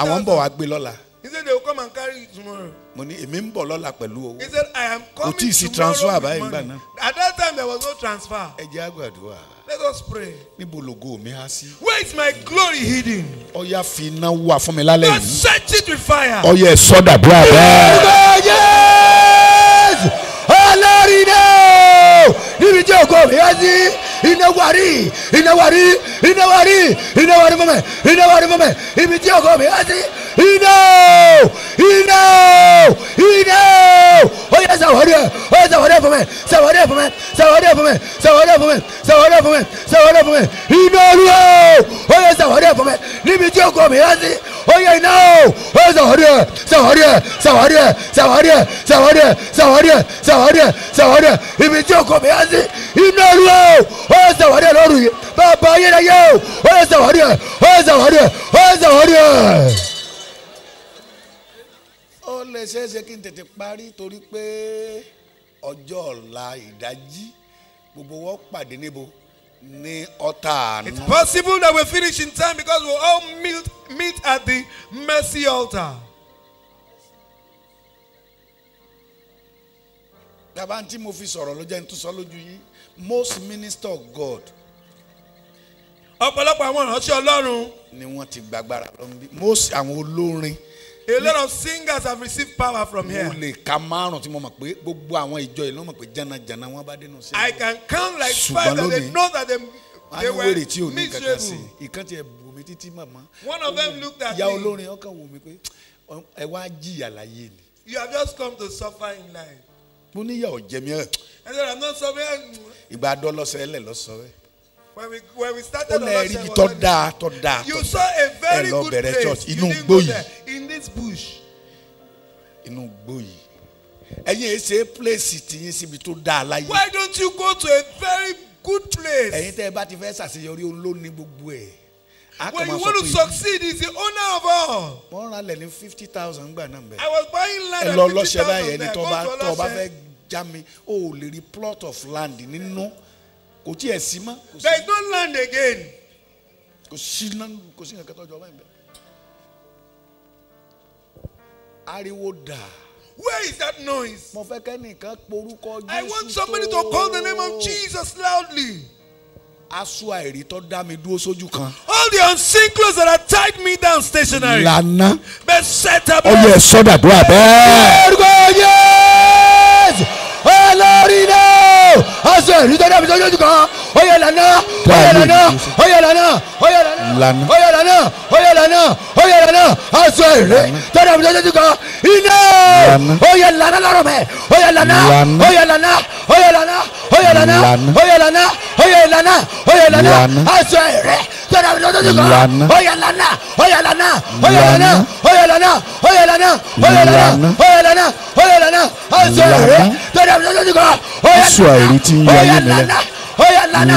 àwọn ń bọ̀ wá gbé lọ́la. He said they will come and carry you tomorrow. Mo ní èmi ń bọ̀ lọ́la pẹ̀lú owó. He said I am coming tomorrow Kò tí ì sí transfer báyìí nígbà náà. At that time there was no transfer. Ẹ jẹ́ àgbàdua. Let us pray. Níbo lògo mi há sí? Where is my glory hidden? Ọya fi iná wà fún mi lálẹ́ yìí. God search it with fire. Ọya ẹ̀ sọ́dà búra bẹ́ẹ̀. Ìgbà yẹn. níbi tí ògo mi yá sí iná wárí iná wárí iná wárí iná wárí fún mi mi ibi sí. He know. He know. He know. Oh yes, somebody. Oh yes, somebody for me. Somebody for me. Somebody for me. Somebody for me. Somebody for me. Somebody for me. He know. Oh yes, somebody for me. Níbi tí o kọ mi láti. Oh yes, no. Oh yes, somebody. Somebody. Somebody. Somebody. Somebody. Somebody. Somebody. Somebody. Níbi tí o kọ mi láti. He know. Oh yes, somebody lọ́rùn yìí. Bàbá yẹn lẹ́yẹ o. Oh yes, somebody. Oh yes, somebody. Oh yes, somebody lè ṣeéṣe kí n tètè parí torí pé ọjọ́ ọ̀la ìdájí gbogbo wọn pàdé níbo ní ọ̀tà àná. It's possible that we finish in time because we we'll all meet, meet at the mercy altar. Bàbá tí mo fi sọ̀rọ̀ ló jẹ́ tó sọ lójú yín most minister of God. Ọ̀pọ̀lọpọ̀ àwọn ìránṣẹ́ Ọlọ́run. Ni wọ́n ti gbàgbára lọ́nbí. Most àwọn olórin a lot of singers have received power from here. mo lè ka márùn tí mo mọ̀ pé gbogbo àwọn ìjọ yìí ló mọ̀ pé jànnàjànnà wọn bá dénú sí. I can count like five that they know that they, they were miserable. ìkan tiẹ̀ wò mí títí màmá. one of them looked at me. ìyá olórin ọkàn wò mí pé ẹ wá jìyà láyé ni. you have just come to suffer in life. mo níyà ọ̀jẹ̀ mi I said I'm not suffering. ìgbà dọ́ lọ́sẹ̀ ẹlẹ́ lọ́sọ̀rẹ́ when we when we started on our sermon tọ́ you saw a very good place ẹ lọ bẹ̀rẹ̀ church inú in this bush inú gbó yìí ẹ̀yin place tìyín síbi tó dáa láyé. why don't you go to a very good place. ẹ̀yin tẹ́ bá ti fẹ́ ṣàṣeyọrí olóòní gbogbo ẹ̀. When you want to succeed is the owner of all. Wọ́n ra lẹ̀ fifty thousand gbà náà bẹ̀. I was buying land at fifty thousand there. Ẹ lọ lọ́sẹ̀ báyẹn ni tọ́ bá fẹ́ já o lè rí plot of land nínú. No kò tí ẹ̀ sí mọ́. they don't land again. kò sí kò sí kankan tọ́jú ọba yìí bẹ́ẹ̀. ariwo dà. where is that noise. mo fẹ́ kẹ́nìkan porúkọ Jésù tó. I want somebody to call the name of Jesus loudly. aṣọ àìrí tó dá mi dúró sójú kan. all the unseen clothes that are tied me down stationary. lana. bẹ́ẹ̀ sẹ́ta bẹ́ẹ̀. ọyọ ẹ̀ sọ́dà dùn àbẹ́. orúkọ olórí náà a ṣe èrí kan ó yá lànà ó yá lànà ó yá lànà ó yá lànà ó yá lànà ó yá lànà ó yá lànà aṣọ èrè tọ́lá mi lọ́jọ́ kan iná ó yá lànà lọ́rọ̀ mẹ́ ó yá lànà ó yá lànà ó yá lànà ó yá lànà ó yá lànà ó yá lànà ó yá lànà aṣọ èrè tọ́lá mi lọ́jọ́ kan ó yá lànà ó yá lànà ó yá lànà ó yá lànà ó yá lànà ó yá lànà ó yá lànà ó kan ó yá lànà ó lana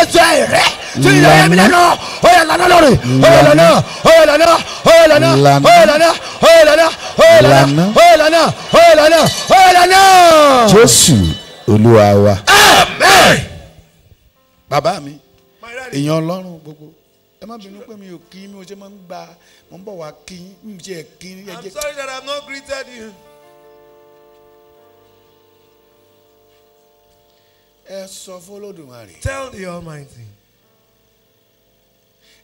ọjọ́ rẹ tí ilẹ̀ yẹn mi lẹ́nu ó yẹ lana lórí ó yẹ lana ó yẹ lana ó yẹ lana ó yẹ lana ó yẹ lana ó yẹ lana ó yẹ lana ó yẹ lana ó yẹ lana. Jésù Olúwa wa. Amen. Bàbá mi, èèyàn Ọlọ́run gbogbo ẹ má bínú pé mi ò kí mi ò ṣe máa ń gba mo ń bọ̀ wá kí mi ò ṣe kí. I'm sorry that I have not greeted you. ẹ sọ fọlọ́dúnmarè. tell the almighty.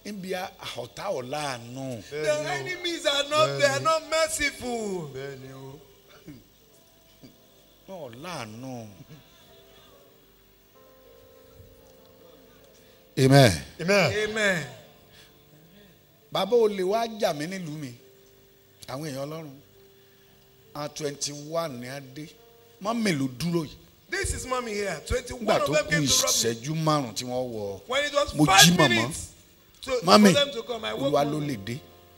Ibi ọ̀tá ọ̀la àánú. The enemies are not Benny. they are not merciful. Bẹ́ẹ̀ni o. Ọ̀la àánú. Amen. Amen. Amen. Bàbá olè wá jà mí nílùú mi. Àwọn èèyàn Ọlọ́run. A twenty one ni a dé. Mọ́mì ló dúró yìí this is mommy here twenty one of them came to rob me. nígbà tó kù ìṣẹ́jú márùn-ún tí wọ́n wọ mo jí màmá mami olúwa ló lè dé.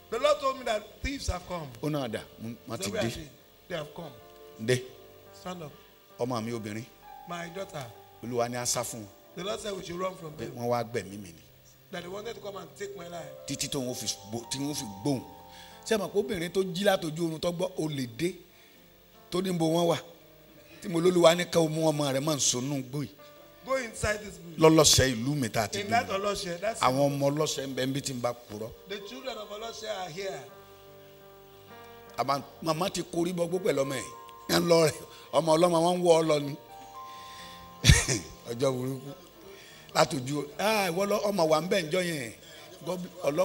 the lord told me that thieves have come. ó náà dà wọ́n ti dé. they have come. dé. stand up. ọmọ mi obìnrin. my daughter. olúwa ni a sá fún wọn. the lord said we should run from them. wọ́n wá gbẹ̀mí mi ni. that they wanted to come and take my life. títí tó ń fi gbóhùn. sẹ́mi àpò obìnrin tó jí látọjú oorun tó gbọ́ olè dé tó ní bo wọ́n wà tí mo lóluwa ní ká mú ọmọ rẹ máa ń sonú gbòì go inside this bush. lọlọsẹ ìlú mi ta ti bí àwọn ọmọ ọlọsẹ bẹ ń bí tí kúrọ. the children of ọlọsẹ are here. àbá màmá ti korí bọ gbogbo ẹ lọmọ ẹ ń lọ rẹ ọmọ ọlọmọ wọn ń wọ ọ lọ ni ọjọ́ burúkú látòjú ìwọ lọ ọmọ wa ń bẹ ǹjọ́ yẹn ọlọ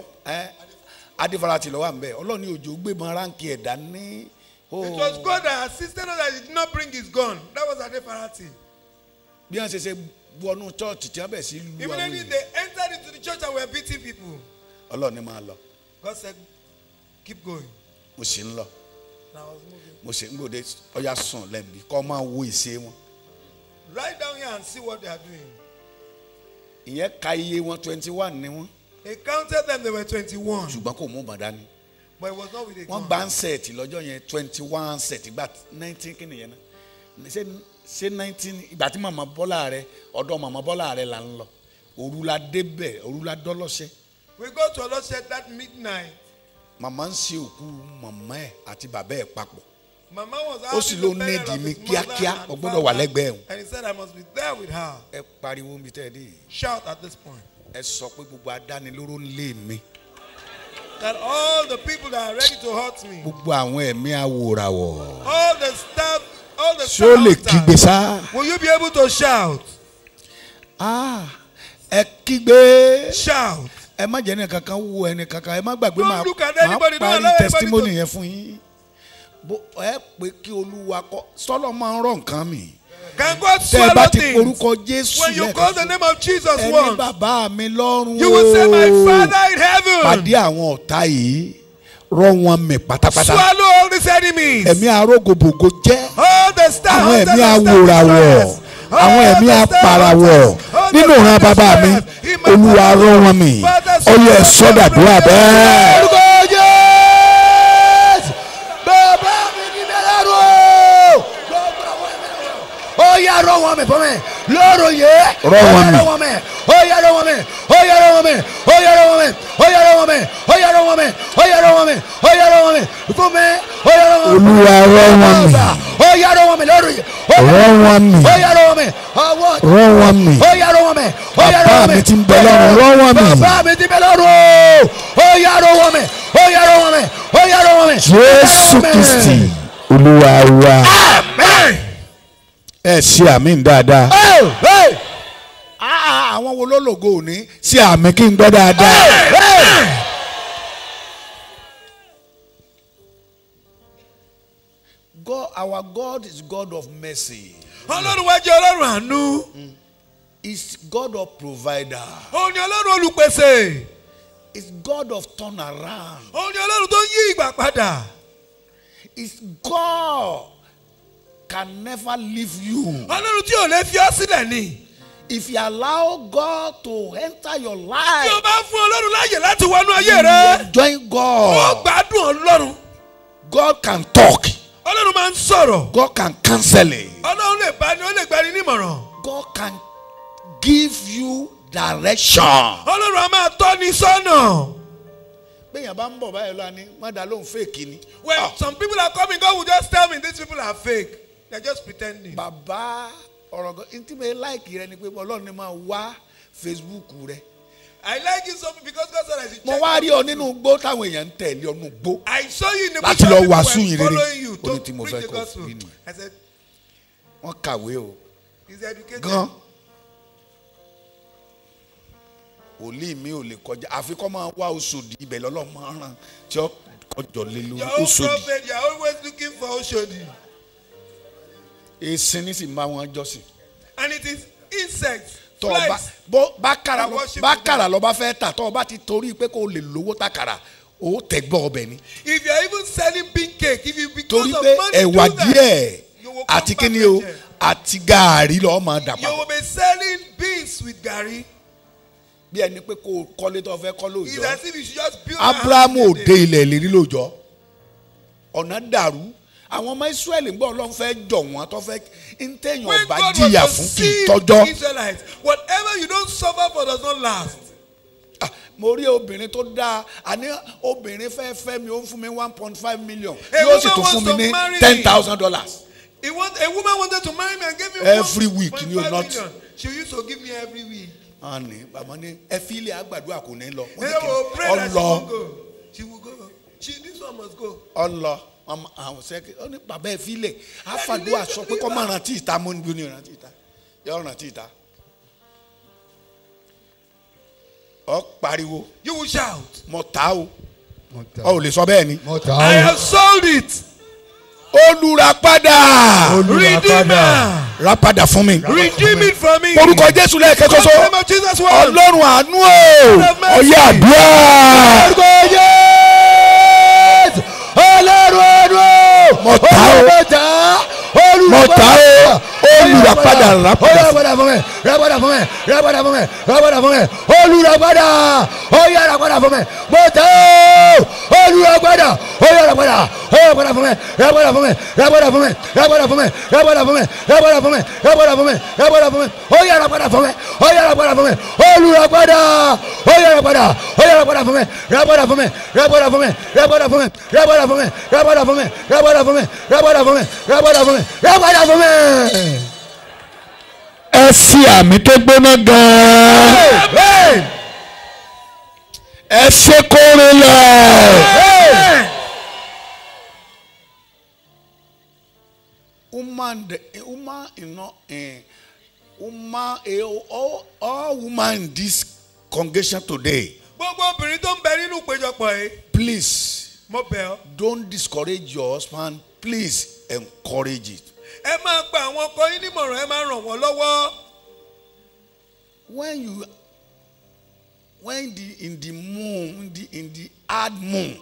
adífara ti lọ wà ń bẹ ọlọ́ni òjò gbé mọ ránkì ẹ̀dá ní Oh. It was God that assisted us that he did not bring his gun. That was Adefarati. Bí wọ́n ṣe ṣe wọnú church tí wọ́n bẹ̀ sí lu àwọn èèyàn. Immediately they entered into the church and were beating people. Ọlọ́run ni máa lọ. God said keep going. Mo ṣì ń lọ. Mo ṣì ń gbòde ọya sùn lẹ́mìí kọ́ máa wo ìṣe wọn. Write down here and see what they are doing. Ìyẹn ka iye wọn twenty one ni wọ́n. He counted them they were twenty one. Ṣùgbọ́n kò mú bàdá ni but it was not with a gun. wọ́n gba handset yẹn twenty one handset ìgbà nineteen kí nìyẹn náà ṣé ṣé nineteen ìgbà tí màmá bọ́lá rẹ ọ̀dọ̀ màmá bọ́lá rẹ là ń lọ òru la débẹ̀ òru we go to ọlọ́ṣẹ́ that midnight. Mama ń ṣe òkú màmá ẹ̀ àti bàbá ẹ̀ papọ̀ ó sì ló ní ìdí mi kíákíá ó wà lẹ́gbẹ̀ẹ́ òun. and he said I must be there with her. ẹ pariwo mi tẹ́ ẹ dé. shout at this point. ẹ sọ pé gbogbo adánilóró ń lé mi that all the people that are ready to hurt me. gbogbo àwọn ẹ̀mí awòràwọ̀. all the staff all the staff. ṣé o lè kígbe sá. will you be able to shout. ah ẹ kígbe. shout. ẹ má jẹ́ ẹnìkan kan wo ẹnìkan kan ẹ má gbàgbé máa parí testimony yẹn fún yín. ẹ pé kí olúwa kọ́ sọ́lọ́ máa ń rọ̀ nǹkan mi. Can God swallow things? Tẹ́ ti orúkọ Jésù lẹ̀. When you call the name of Jesus once. Ẹni bàbá mi lọ́run o. You will say my father in heaven. Pàdé àwọn ọ̀tá yìí rọ wọn mì pátápátá. Swallow all these enemies. Ẹ̀mí arógòbògò jẹ́. All the stars. Àwọn ẹ̀mí awòràwọ̀. Àwọn ẹ̀mí aparàwọ̀. Nínú ìran bàbá mi, Olúwa rọ wọn mì. Ọyẹ sọ́dàdúrà bẹ́ẹ̀. wɔmɛ bɔmɛ lɔɔrɔ ye ɔyɛrɛ wɔmɛ ɔyɛrɛ wɔmɛ ɔyɛrɛ wɔmɛ ɔyɛrɛ wɔmɛ ɔyɛrɛ wɔmɛ ɔyɛrɛ wɔmɛ ɔyɛrɛ wɔmɛ ɔyɛrɛ wɔmɛ fúnmɛ ɔyɛrɛ wɔmɛ olùwàrɔ wɔmɛ ɔyɛrɛ wɔmɛ lɔɔrɔ ye ɔyɛrɛ wɔmɛ ɔyɛrɛ wɔmɛ ɔwɔ wɔmɛ ɔyɛrɛ wɔmɛ ɔyɛrɛ wɔmɛ bàbá mi ti bẹ lọ́rùn wɔmɛ bàbá mi ti bẹ lọ́rùn ɔyɛrɛ wɔmɛ ɔyɛrɛ wɔmɛ ɔyɛrɛ wɔmɛ jésù kristi olùwàrɔ. amen ẹ ṣe àmì dáadáa. Ah, ah, ah, àwọn wo ló lògo òní ṣe àmì kí n gbọ́ dáadáa. God, our God is God of mercy. Ọlọ́run wa jẹ́ Ọlọ́run àánú. Mm. Is God of provider. Òun ni Ọlọ́run olùpèsè. Is God of turnaround. Òun ni Ọlọ́run tó yí ìgbà padà. Is God can never leave you. ọlọ́run tí ò lè fi ọ́ sílẹ̀ ni. if you allow God to enter your life. tí o bá fún ọlọ́run láàyè láti wọnú ayé rẹ. you God. ó gbádùn ọlọ́run. God can talk. ọlọ́run máa ń sọ̀rọ̀. God can counsel. ọlọ́run lè bá ní ó lè gbani nímọ̀ràn. God can give you direction. ọlọ́run a máa tọ́ ni sọ́nà. bẹ́ẹ̀yàn bá ń bọ̀ báyìí lọ́wọ́ ni wọ́n dá lóhùn fake ni. when oh. Ah. some people are coming God will just tell me these people are fake they are just pretending. bàbá ọ̀rọ̀ gan ntí mi láìkì rẹ ni pé ọlọ́run ni máa wá facebook rẹ. I like you so much because God said I should check. Mo wá rí ọ nínú igbó táwọn èèyàn ń tẹ̀lé ọnú igbó. I saw you in the picture people were following you to preach the gospel. I said. Wọ́n kàwé o. He's educated. Gan. Òlí mi ò lè kọjá àfi kọ́ máa wá Oṣòdì ibẹ̀ lọ́lọ́ máa ràn tí ó kọjọ lé lórí Oṣòdì. Your own prophet you are always looking for Oṣòdì èsìn ní sì máa wọn jọ́sìn. and it is insects tọba bó bákàrà bákàrà lọba fẹ́ tà tọba ti torí pé kò lè lówó takàrà o tẹ̀gbọ́ ọbẹ̀ ni. if you are even selling bean cake if you because of money do that torí pé ẹ̀wà díẹ̀ àti kíni o àti gaari lọ́ọ́ máa dà you will be selling beans with garri. bí ẹni pé kò kọ́lé tó fẹ́ kọ́ lóòjọ́ abrahamu ò dé ilẹ̀ ìlérí lóòjọ́ ọ̀nà dàrú àwọn ọmọ israẹli gbọ́ ọlọ́run fẹ́ jọ wọ́n tó fẹ́ ń tẹ̀yàn ọba jìyà fún kì í tọ́jọ́. Israelites whatever you don't suffer for does not last. mo rí obìnrin tó dáa àní obìnrin fẹ́ fẹ́ mi ó ń fún mi one point five million yóò sì tún fún mi ní ten thousand dollars. A woman wanted to marry me and gave me every week ni o not. She used to give me every week. Àní bàbá ní ẹ fi ilé àgbàdo àkùnrin lọ. They will oh, pray that she will go. She will go. She, this one must go. Ọlọ àwọn sẹ́kì ó ní bàbá ẹ filẹ̀ àfàdúrà sọ pé kọ́ máa rántí ìta mo ní gbóni rántí ìta yọ rántí ìta. ọ pariwo. you will shout. mo ta o. mo ta o. ọ ò lè sọ bẹ́ẹ̀ ni. mo ta o. I have sold it. olùràpadà. olùràpadà. rapadà fún mi. redeem it for me. orúkọ jésù lẹ́ẹ̀kẹ́ ṣoṣo. ọlọ́run àánú o. ọ̀yẹ́ àdúrà. orúkọ jésù. mọ̀tá o mọ̀tá o olùràpadà ràpadà fún mi ràpadà fún mi ràpadà fún mi ràpadà fún mi olùràpadà oyè ràpadà fún mi bọ́tẹ́ olùràpadà oyè ràpadà oyè ràpadà fún mi ràpadà fún mi ràpadà fún mi ràpadà fún mi ràpadà fún mi ràpadà fún mi ràpadà fún mi ràpadà fún mi oyè ràpadà fún mi oyè ràpadà fún mi olùràpadà oyè ràpadà oyè ràpadà fún mi ràpadà fún mi ràpadà fún mi ràpadà fún mi ràpadà fún mi ràpadà fún mi ràpadà fún mi ràpadà fún mi ràpadà fún mi ràpadà fún mi ràpadà fún mi ẹ fi àmì tó gbóná gan-an ẹ ṣe kórè lọ. woman the woman you eh, woman eh, all, all woman in this congregation today. gbogbo obìnrin tó ń bẹ nínú ìpéjọpọ̀ yìí. please. mo don't discourage your husband please encourage it ẹ máa gba àwọn ọkọ yín nímọ̀ràn ẹ máa ràn wọ́n lọ́wọ́. when you when the in the moon in the in the hard moon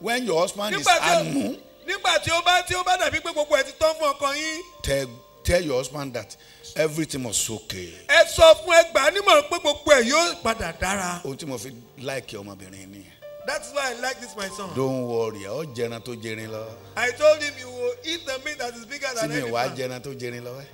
when your husband is hard moon. nígbà tí ó bá tí ó bá dàbí pé gbogbo ẹ ti tán fún ọkọ yín. tell tell your husband that everything was okay. ẹ sọ fún ẹgbàá nímọ̀ràn pé gbogbo ẹ yóò padà dára. ohun tí mo fi láìkí ọmọbìnrin nìyẹn That's why I like this my son. Don't worry, ọ jẹran tó jẹrin lọ. I told him you will eat the meat that is bigger than anything. Tí mi wàá jẹran tó jẹrin lọ wẹ́. Eh?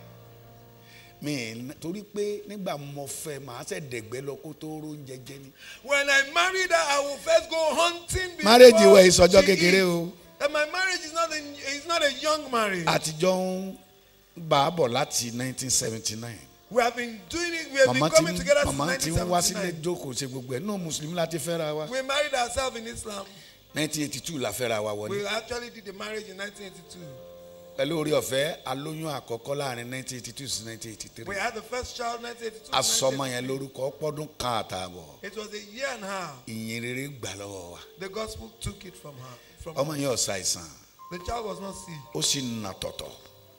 Mi torí pé nígbà mo fẹ́ màá ṣe dẹ̀gbẹ́ lọ kó tó róúnjẹ jẹ ni. When I married her, I will first go hunting before Marriage ìwẹ̀ ìsọjọ́ kékeré o. And my marriage is not a, is not a young marriage. Àtijọ́ ń bàá bọ̀ láti 1979 we have been doing it we have been coming together since 1979. mama ti ń wá sílé jókòó ṣe gbogbo ẹ̀ náà mùsùlùmí láti fẹ́ra wa. we married ourselves in Islam. 1982 la fẹ́ra wa wọlé. we actually did the marriage in 1982. pẹ̀lú orí ọ̀fẹ́ alóyún àkọ́kọ́ láàrin 1982 sí 1983. we had the first child 1982. asọmọ yẹn lórúkọ pọ́dún kan àtààbọ̀. it was a year and a half. ìyìn rere gbà lọ́wọ́ wa. the gospel took it from her. ọmọ yẹn ò ṣàìsàn. the child was not sick. ó sì nà tọ̀tọ̀.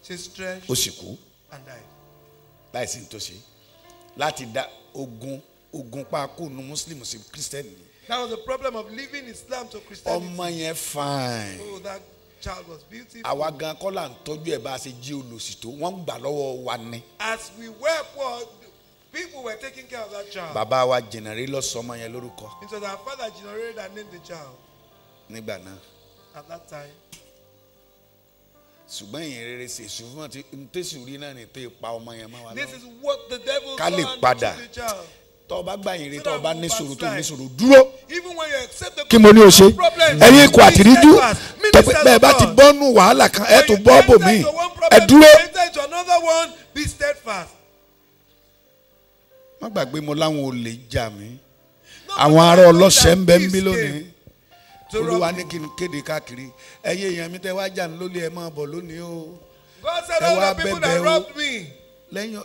she stretched. ó sì kú. and died láì sí tó ṣe láti dá ogun ogun paako nu muslim sí christian ni. that was the problem of leaving islam to christianity. ọmọ yẹn fine. oh that child was beautiful. àwa gan kọ́ là ń tọ́jú ẹ̀ bá a ṣe jí olòṣì tó wọ́n gbà lọ́wọ́ wa ni. as we were poor people were taking care of that child. bàbá wa jìnnàrí lọ sọmọ yẹn lórúkọ. it was our father jìnnàrí that named the child. nígbà náà. at that time ṣùgbọ́n ìyìn rere ṣe ṣùgbọ́n tẹ̀sù rí náà ni tó ipa ọmọ yẹn máa wà lọ. this is what the devil ká lè padà tọ́ ọba gba ìyìn rere tọ́ ọba ní sòrò tó ní sòrò dúró kí mo ní o ṣe ẹ̀yin ikọ̀ àtìrídú tọ́pẹ́ bẹ́ẹ̀ bá ti bọ́nú wàhálà kan ẹ̀ tó bọ́ bò mí ẹ̀ dúró. má gbàgbé mo láwọn olè jà mí àwọn ará ọlọ́ṣẹ́ ń bẹ ń bí lónìí olúwa ní kí n kéde káàkiri ẹyẹ èèyàn mi tẹ wá jà ní lólè ẹ máa bọ̀ lónìí o ẹ wá bẹ̀bẹ̀ o lẹ́yìn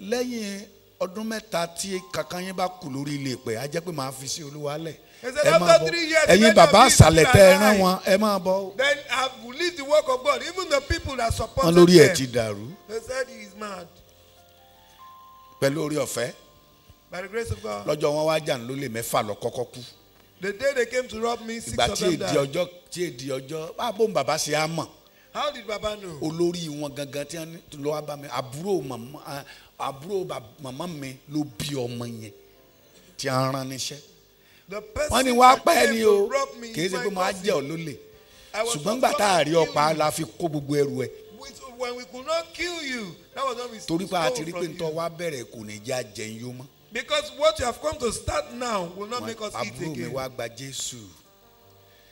lẹ́yìn ọdún mẹ́ta tí kankan yín bá kù lórí ilé pẹ̀ á pé màá fi sí olúwa lẹ̀ ẹ máa bọ̀ ẹ̀yin bàbá àṣàlẹ̀ tẹ ẹ rán wọn ẹ máa bọ̀. then I believe the work of God even the people that support them. wọn lórí ẹ ti dàrú. they said he is mad. pẹ̀lú orí ọ̀fẹ́. by the grace of God. lọ́jọ́ wọn wá jà ní lólè mẹ́fà lọ kọ́kọ́ kú the day they came to rob me six of them died. ìgbà tí èdè ọjọ́ tí èdè ọjọ́ báwo ni bàbá ṣe á mọ̀. how did baba know. olórí wọn gangan tí wọn lọ wá bá mi àbúrò màmá àbúrò màmá mi ló bí ọmọ yẹn tí wọn rán níṣẹ́. the person wọ́n ní wàá pẹ́ ni o kì ṣe pé mo á jẹ́ ọ lólè ṣùgbọ́n gbà tá a rí ọ̀pá la fi kó gbogbo ẹrù ẹ. when we could not kill you that was when we torí pa àti rí pé ntọ́ wa bẹ̀rẹ̀ kò ní já jẹun mọ́. Because what you have come to start now will not make us eat again. Àbúrò mi wá gba Jésù.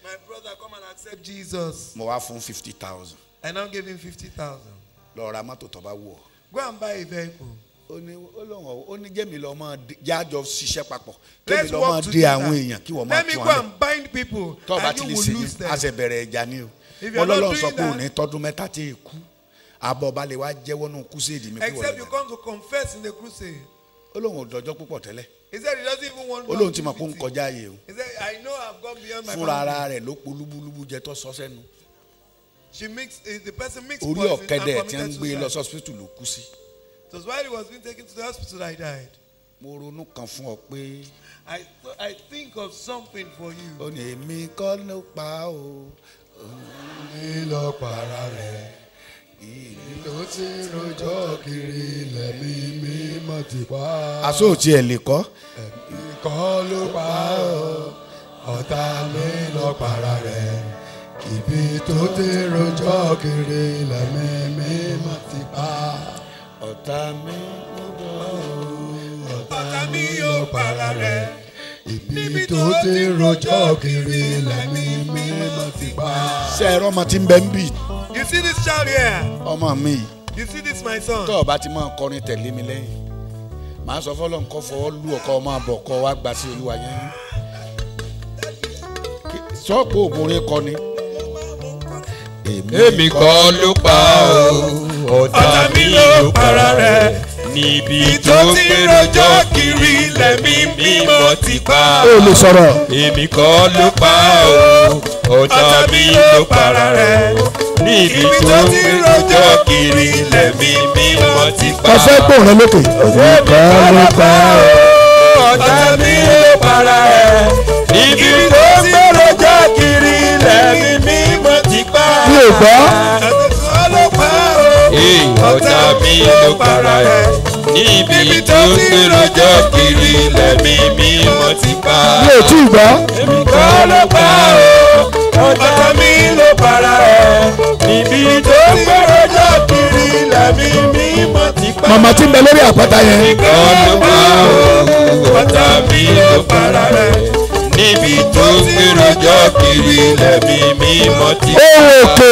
My brother come and accept Jesus. Mo wá fún fifty thousand. I now give him fifty thousand. Lọ ra mọ́tò tó bá wù ọ́. Go and buy a vehicle. Ó ní Olóhùn ó ní Jẹ́mi lọ máa jájọ ṣiṣẹ́ papọ̀. Let's work together. Jẹ́mi kí wọ́n máa tún wọn. Let me go and bind people and you will lose them. Tọ́ba ti lè ṣe ni o. If you're not doing that. Ọlọ́run sọ pé òní tọdún mẹ́ta tí ì kú. Àbọ̀ balẹ̀ jẹ́wọ́ nù crusade mi kí wọ́n Except you come to confess in the crusade ó lóun ò dọjọ́ púpọ̀ tẹ́lẹ̀ ó lóun ti mọ̀ kó ń kọjá ayé o fúnra ara rẹ̀ ló po lúbúlúbú jẹ tó sọ sẹ́nu eh, orí ọ̀kẹ́dẹ̀ tí ń gbé e lọ sọ́sìpítù ló kú sí. he was being taken to the hospital, I died. Mo ronú kan fún ọ pé. I I think of something for you. Ó ní èmi kọ́ ló pa o, òun ní lọ para rẹ̀ ìlú tí rojọ́ kiri lẹ́mí mímọ́ ti pa. aṣọ òtí ẹ̀ lè kọ́. ẹ̀mí ló pa ọ́ ọ̀tá mi lọ para rẹ̀ ibi tó ti rojọ́ kiri lẹ́mí mímọ́ ti pa. ọ̀tá mi ló pa ọ́ ọ̀tá mi yóò para rẹ̀ ibi tó ti rojọ́ kiri lẹ́ni mímọ́ ti pa. ṣé ọmọ ti ń bẹ ń bì. you see this child here. ọmọ mi. you see this my son. tọ́ ọ ti máa kọrin tẹ̀lé mi lẹ́yìn màá sọ fọlọ́ nǹkan fọwọ́ lù ọkọ ọmọ àbọ̀ kọ́ wa gbà sí olúwa yẹn. sọ́ọ̀pù òbúrin kọ ni. èmi kọ́ ló pa ọ́ ọ̀tá mi ló para rẹ̀ níbi tó ti rojọ́ kiri lẹ́mí mímọ́ ti pa. ó èmi kọ́ ló pa o ọ̀tá mi ló para rẹ̀. níbi tó ti rojọ́ kiri lẹ́mí mímọ́ ti pa. ọ̀sẹ̀ pò rẹ lókè. èmi kọ́ ló pa o ọ̀tá mi ló para rẹ̀. níbi tó ti rojọ́ kiri lẹ́mí mímọ́ ti pa. mi ò gbọ́ ọ̀tá mi ló para ẹ̀ níbi tó gbé lọ́jọ́ kiri lẹ́mí mi mo ti pa. mi ò tí ì gbọ́. èmi kọ́ ló pa o ọ̀tá mi ló para ẹ̀ níbi tó gbé lọ́jọ́ kiri lẹ́mí mi mo ti pa. màmá tí ń bẹ lórí àpáta yẹn. èmi kọ́ ló pa o ọ̀tá mi ló para ẹ̀ níbi tó gbé lọ́jọ́ kiri lẹ́mí mi mo ti pa. ó wò kò.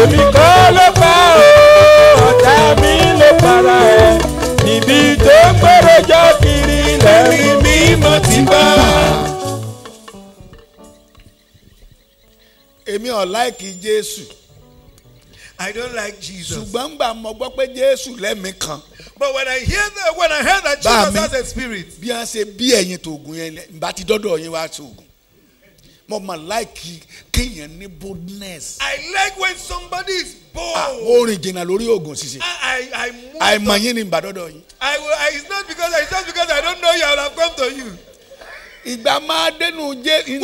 èmi kọ́ ló pa o ọ̀tá mi ló para ẹ̀ ibi tó gbọ́rọ̀jọ́ kiri lẹ́rìí mímọ́ ti bá. èmi ò láìkí jésù. I don't like Jesus. ṣùgbọ́n gbà mọ̀ gbọ́ pé Jésù lẹ́mìí kan. But when I hear that when I hear that Jesus has a spirit. bí a ṣe bí ẹ̀yin tó oògùn yẹn bá ti dọ́dọ̀ yín wá sí oògùn mo mà láìkì kéèyàn ní boldness. I like when somebody is bold. Ah, ó rìn jìnnà lórí oògùn ṣíṣe. Ah, I I moved. àìmọ̀ yín ni ìbàdọ́dọ̀ yín. I will I it's not because I it's just because I don't know you I will have come to you. ìgbà máa dénú jẹ́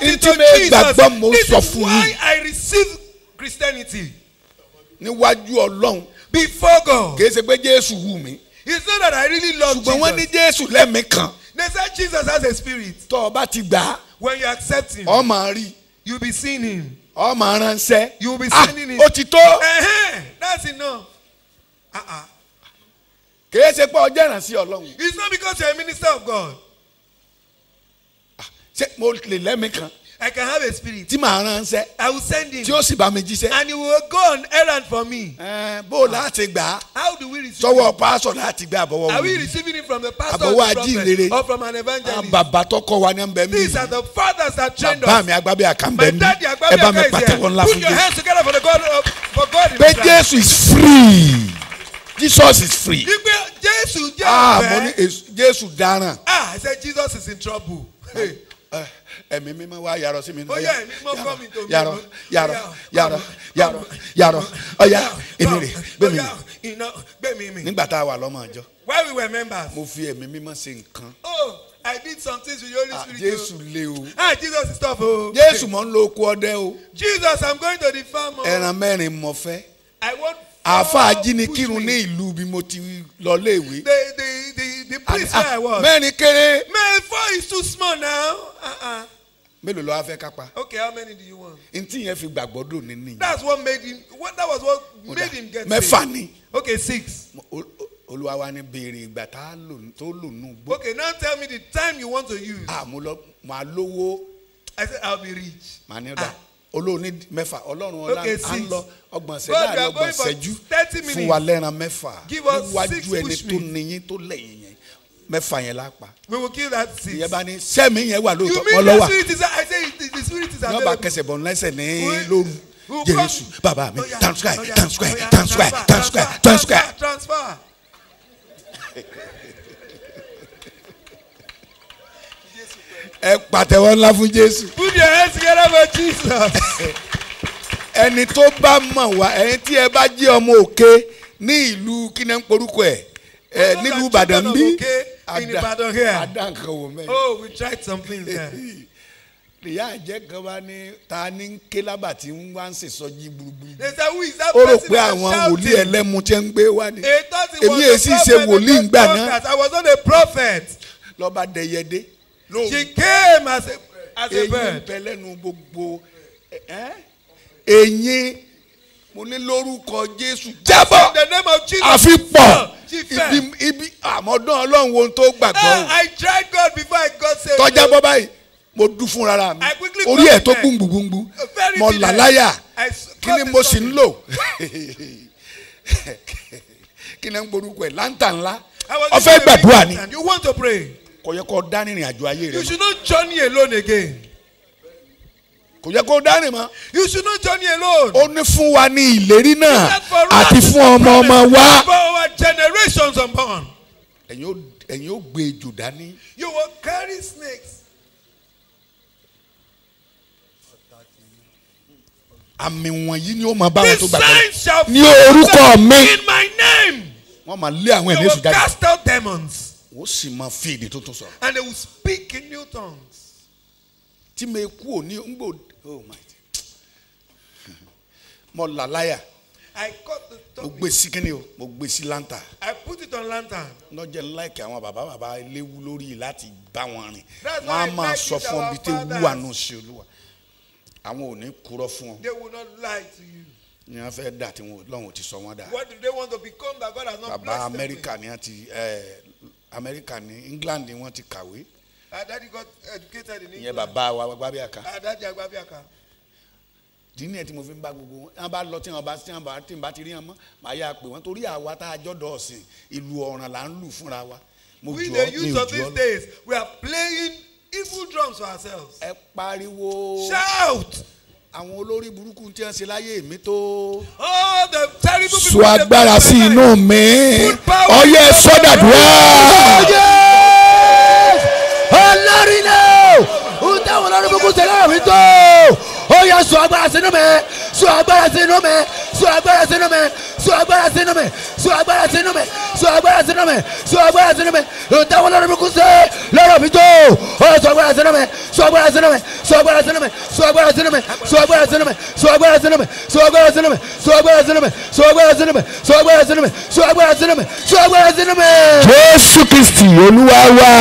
ntúmẹ̀ gbàgbọ́ mo sọ fún yín. This is why I received Christianity. níwájú Ọlọ́run. before God. kì í ṣe pé Jésù wù mí. It's not that I really love Jesus. ṣùgbọ́n wọ́n ní Jésù lẹ́mìí kan. They said Jesus has a spirit. tọ́ ọ bá ti gbà á when you accept him. ọmọ rí. you be seeing him. ọmọ ránṣẹ́. you be ah, seeing him. ah o ti tó. that's enough. Uh -uh. kìí ṣe pé ọjọ́ ìrànṣẹ́ ọlọ́run. it's not because you are a minister of God. ṣé mo lè lẹ́mìí kan. I can have a spirit. Tí màá ránṣẹ́. I will send him. Tí ó sì bá mi jíṣẹ́. And he will go on errand for me. bó o láti gbà á. How do we receive it? Sọ́wọ́ pásọ̀ láti gbé àbọ̀wọ́ wọlé. Are we receiving it from the pastor or the prophet? Àbọ̀wọ́ ajíhìnrere. Or from an evangelist? Àwọn ah, bàbá tó wa ní ẹ̀mbẹ̀ mi. These are the fathers that trained us. Bàbá mi agbábí àkànbẹ̀ mi. My daddy agbábí Ẹ bá mi pàtẹ́wọ́ ńlá fún Jésù. Put your hands together for the God of for God. Pé Jésù is free. Jesus is free. Gbígbé Jésù jẹ́ ah, ọ̀fẹ́. Ah, mo ní Jésù dáràn. Ah, I said Jesus is in trouble. Hey. uh, ẹ̀mí mímọ́ wá yàrá sí mi. ó yà ẹ̀mí mọ́ kọ́ mi tó mi. yàrá yàrá yàrá yàrá yàrá ọ̀yà èmi rè gbẹ̀mí mi. nígbà tá a wà lọ́mọ ọjọ́. why we were members. mo fi ẹ̀mí mímọ́ ṣe nǹkan. oh I did something things with the Holy ah, Spirit. Jésù oh. le o. Ah Jesus is tough o. Oh. Jésù mò ń lo oko o. Jesus I'm going to the farm o. Oh. ẹran mẹ́rin mo fẹ́. I want àáfàá jínikírun ní ìlú bí mo ti lọ léèwé. the the the the place ah, ah, where I was. mẹ́rin kéré. man four is too small now. Ah, ah. mélòó ló wá fẹ́ kápá. okay how many do you want. ntí yẹn fi gbàgbọ́ dùn ní nìyí. that's what made him what that was what made him get mẹ́fà ni. okay six. olúwa wa ni béèrè ìgbà tá a lò tó lò nù okay now tell me the time you want to use. ah mo lọ màá lówó. I said I'll be rich. màá ní ọ̀dà olóòní mẹ́fà ọlọ́run ọlá à ń lọ ọgbọ̀n ṣẹ́jú láàrin ọgbọ̀n ṣẹ́jú fún wa lẹ́ran mẹ́fà níwájú ẹni tó níyín tó lẹ́yìn mẹ́fà yẹn la pa. we will kill that seed. ìyẹn bá ní sẹ́mi yẹn wà lóòótọ́ ọlọ́wà. you mean the spirit is i say the spirit is available. yọba kẹsẹ̀ bọ̀ lẹ́sẹ̀ ní lóru jésù bàbá mi oh, oh, oh, transfer transfer transfer transfer transfer. transfer. ẹ pàtẹ́wọ́ ńlá fún jésù. put your hands together for jesus. ẹni tó bá mọ̀ wá ẹni tí ẹ bá jẹ́ ọmọ òkè ní ìlú kí ni ń porúkọ ẹ̀ nílùú ìbàdàn bí in Ibadan here. Adan kan mẹ́rin. Oh, we tried some things there. Ìyá àjẹ́ kan wá ní ta ní Kélábà tí ń wá ń sè sọ́jí gbúgbúrú. They say who is that person Ó rò pé àwọn wòlíì ẹlẹ́mu tí ń gbé wá ni. Èmi èsì ṣe wòlíì ń gbà náà. I was not a prophet. Lọ́ba Dẹ̀yẹdé. She came as a as a bird. Eyín bẹ lẹ́nu gbogbo. Eyín mo ní lórúkọ jésù jábọ̀ àfipọ̀ ibi ibi àmọ́dán ọlọ́run ohun tó gbàgbọ́ o. Eh, I tried God before I got saved. tọ́já bọ́ báyìí mo dùn fún rárá mi orí ẹ̀ tó gbùngbùngbùngbùn mo là láyà kí ni mo sì ń lò kí ni ń gborúkọ ẹ̀ láǹtà ńlá o fẹ́ gbàdúrà ni kò yẹ kó dá nírìn àjò ayé rẹ. You should not journey alone again kò yẹ kó dárìn mọ́. you should not journey alone. ó ní fún wa ní ìlérí náà àti fún ọmọ ọmọ wa. for our generations unborn. ẹ̀yin ó ẹ̀yin ó gbé ejò dání. you will carry snakes. àmì wọ̀nyí ni ó máa bá wọn tó gbàgbọ́ ní orúkọ mi wọ́n máa lé àwọn ẹ̀mí èṣù jáde wọ́n sì máa fi èdè tuntun sọ. and they will speak in new tongues. tí mi kú ò ní ngbò oh my mo là láyà mo gbé sí kíni o mo gbé sí lanta. I put it on lantern. lọ́jọ́ ń láìkì àwọn bàbá baba. eléwu lórí láti bá wọn rìn wọ́n á máa sọ fún ọ bí tẹ wúwa sí olúwa àwọn ò ní kúrọ fún ọ. they will not lie to you. ni wọn fẹ́ dà tí wọn lọ́hùn ti sọ wọn dà. what do they want to become that God has not bàbá blessed them Baba bàbá amẹ́ríkà ni wọ́n ti eh, amẹ́ríkà ni England ni wọ́n ti kàwé. Our got educated in England. Ìyẹn bàbá wa Agbábíàká. Our daddy Agbábíàká. Dínì ẹ̀ tí mo fi ń bá gbogbo wọn bá lọ tí wọn bá tí wọn bá tí wọn bá ti rí wọn mọ́ màá yà pé wọn torí àwa tá a jọ́dọ̀ ọ̀sìn ìlú ọ̀ràn là ń lù fúnra wa. Mo jù ọ́ mi ò jù With the use of these days we are playing evil drums for ourselves. Ẹ pariwo. Shout. Àwọn olórí burúkú tí wọ́n ṣe láyé mi tó. Oh the terrible people. Sọ agbára sí inú mi. Ọyẹ sọ́dàdúrà. Ọyẹ. ó yẹ sọ agbára sínú mi sọ agbára sínú mi sọ agbára sínú mi sọ agbára sínú mi sọ agbára sínú mi sọ agbára sínú mi sọ agbára sínú mi ìtawọ́ lọ́rọ̀ mi kú sí lọ́rọ̀ mi tó ọ sọ agbára sínú mi sọ agbára sínú mi sọ agbára sínú mi sọ agbára sínú mi sọ agbára sínú mi sọ agbára sínú mi sọ agbára sínú mi sọ agbára sínú mi sọ agbára sínú mi sọ agbára sínú mi sọ agbára sínú mi sọ agbára sínú mi. Jésù Kristi Olúwa wa.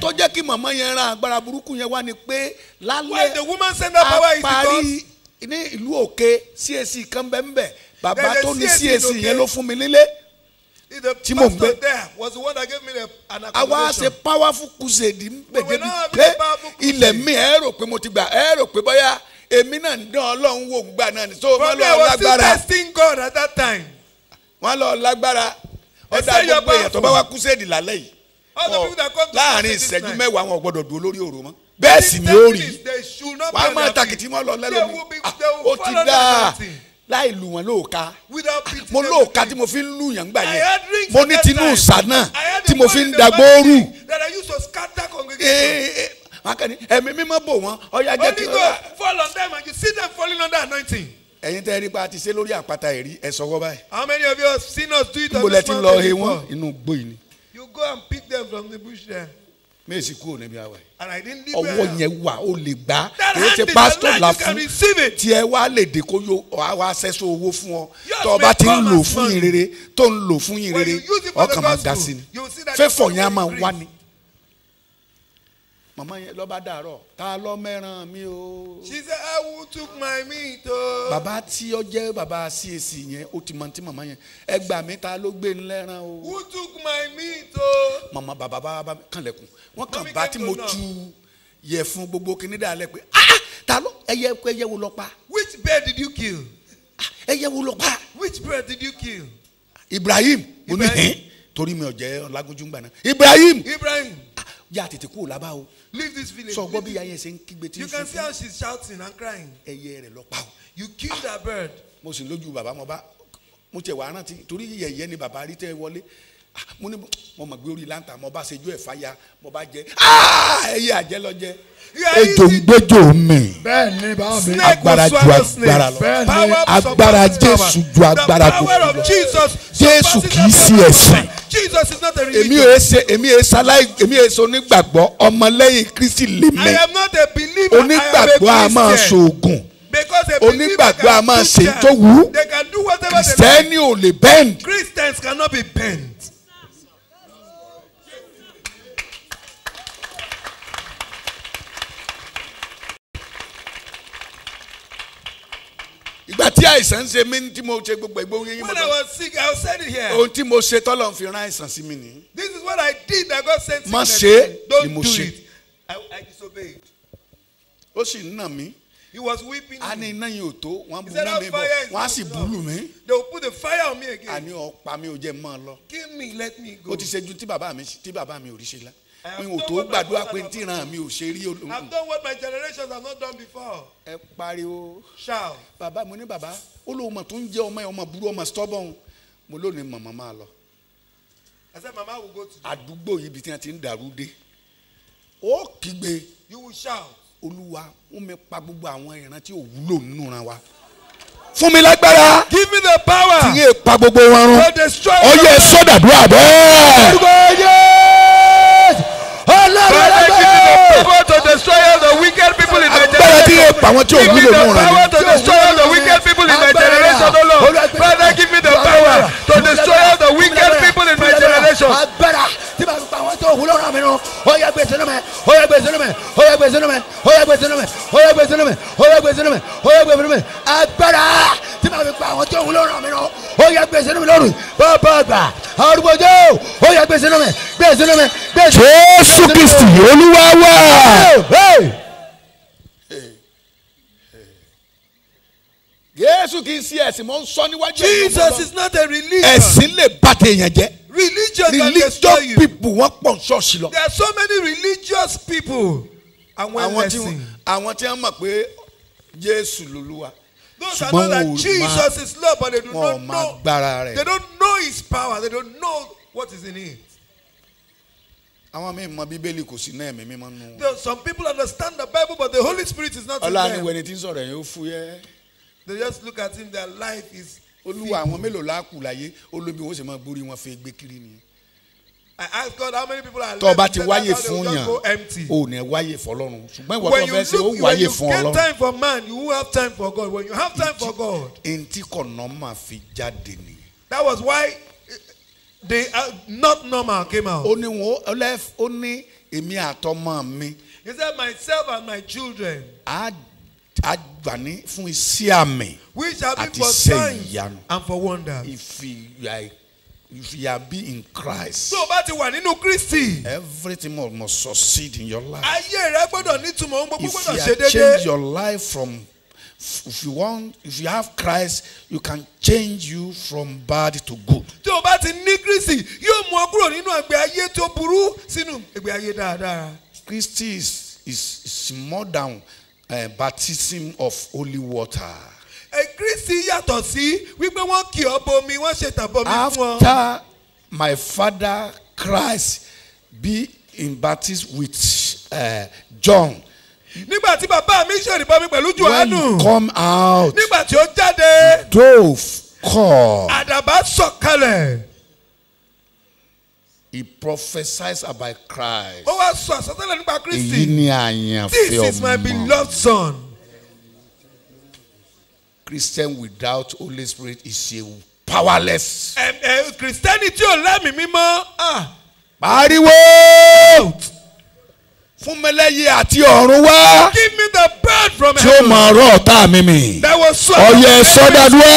tó jẹ́ kí màmá yẹn ran agbára burúkú yẹn wá ni pé lálẹ́ ní ìlú òkè CAC kan bẹ́ẹ̀ bẹ́ẹ̀ bàbá tó ní CAC yẹn ló fún mi nílé tí mò ń gbé àwa ṣe powerful crusade ń bẹ̀ débi pé ilẹ̀ mi ẹ rò pé mo ti gbà ẹ rò pé bóyá èmi náà ń dán ọlọ́run wò gbà náà ni so wọ́n lọ lágbára wọ́n lọ lágbára ọ̀dà gbogbo èèyàn tó bá wá crusade lálẹ́ yìí láàrin ìṣẹ́jú mẹ́wàá wọn ò gbọ́dọ̀ dúró lórí òru mọ́ bẹ́ẹ̀ sì ni ó rí wàá máa tàkìtì wọn lọ lẹ́lọ́mi ah, ó ti dáa láì lù wọn lóòka ah, mo lóòka tí mo fi ń lù yàn gbà yẹn mo ní tinú ìsà náà tí mo fi ń dagbóoru makani eh, eh, eh, ẹ̀mí mímọ́ bò wọ́n ọ̀yà jẹ́ kí wọ́n. fall on them and you see them falling under anointing. ẹ̀yin tẹ́ ẹ rí pa ti ṣe lórí àpáta ẹ̀rí ẹ sọ̀wọ́ báyìí. how many of you have seen us do it on this mountain before. nbọlẹ ti lọ he wọn inú gbó ni. you go and pick them from the bush there méjì kúrò níbi àwẹ̀. ọwọ́ yẹn wà ó lè gbà kò ṣe pásítọ̀ là fún tiẹ̀ wá lè dé kó yó wá sẹ́sọ owó fún ọ tó o bá ti ń lò fún ìrere tó ń lò fún ìrere ọkàn máa ga sí ni fẹ́fọ̀ yẹn á máa wá ni màmá yẹn lọ́ba dàárọ̀ ta ló mẹ́ràn mi o. she said I will took my meat o. bàbá tí ó jẹ́ bàbá CAC yẹn ó ti mọ ti màmá yẹn ẹ gbà mí ta ló gbé ní o. who took my meat o. mama bàbá bá kànlẹ̀kùn wọ́n kàn bá tí mo tu yẹ fún gbogbo kíní dàlẹ́ pé ah ta ló ẹyẹ ẹyẹ wo lọ pa. which bird did you kill. Ah, ẹyẹ wo lọ pa. which bird did you kill. Ibrahim oníhìn torí mi ò jẹ́ ọlágójú ń gbà náà Ibrahim. Ibrahim ah, yá tètè kúrò lábá o. leave this village. sọ gbọ́ bí ayé ṣe ń kígbe tí ń sọ. you can see how she is shouting and crying. ẹyẹ rẹ lọ pa o. you killed her bird. mo sì lójú bàbá mo bá mo tẹ wàá rántí torí yẹyẹ ni bàbá rí tẹ wọlé mo ní mo mọ̀ gbé orí láǹtà mo bá ṣejú ẹ̀ fàyà mo bá jẹ ẹyẹ àjẹ́ lọ jẹ. ejò ń gbẹ́jọ́ mi agbára ju agbára lọ agbára jésù ju agbára tó kù lọ jésù kì í sí ẹ̀sìn èmi ò ṣe èmi ò ṣaláì èmi ò ṣe onígbàgbọ́ ọmọlẹ́yìn kristi lè mẹ́ onígbàgbọ́ a máa ṣoògùn onígbàgbọ́ a máa ṣe tó wù kìrìsìtẹ́nì ò lè bend. Christians cannot be bent ìgbà tí àìsàn ń ṣe mí tí mo ṣe gbogbo ìgbóhùn yín mọ̀. when I was sick I was said it here. ohun tí mo ṣe tọ́lọ̀ ń fi rán àìsàn sí mi nìyí. this is what I did that God sent me. má ṣe ni mo ṣe. I, disobeyed. ó sì ń nà mí. He was weeping. a ní iná yìí ò tó wọn bu iná mi bọ wọn á sì búlù mi. they will put the fire on me again. a ọ̀pá mi ò jẹ́ mọ́ ọ lọ. give me let me go. ó ti ṣe ju tí bàbá mi ò rí ṣe la mi ò tó gbàdúrà pé tí ìran mi ò ṣe rí olóhùn. I've done what my generations have not done before. ẹ pariwo. ṣáò. bàbá mo ní bàbá ó lóun mọ̀ tó ń jẹ́ ọmọ ẹ̀ ọmọ burú ọmọ stubborn mo lónìí màmá máa lọ. I said mama will go to. àdúgbò yìí ibi tí wọ́n ti ń dàrú dé ó kígbe. you will shout. olúwa ó mi pa gbogbo àwọn ìran tí ò wúlò nínú ran wa fún mi lágbára. give me the power. tí yéé pa gbogbo wọn rún. to destroy. ọyẹ sọdàdúrà bẹ́ẹ̀. gbogbo ọyẹ. Father, give me the power to destroy all the wicked people in my generation. Father, Give me the power to destroy all the wicked people in my generation, O Lord. Father, give me the power to destroy all the wicked people in my generation. Oya gbèsè lómẹ, oya gbèsè lómẹ, oya gbèsè lómẹ, oya gbèsè lómẹ, oya gbèsè lómẹ, oya gbèsè lómẹ, oya gbèsè lómẹ, agbára tí màá fi pa àwọn tí òun lọ́rùn mi lọ, oya gbèsè lómẹ lọ́rùn, bàbá àgbà, arúgbó jẹ́ o, oya gbèsè lómẹ, gbèsè lómẹ, olúwa Jésù kì í sí ẹ̀sìn mọ́ ń sọ níwájú ẹ̀yọ́ Jesus is not a religion. Ẹ̀sìn lè bà tèèyàn jẹ́. Religion can destroy you. Religious people wọ́n pọ̀ ṣọ́ọ̀ṣì lọ. There are so many religious people. Àwọn ẹlẹ́sìn. Àwọn tí wọ́n mọ̀ pé Jésù lolúwa. Those are not that Jesus is Lord but they do not know. They don't know his power. They don't know what is in him àwọn míì mọ bíbélì kò sí náà ẹ̀mí mímọ́ nù. some people understand the bible but the holy spirit is not in them. ọlọ́run ìwé ni tí ń sọ̀rọ̀ yẹn ó fúyẹ́. they just look at him their life is. olúwa àwọn mélòó la láyé olóbi wọn sì máa gbórí wọn fẹ́ gbé kiri ni. I ask God how many people are left. tọ́ba ti wáyé fún yàn o ní wáyé fọlọ́run ṣùgbọ́n ìwọ kan fẹ́ ṣe ó wáyé fún ọlọ́run. when you look when you get time for man you have time for God when you have time for God. enti kọ̀nà máa fi jáde ni. that was why they are uh, not normal came out. ó ní wọn ó lẹ ó ní èmi àtọmọ mi. he said myself and my children. a a gbà ní fún iṣẹ́ àmì àti iṣẹ́ ìyanu and for wonders. if you are if you are be in Christ. tó o bá ti wà nínú Kristi. everything must, must succeed in your life. ayé rẹ gbọ́dọ̀ nítumọ̀ ohun gbogbo gbọ́dọ̀ ṣe déédéé. if you are change your life from if you want if you have Christ you can change you from bad to good. tí o bá ti ní Kristi yóò mú ọ kúrò nínú ẹgbẹ́ ayé tó burú sínú ẹgbẹ́ ayé dáadáa. Christi is is is more than uh, baptism of holy water. Kristi yàtọ̀ sí wípé wọ́n kì ọ́ bomi wọ́n ṣe tàbọ̀mí fún ọ. After my father Christ be in baptism with uh, John nígbà tí bàbá mi ṣèrìbọmi pẹ̀lú Jòhánù. when come out. nígbà tí ó jáde. dove call. àdàbà sọ̀kalẹ̀. He prophesies about Christ. Ó wá sọ àsọtẹ́lẹ̀ nípa Kristi. Èyí ni àyànfẹ́ ọmọ. This is my beloved son. Christian without Holy Spirit is a powerless. Ẹ Ẹ Christianity ò lẹ́mìí mímọ́. Ah. Pariwo! fún mi lẹ́yìn àti ọ̀run wá. give me the bread from heaven. tí ó máa rọ ọ̀tá mi mi. that was so. ọyẹ sọdọdúrà.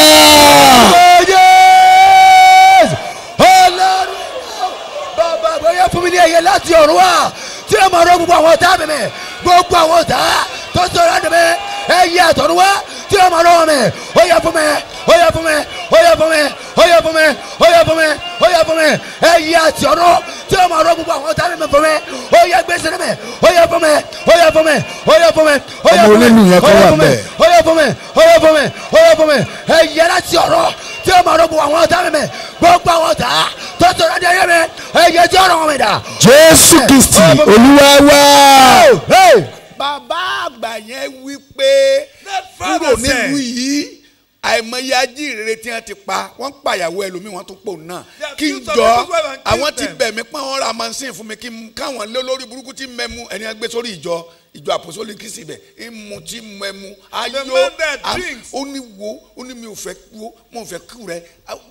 ọyẹ ọlọ́run bàbá bóyá fún mi ní ẹyẹ láti ọ̀run wá tí ó máa rọ gbogbo àwọn ọ̀tá mi mi gbogbo àwọn ọ̀tá tó sọ̀rọ̀ àdùnmí ẹyẹ àtọ̀run wá tí o máa lọ́wọ́ mi ó yẹ fún mi ó yẹ fún mi ó yẹ fún mi ó yẹ fún mi ó yẹ fún mi ó yẹ fún mi ẹ yí àti ọ̀rọ̀ tí o máa lọ́ gbogbo àwọn ọ̀tá mi fún mi ó yẹ gbèsè mi ó yẹ fún mi ó yẹ fún mi ó yẹ fún mi ó yẹ fún mi ó yẹ fún mi ó yẹ fún mi ó yẹ fún mi ó yẹ fún mi ẹ yẹ láti ọ̀rọ̀ tí o máa lọ́ bàbá àgbà yẹn wí pé kúrò nílùú yìí àìmọye ajíire tí wọ́n ti pa wọ́n pàyàwó ẹlòmíì wọ́n tún pò náà kí n jọ àwọn ti bẹ̀ mí pọ́n wọn ra machine fún mi kí n káwọn lé lórí burúkú tí mẹ́mu ẹni gbé sórí ìjọ ìjọ àpòsólì kìí síbẹ̀ ìmú tí mú ẹmu ayọ̀ ó ní wo ó ní mi ò fẹ́ wo mo ò fẹ́ kú rẹ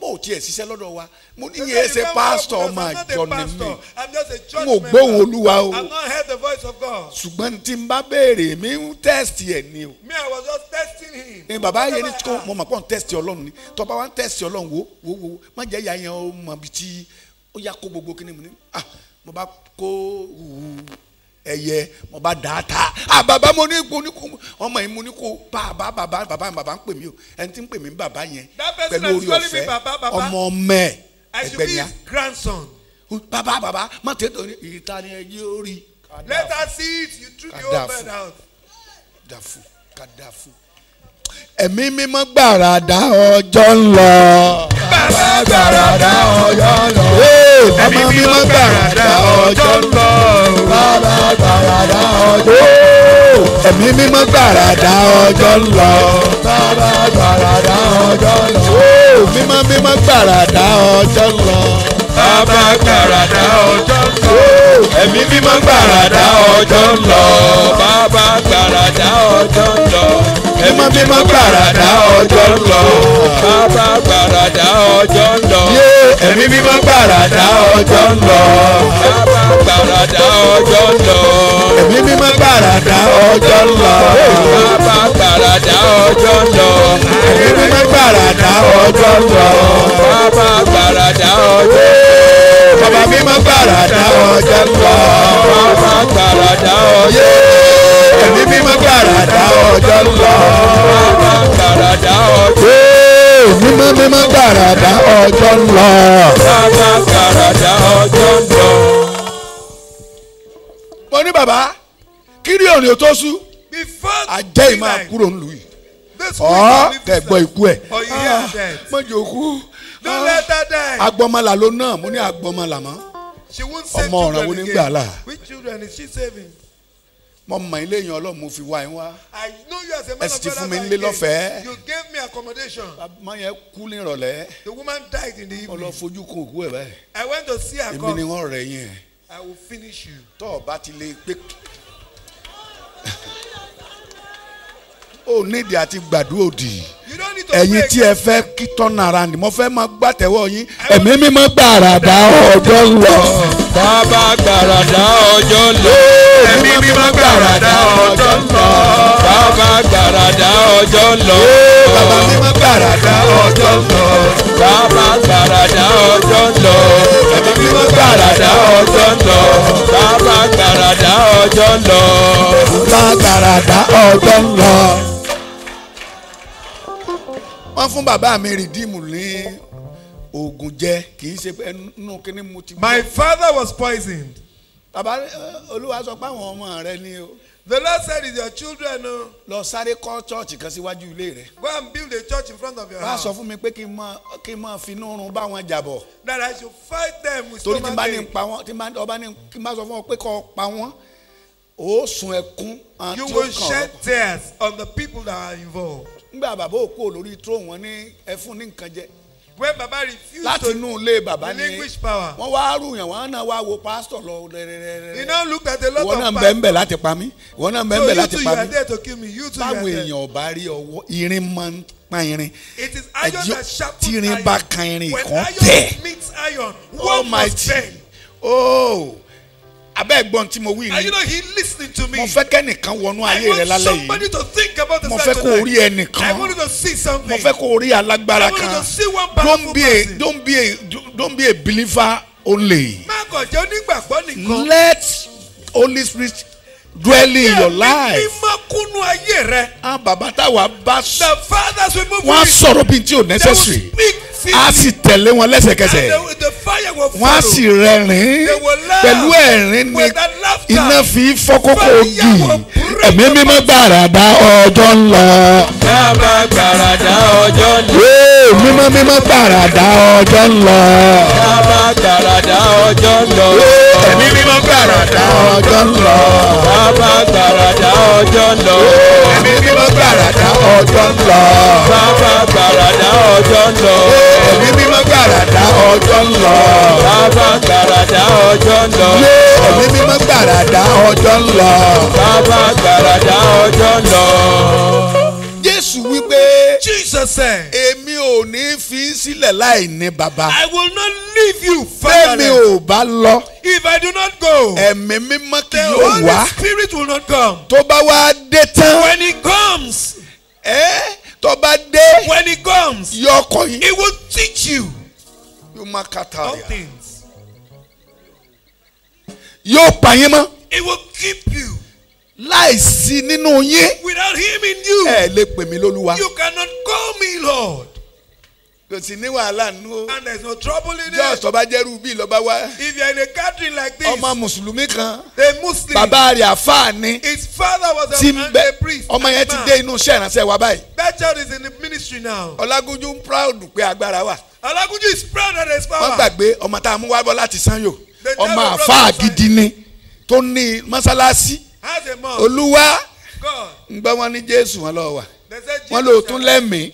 bó o tiẹ̀ ṣiṣẹ́ lọ́dọ̀ wa mo ní yẹ ẹsẹ̀ pásítọ̀ ọmọ àjọ ni mi mo gbóhùn olúwa o ṣùgbọ́n tí n bá béèrè mi ń tẹ́sítì ẹ̀ ni o ní bàbá yẹn ní ah, kó ah. mo mọ̀ pọ̀ ń ọlọ́run ni tọ́ba wa ń test ọlọ́run wo wo wo má jẹ́ ìyá yẹn ó mọ̀ bí tí ó yá kó gbogbo kí ni ah mo bá kó wù ú ẹyẹ mo bá dà á ta à bàbá mo ní kó ọmọ yìí mo ní kó bàbá bàbá bàbá bàbá ń pè mí o ẹni tí ń pè mí bàbá yẹn pẹ̀lú orí ọ̀fẹ́ ọmọ ọmọ ẹ̀ ẹgbẹ́ ni a bàbá bàbá má tètè ní ìta ni ẹyẹ ó rí. let her see it you threw the old man out. kàdáfù kàdáfù. ẹ̀mí mímọ́ gbàràdà ọjọ́ ń lọ. bàbá gbàràdà ọjọ́ ń lọ bàbá mi má gbàràdà ọjọ́ ń lọ. bàbá gbàràdà ọjọ́. ẹ̀mí mi má gbàràdà ọjọ́ ń lọ. bàbá gbàràdà ọjọ́ ń lọ. mi mímọ́ gbàràdà ọjọ́ ń lọ bàbá gbàràdà ọjọ́ ń lọ. ẹ̀mí mímọ́ gbàràdà ọjọ́ ń lọ. bàbá gbàràdà ọjọ́ ń lọ. ẹ̀mí mímọ́ gbàràdà ọjọ́ ń lọ. bàbá gbàràdà ọjọ́ ń lọ. ẹ̀mí mímọ́ gbàràdà ọjọ́ ń lọ. bàbá gbàràdà ọjọ́ ń lọ. ẹ̀mí mímọ́ gbàràdà ọjọ́ ń lọ. bàbá gbàràdà ọjọ́ ń lọ. ẹ̀mí mímọ́ gbàràdà ọjọ́ ń lọ. bàbá gbàràdà ọjọ́ lọ ọba mímọ́ gbàràdá ọjà lọ. ọba gbàràdá ọyẹ. ẹ̀mí mímọ́ gbàràdá ọjà lọ. ọba gbàràdá ọyẹ. mímọ́ mímọ́ gbàràdá ọjọ́ lọ. ọba gbàràdá ọjọ́ lọ. mo ní bàbá kí ni òní tó sú. before the night. àjẹ́ ìmáa kúrò ńlùú yìí ọ kẹgbọ́ ikú ẹ̀ mọ̀jọ kú agbọ́mọlà ló náà mo ní agbọ́mọlà mọ́ ọmọ ọ̀ràn wo ní gbà là mo mọ ilé yẹn ọlọ́run mo fi wá yín wá ẹ sì ti fún mi nílé lọ́fẹ̀ẹ́ mọ yẹn kú nírọ̀lẹ́ mo lọ fojú kun òkú ẹ̀ báyìí èmi ni wọ́n rẹ̀ yín ẹ̀ tọ́ ọ bá ti lè pé o nídìí àti gbàdúrà òdì ẹ̀yin tí ẹ fẹ́ kí tọ́nà ara ni mo fẹ́ máa gbàtẹ́wọ́ yín ẹ̀mí mi máa gbàràdà ọjọ́ lọ. bàbá gbàràdà ọjọ́ lọ. ẹ̀mí mi máa gbàràdà ọjọ́ lọ. bàbá gbàràdà ọjọ́ lọ. bàbá mi máa gbàràdà ọjọ́ lọ. bàbá gbàràdà ọjọ́ lọ. ẹ̀mí mi máa gbàràdà ọjọ́ lọ. bàbá gbàràdà ọjọ́ lọ. bàbá gbàràdà ọjọ́ lọ wọ́n fún bàbá mi rìdíìmù ní oògùn jẹ kì í ṣe pé nínú kíní mu ti. my father was poisoned. bàbá olúwa sọ pé àwọn ọmọ rẹ ni o. the Lord said it's your children o. Oh. lọ sáré kọ́ chọ́ọ̀chì kan síwájú ilé rẹ. go and build a church in front of your house. wá sọ fún mi pé kí n máa kí n máa finú run bá wọn jàbọ̀. that I should fight them with stomach ache. torí tí n bá ní pa wọn tí n bá ní kí n bá sọ fún ọ pé kọ́ pa wọn ó sun ẹkún. you will shed tears on the people that are involved ngbà bàbá òkú lórí throne wọn ní ẹfun ní nǹkan jẹ. when baba refused láti inú ilé bàbá ni wọ́n wá rúyàn wọ́n náà wá wo pásítọ̀ lọ rẹ́rẹ́rẹ́rẹ́. you now look at a lot of pastors. wọ́n náà bẹ́ẹ̀ bẹ́ẹ̀ láti pa mí wọ́n náà bẹ́ẹ̀ bẹ́ẹ̀ láti pa mí. so you too you are there to kill me you two are there. báwo èèyàn ọba rí ọwọ́ irin máa ń pa irin. it is iron that sharpens iron. tírin bá kan irin kan tẹ̀. when iron meets iron oh one must bend. oh abẹ́ gbọ́n tí mo wí ni. and you know he lis to me. mo fẹ́ kẹ́nìkan wọnú ayé rẹ lálẹ́ yìí. I want somebody to think about the mo fẹ́ kó rí ẹnìkan. I want to see something. mo fẹ́ kó rí alágbára kan. I don't be a don't be a don't be a believer only. má kàn jẹ́ let holy spirit dwelling in your life. Ẹ̀mí mímọ́ kúnú ayé rẹ. Á bàbá táwa bá sọ. The fathers will move. Wọ́n á sọ̀rọ̀ bí tí ò necessary. They will speak. Á sì tẹ̀lé wọn lẹ́sẹ̀kẹsẹ̀. And the fire will follow. Wọ́n á sì rẹ́rìn-ín. They will laugh. Pẹ̀lú ẹ̀rín ni iná fi fọ́kókó gì. Ẹ̀mí mímọ́ gbàràdá ọjọ́ ńlá. Bàbá gbàràdà ọjọ́ ń lọ. mímọ́ mímọ́ gbàràdà ọjọ́ ń lọ. dábà gbàràdà ọjọ́ ń lọ. ẹ̀mí mímọ́ gbàràdà ọjọ́ ń lọ. dábà gbàràdà ọjọ́ ń lọ. ẹ̀mí mímọ́ gbàràdà ọjọ́ ń lọ. dábà gbàràdà ọjọ́ ń lọ. ẹ̀mí mímọ́ gbàràdà ọjọ́ ń lọ. dábà gbàràdà ọjọ́ ń lọ. ẹ̀mí mímọ́ gbàràdà ọjọ́ ń lọ. dábà gbàràdà ọjọ́ ń lọ lẹ́sẹ̀. èmi ò ní fi sílẹ̀ láì bàbá. I will not leave you father. bẹ́ẹ̀ni ò bá lọ. if I do not go. ẹ̀mí mímọ́ kì yóò wá. the Holy Spirit will not come. tó bá wá dé tán. when he comes. ẹ tó bá dé. when he comes. yọ ọkọ yín. he will teach you. yóò máa kàtà rẹ̀. all things. yóò pa yín mọ́. he will keep you láìsí nínú yín. without him in you. ẹ lè pè mí lólúwa. you cannot call me lord. kò sí ní wàhálà nù. and there is no trouble in it. jọ́ọ̀ sọ́ba jẹ́rú bíi lọ́ba wá. if you are in a gathering like this. ọmọ mùsùlùmí kan. a muslim. bàbá rẹ̀ àfáà ni. his father was a man a priest. ọmọ yẹn ti dé inú iṣẹ́ ìránṣẹ́ wa báyìí. that child is in the ministry now. ọlágúnjú ń proud pé agbára wà. ọlágúnjú is proud of his power. wọ́n gbàgbé ọmọ tá a mú wá bọ́ láti sanyo ọmọ àfáà gidi ni tó ní mọ́sálásí olúwa ń gbọ́ wọn ní jésù wọn lọ wà wọn lò tún lẹ́mìí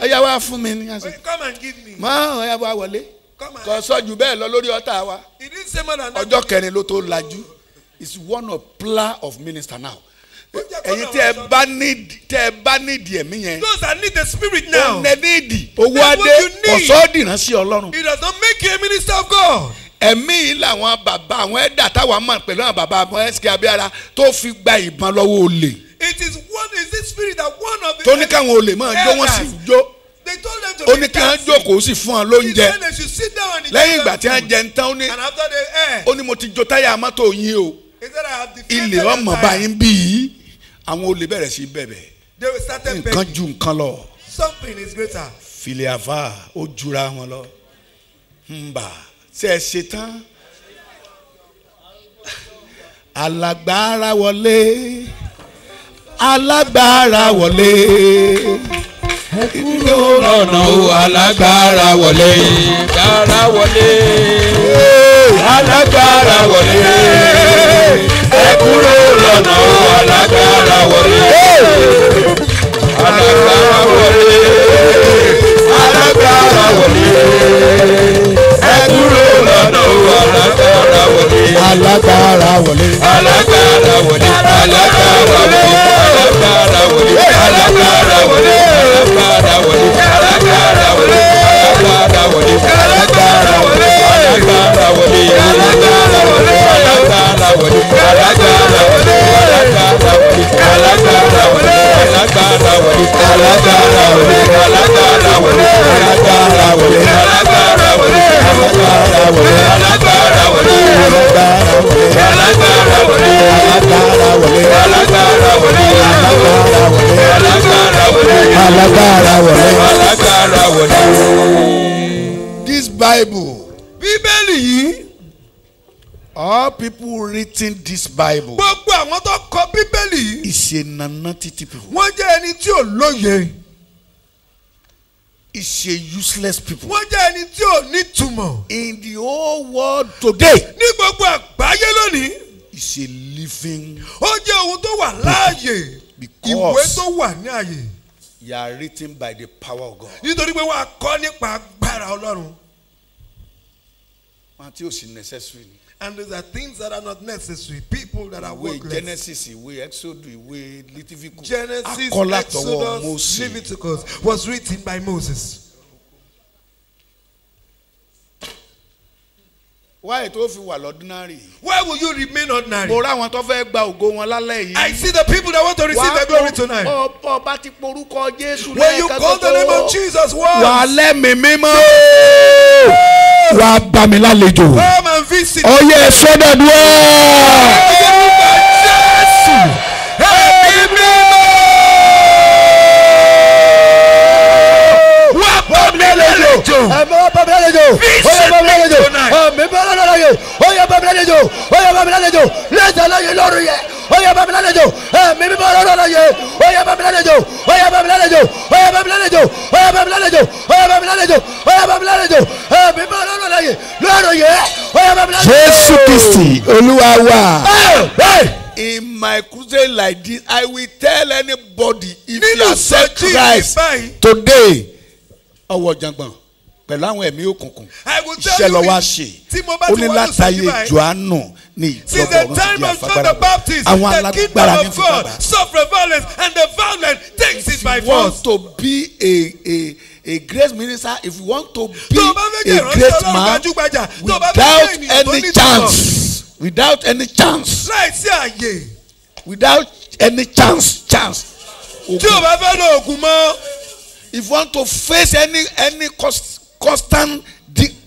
ọ̀yá wa fún mi ní àṣẹ mọ ọ̀yá wa wọlé kò sọ jù bẹ́ẹ̀ lọ lórí ọ̀tá wa ọjọ́ kẹrin ló tó lajú is one of pla of minister now ẹ̀yin tí ẹ bá nídìí tí ẹ bá nídìí ẹ̀mí yẹn. those that need the spirit now. ó nẹ nídìí. owó adé ọ̀sọ́ dìrán sí ọlọ́run. it does not make you a minister of God ẹ̀mí làwọn bàbá àwọn ẹ̀dà táwọn mọ̀ pẹ̀lú àwọn bàbá àwọn ẹ̀sìkẹ́ abíára tó fi gba ìbọn lọ́wọ́ olè. it is one is this spirit that one of the. tó ní káwọn olè máa jó wọ́n sì jó ó ní kí wọ́n jókòó sì fún wọn lóúnjẹ lẹ́yìn ìgbà tí wọ́n jẹ ń tán ó ní ó ní mo ti jó táyà mọ́tò yín o ilé ọmọ báyìí ń bí yìí àwọn olè bẹ̀rẹ̀ sí bẹ̀bẹ̀ nǹkan ju nǹkan lọ filiava ó jura ṣe é ṣe tán alágbára wọlé alágbára wọlé ìdúró lọ́nà o alagbara wọlé alágbára wọlé alagbara wọlé ẹkúrò lọ́nà o alágbára wọlé alágbára wọlé alágbára wọlé. alágbára wọlé. alágbára wọlé alágbára wọlé alágbára wọlé alágbára wọlé alágbára wọlé alágbára wọlé alágbára wọlé alágbára wọlé alágbára wọlé alágbára wọlé alágbára wọlé alágbára wọlé alágbára wọlé alágbára wọlé alágbára wọlé alágbára wọlé alágbára wọlé alágbára wọlé alágbára wọlé alágbára wọlé alágbára wọlé alágbára wọlé alágbára wọlé alágbára wọlé alágbára wọlé alágbára wọlé alágbára wọlé alágbára wọlé alágbára wọlé. This Bible. Bíbélì yìí. All people reading this Bible conceited people. wọ́n jẹ́ ẹni tí ò lóye. It's a useless people. Wọ́n jẹ́ ẹni tí ò ní túmọ̀. In the whole world today. Ní gbogbo àgbáyé lónìí. is a living. Ó jẹ́ ohun tó wà láàyè. Because ìwé tó wà ní àyè. You are written by the power of God. Nítorí pé wọ́n á kọ́ nípa agbára Ọlọ́run. Wọ́n á tí ò sí necessary ni. And these are things that are not necessary. People that are worthless. Genesis, ìwé Exodus, ìwé Leviticus. Genesis, Exodus, Leviticus was written by Moses. why it fi wà ordinary? why will you remain ordinary. I see the people that want to receive the glory tonight. wà á kó ọba ti porúkọ Jésù lẹ́ẹ̀kan when you call the name of Jesus what? wá bá mi lálejò ọyẹ sọdọdúwọ. Ẹ̀mí wá bá mi lálejò, ọyẹ bá mi lálejò, ẹ̀mí bá mi lálejò, ọyẹ bá mi lálejò, ọyẹ bá mi lálejò, lẹ́sẹ̀ yẹ oya bá eh, mi lálejò ẹ̀mí lọ́dọ̀ yẹ oya bá eh, mi lálejò eh. oya bá mi lálejò oya bá mi lálejò oya bá mi lálejò oya bá mi lálejò lọ́dọ̀ yẹ lọ́dọ̀ yẹ oya bá mi Jésù Kristi Olúwa wa. In my crusade like this, I will tell anybody if you accept Christ today. Ọwọ́ jàngbọ̀n pẹ̀lú àwọn ẹ̀mí òkùnkùn iṣẹ́ lọ wá ṣe ó ní látàyè johannu ní ìjọba ọ̀run ti di àfagbára àwọn alágbára ní If you want to be a a a great minister if you want to be a great man without any chance without any chance without any chance chance. tí if you want to face any any cost constant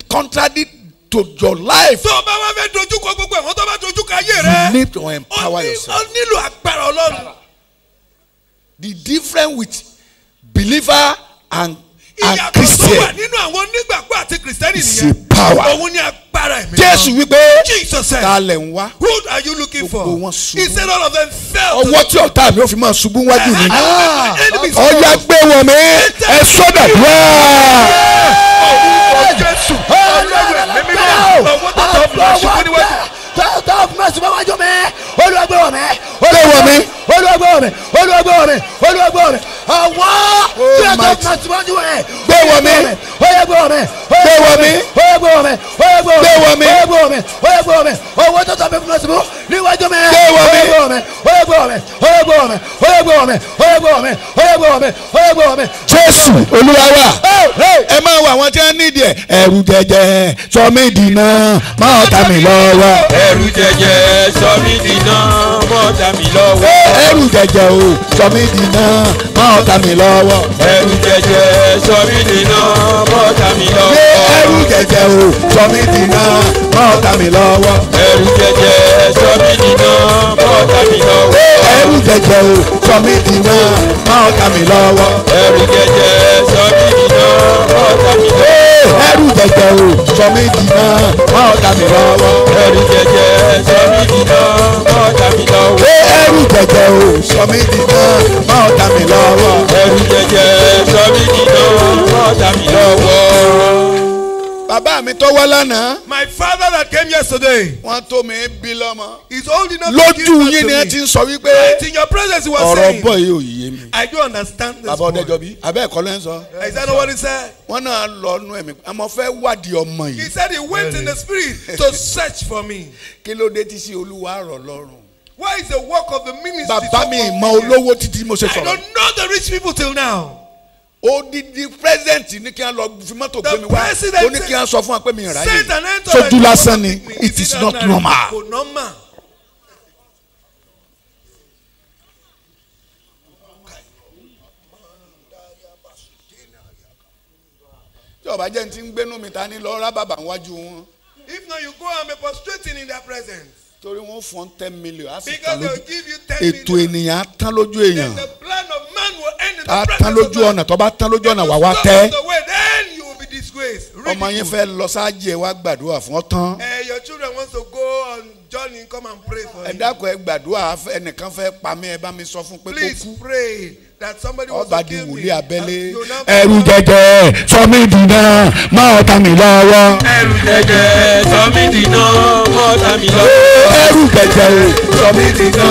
contradict to your life. tó o bá wá fẹ́ dojú kọ gbogbo ẹ̀wọ̀n tó bá dojú kọ ayé rẹ. you need to empower yourself. o nílò agbára ọlọ́run. the difference with believer and and Christian. ìyàtọ̀ tó wà nínú àwọn onígbàgbọ́ àti kìrìsìtẹ́nì nìyẹn. is a power. òun ni agbára ẹ̀mí. Jésù wípé ta lẹ̀ you looking for? gbogbo wọn ṣubú. he said all of them fell. ọwọ́ tí ọ̀tá mi ò fi máa ṣubú wájú mi. ọ̀yà ah, ah, ah, gbé wọn mi ẹ sọ́dà dúró. ọ̀hún ọ̀jẹ̀sù ọ̀lọ́wẹ̀ mímí wọ̀ sí wájú mi Olúwa gbé wọ̀ mi Olúwa mi Olúwa gbé wọ̀ mi Olúwa gbé wọ̀ mi Olúwa gbé wọ̀ mi àwọ̀ oh tí a tó ma sí wájú rẹ̀ gbé wọ̀ mi oyè gbé wọ̀ mi gbé wọ̀ mi oyè gbé wọ̀ mi oyè gbé wọ̀ mi oyè gbé wọ̀ mi oyè gbé wọ̀ mi owó tó tọ́ mi fún ọ̀sìn mú níwájú mi gbé wọ̀ mi oyè gbé wọ̀ mi oyè gbé wọ̀ mi oyè gbé wọ̀ mi oyè gbé wọ̀ mi oyè gbé wọ̀ mi oyè gbé wọ̀ mi. Jésù Olúwa wa ẹ máa wọ àwọn tí wọn nídìí ẹ ẹrù jẹjẹ sọmídìí náà máa ta mi lọ́wọ́. ẹrù jẹjẹ jẹ̀jẹ̀ sọ mí dìná mọ́ ọ̀tá mi lọ́wọ́. ẹrù jẹ̀jẹ̀ o sọ mí dìná mọ́ ọ̀tá mi lọ́wọ́. ẹrù jẹ̀jẹ̀ sọ mí dìná mọ́ ọ̀tá mi lọ́wọ́. ẹrù jẹ̀jẹ̀ o sọ mí dìná mọ́ ọ̀tá mi lọ́wọ́. ẹrù jẹ̀jẹ̀ sọ mí dìná mọ́ ọ̀tá mi lọ́wọ́. ẹrù jẹ̀jẹ̀ o sọ mí dìná mọ́ ọ̀tá mi lọ́wọ́. ẹrù jẹ̀jẹ̀ sọ mí dìná mọ́ ọ̀tá mi lọ́wọ́ jẹjẹ o sọ mí dìná má ọ̀tá mi lọ́wọ́. ẹrù jẹjẹ sọ mí dìná má ọ̀tá mi lọ́wọ́. ẹrù jẹjẹ o sọ mí dìná má ọ̀tá mi lọ́wọ́. ẹrù jẹjẹ sọ mí dìná má ọ̀tá mi lọ́wọ́. Bàbá mi tó wá lánàá. My father that came yesterday. Wọ́n tó mi bí lọ́mọ. He's old enough to give birth to me. Lójú yín ni ẹ ti ń sọ wípé. Right in your presence he was Or saying. Ọ̀rọ̀ bọ̀ yìí ò yé mi. I do understand this. Bàbá Ọdẹjọ bí abẹ́ ẹ̀kọ́ ló ń sọ. Is that not what he said? Wọ́n náà lọ nú ẹ̀mí. Àmọ́ fẹ́ wádìí ọmọ yìí. He said he went in the spirit to search for me. Kí ló dé tí sí Olúwa rọ̀ lọ́rùn? Why is the work of the ministry so complicated? Bàbá mi ìmọ̀ olówó títí mo ṣe sọ̀rọ̀. I don't know the rich people till now odidi president ní kí n lọ fi mọ́tò gbé mi wá ó ní kí n sọ fún wa pé mi rà sojú lásán ni it is not normal. tí ọba jẹ́ ní ti ń gbénú mi ta ni lọ́ọ́ rábàbà wájú wọn. if not you go and be prostrating in their presence torí wọ́n fún ten million á sì tán lójú ètò ènìyàn á tán lójú èèyàn á tán lójú ọ̀nà tó bá tán lójú ọ̀nà wà wá tẹ́ ọmọ yín fẹ́ lọ sáájì ẹ wá gbàdúrà fún ọ tán. ẹ eh, your children want to go on journey come and pray for you. ẹ dákun ẹ gbàdúrà ẹnìkan fẹ́ pa mí ẹ bá mi sọ fún pé kó kú. please pray ọba di wòlíì abẹ́lé ẹ̀rù jẹjẹ sọmi dìnnà máa ta mi lọ́wọ́. ẹ̀rù jẹjẹ sọmi dìnnà máa ta mi lọ́wọ́. ẹ̀rù jẹjẹ sọmi dìnnà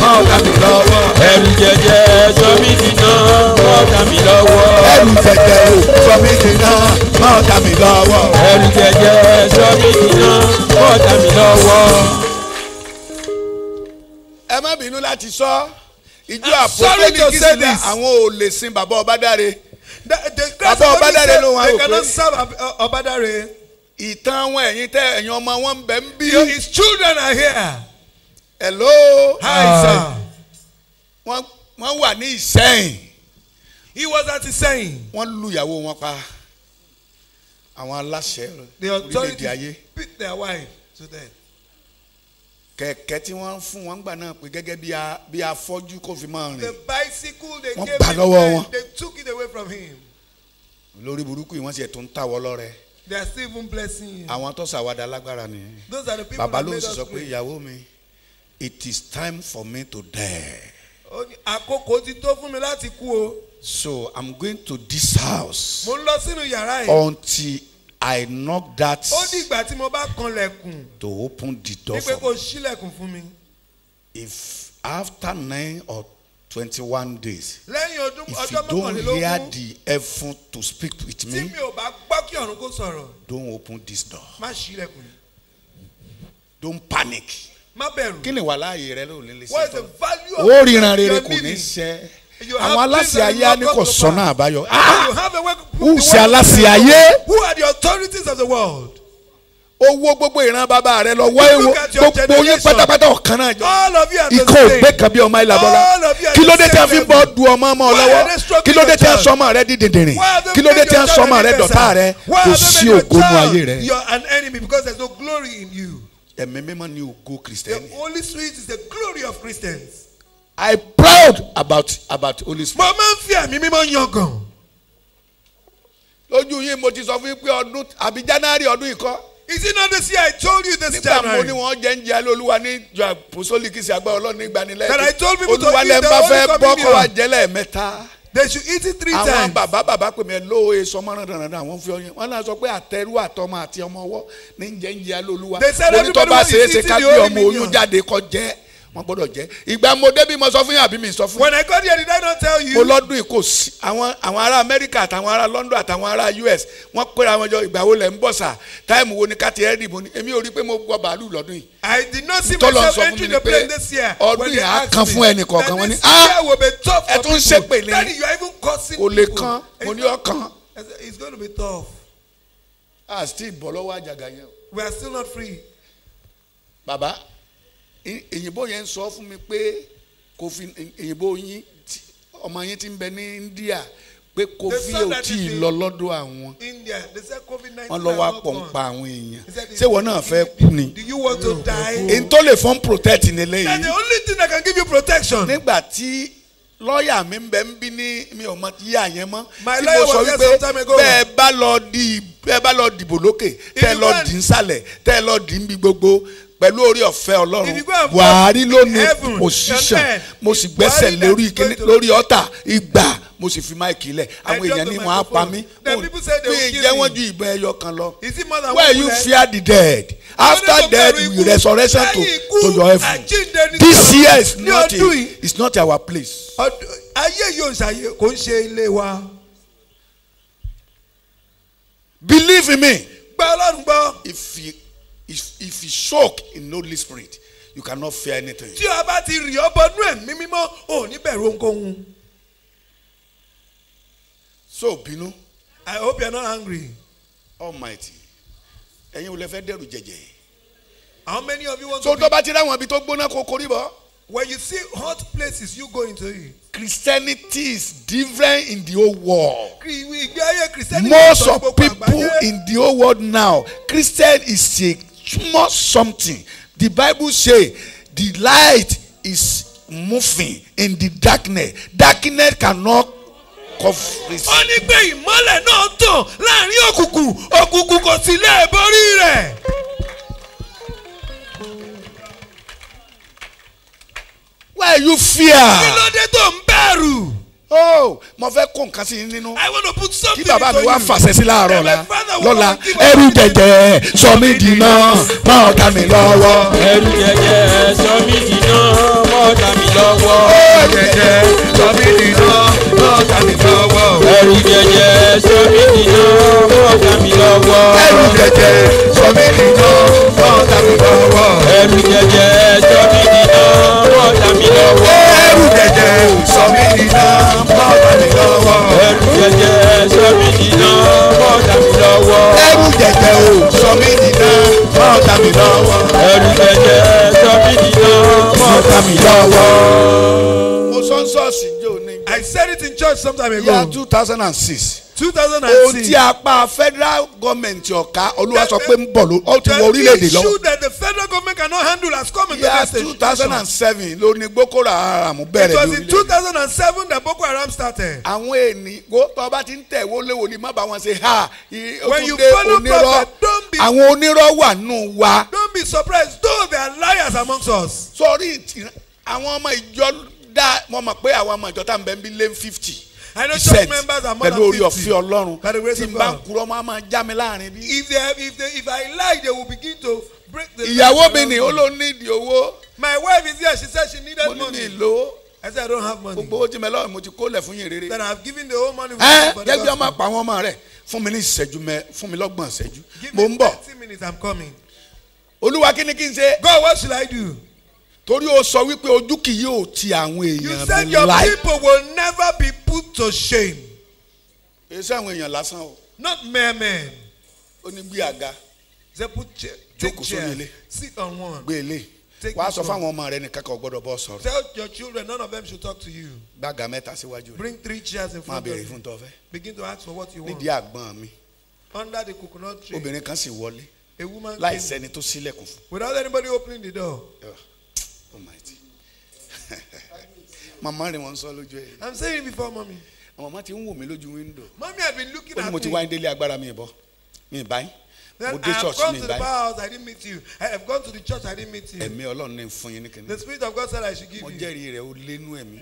máa ta mi lọ́wọ́. ẹ̀rù jẹjẹ sọmi dìnnà máa ta mi lọ́wọ́. ẹ̀rù jẹjẹ sọmi dìnnà máa ta mi lọ́wọ́. ẹ̀rù jẹjẹ sọmi dìnnà máa ta mi lọ́wọ́. ẹ má bínú láti sọ. So ìjọ apostolic ah, kìsìlẹ̀ àwọn ò lè sin bàbá ọbádàre bàbá ọbádàre ló wọn rò pé ìtàn wọn ẹ̀yin tẹ ẹ̀yin ọmọ wọn ń bẹ ń bí. his children are here. hello. hi sir. wọ́n wọ́n wà ní Ìsẹ́yìn. he was at Ìsẹ́yìn. wọ́n lu ìyàwó wọn pa àwọn aláṣẹ orílẹ̀-èdè ayé. the authority beat their wife to death kẹ̀kẹ́ tí wọ́n fún wọn gbà náà pé gẹ́gẹ́ bí a bí fi máa rìn. the bicycle they wọ́n gave him away they took it away from him. lórí burúkú yìí wọ́n sì tún tàwọ́ lọ́rẹ́. they are still even blessing him. àwọn tó ṣàwádà lágbára ni. those are the people Baba that made bàbá ló sọ pé ìyàwó mi it is time for me to die. àkókò ti tó fún mi láti kú o. so i'm going to this house. mo ń lọ sínú yàrá yìí. until I knock that. Ó di ìgbà tí mo bá kanlẹ̀kùn. To open the door for me. Ní pé ṣílẹ̀kùn fún mi. If after nine or twenty-one days. Lẹ́yìn ọdún mọ́kànlélógún. If you don't hear the effort to speak with me. Tí mi ò bá gbọ́ kí ọ̀run kó sọ̀rọ̀. Don't open this door. Má ṣílẹ̀kùn. Don't panic. Má bẹ̀rù. Kí ni wàhálà ayé rẹ ló lè ṣe tọ́? What is the value of your living? Ó ríran rere kò ní ṣe àwọn aláṣẹ ayé á ní kò sọ́nà àbáyọ ah! who ṣe aláṣẹ ayé. who are the authorities of the world. owó gbogbo ìran bàbá rẹ lọ wá ewo gbogbo yín pátápátá ọ̀kan náà jọ ikọ̀ ògbé kan bí ọmọ ìlàbọ̀lá kí ló dé tí a fi ń bọ́ du ọmọ ọmọ lọ́wọ́ kí ló dé tí a sọ ọmọ rẹ di dìndìnrín kí ló dé tí a sọ ọmọ rẹ dọ̀tá rẹ kò sí ògo nu ayé rẹ. an enemy because there no glory in you. ẹ̀mí mímọ́ ni ògo kìrìsìtẹ́nì. the only sweet is the glory of Christians. I proud about about Holy Spirit. Mo máa ń fi ẹ̀mí mímọ́ yangàn. Lójú yín mo ti sọ fún yín pé ọdún àbí January ọdún yìí Is it not this year I told you this Nígbà January? Nígbà mo ní wọ́n jẹ́ ń jẹ́ Olúwa ní ìjọ àpòsólìkì sí agbára Ọlọ́run nígbà nílẹ̀. That I told people to eat the holy communion. Olúwa lẹ́ bá fẹ́ bọ́kọ̀ wa mẹ́ta. They should eat it three times. Àwọn bàbá bàbá pè mí ẹ lóo èso e ọmọ náà dandan àwọn fi ọyàn. Wọ́n náà sọ pé àtẹrú àtọmọ àti ọmọ ọwọ́ ní ń ń jẹ́ Olúwa. They said everybody was eating the holy communion. Onítọ́ bá ṣeé ṣe ká wọ́n gbọ́dọ̀ jẹ́ ìgbà mo débi mo sọ fún yín àbí mi sọ fún when I got here did I not tell you. mo lọ́dún ìkó sí àwọn àwọn ará Amẹ́ríkà àtàwọn ará London àtàwọn ará US wọ́n kóra wọn jọ ìgbà wo lẹ̀ ń bọ̀ sà táìmù wo ni káti ẹ̀rì mo ni èmi ò rí pé mo gbọ́ bàálù lọ́dún yìí. I did not see myself entering the plane this year. ọdún yìí á kan fún ẹnì kọ̀ọ̀kan wọn ni ah ẹ tún ṣe pèlè kò lè kan mo ní ọkàn. it's going to be tough. a still bọ̀ lọ́wọ́ àjàgà yẹn. we are still not free. baba èyìnbó yẹn ń sọ fún mi pé kò fi èyìnbó yín ọmọ yín ti ń bẹ ní India pé kofi ò tí ì lọ lọ́dọ̀ àwọn wọn lọ wá pọ̀npa àwọn èèyàn ṣé wọn náà fẹ́ kú ni èyí tó lè fún protect ní eléyìí. that's the only thing that can give you protection. nígbà tí lọ́ọ̀yà mi ń ń bí ní mi ò mọ yíyá yẹn mọ́ tí mo sọ wípé bẹ́ẹ̀ bá lọ dìbò lókè tẹ́ lọ dì ń sàlẹ̀ tẹ́ lọ dì ń bí gbogbo pẹ̀lú orí ọ̀fẹ́ ọlọ́run wàárí lónìí mo ṣiṣàn mo sì gbẹ́sẹ̀ lórí ọ̀tà ìgbà mo sì fi máìkì lẹ̀ àwọn èèyàn ní wọn á pa mí mi jẹ́ wọ́n ju ìbọn ẹyọ kan lọ where you fear the dead after death we resurrection to to your heaven this year is not a is not our place. ayé yóò ṣàyè kò ń ṣe ilé wa. believe in me. gba ọlọ́run gbọ́. if you If, if you shock in Holy Spirit, you cannot fear anything. Tí a bá ti rì ọ́ bọnú ẹ̀mí mímọ́, ò ní bẹ̀rù ohunkóhun. So bínú. I hope you are not angry. Almighty. Ẹ̀yin ò lè fẹ́ dẹ̀rù jẹ̀jẹ̀. How many of you want so to be? So tó bá ti ráwọn ibi tó gbóná kó korí bọ́. When you see hot places, you go into it. Christianity is different in the whole world. Most of people in the whole world now, Christian is sick small something the bible say the light is moving in the darkness darkness cannot cover it. ó ní pé ìmọ́lẹ̀ náà tàn láàrin òkùnkùn òkùnkùn kò sì lè borí rẹ̀. why you fear. kí ló dé tó ń bẹ̀rù oh mo fẹ́ kó nǹkan sí nínú kí bàbá mi wá fàṣẹ sí láàárọ̀ la lọ́la ẹrú jẹjẹ sọ mí dìná má ọ̀tá mi lọ́wọ́. ẹrú jẹjẹ sọ mí dìná má ọ̀tá mi lọ́wọ́. ẹrú jẹjẹ sọ mí dìná má ọ̀tá mi lọ́wọ́. ẹrú jẹjẹ sọ mí dìná má ọ̀tá mi lọ́wọ́. ẹrú jẹjẹ sọ mí dìná má ọ̀tá mi lọ́wọ́. ẹrú jẹjẹ sọ mí nìyà bọ́ọ̀dà mi lọ́wọ́. ẹrù jẹjẹ sọ mí nìyà bọ́ọ̀dà mi lọ́wọ́. ẹrù jẹjẹ o sọ mí nìyà bọ́ọ̀dà mi lọ́wọ́. ẹrù jẹjẹ sọ mí nìyà bọ́ọ̀dà mi lọ́wọ́. mo sọ ń sọ́ọ̀sì jò ní. I said it in church sometime ago. year two thousand and six two thousand and six. ohun tí apá federal government ọ̀ka olúwa sọ pé ń bọ̀ ló ti wọ orílẹ̀-èdè lọ. the issue that the federal government cannot handle has come into yeah, the state. two thousand and seven ló ní Boko Haram bẹ̀rẹ̀ lórílẹ̀-èdè. it was in two thousand and seven that Boko Haram started. àwọn ènìyàn tó bá ti ń tẹ̀ wọlé wòlíì má bá wọn ṣe ha. when you follow prophet don't be. àwọn onírọ́ wà nù wa. don't be surprised though there are liars amongst us. sọrí àwọn ọmọ ìjọ dá wọn mọ̀ pé àwọn ọmọ ìjọ tá à ń bẹ́ẹ̀ bí lé fifty. Set. pẹ̀lú orí ọ̀fẹ́ ọlọ́run tí n bá ń kúrọ́ máa máa já mi láàrin bí. if they if they if I lie they will begin to break the. ìyàwó mi ni ó ló ní ìdí owó. my wife is here she said she needed money. mo ní mi lò. I said I don't have money. gbogbo owó tí mi lọ́wọ́ mo ti kó lẹ̀ fún yín rere. then I have given the whole money. ẹ jẹ́bi ọmọ àpá àwọn ọmọ rẹ̀ fún mi ní ìṣẹ́jú mẹ́ fún mi lọ́gbọ̀n ìṣẹ́jú give me thirty minutes I'm coming. olúwa kí ni kí n ṣe. God what should I do? torí o sọ wípé ojú kì yóò ti àwọn èèyàn mi láì. you said your people will never be put to shame. èsì àwọn èèyàn lásán o. not mere men. ó ní gbé àga. they put chair take chair sit on one. gbé ilé wàá sọ fáwọn ọmọ rẹ nìkan kan ò gbọ́dọ̀ bọ sọ̀rọ̀. tell your children none of them should talk to you. gbàgà mẹ́ta síwájú rẹ. bring three chairs in front of you. máa béèrè fún tọ́fẹ́. begin to ask for what you want. nídìí àgbọn mi. under the coconut tree. obìnrin kan sì wọlé. a woman came. láì sẹ́ni tó ṣílẹ̀kùn fún. without anybody opening the door. Yeah màmá rẹ̀ wọ́n sọ lójú ẹ̀. i'm saying before mommy. àwọn màmá ti ń wò mí lójú window. Mommy, I've been looking at you. ó ní mo ti wá ní délé agbára mi ìbọ mi ìbáyìí mo dé church mi báyìí. I have come to the house I didn't meet you. I have gone to the church I didn't meet you. Ẹ̀mí Ọlọ́run ní fún yín ní kìnìún. The spirit of God said I should give you. Mo jẹ́rìí rẹ̀ ó lénú ẹ̀mí.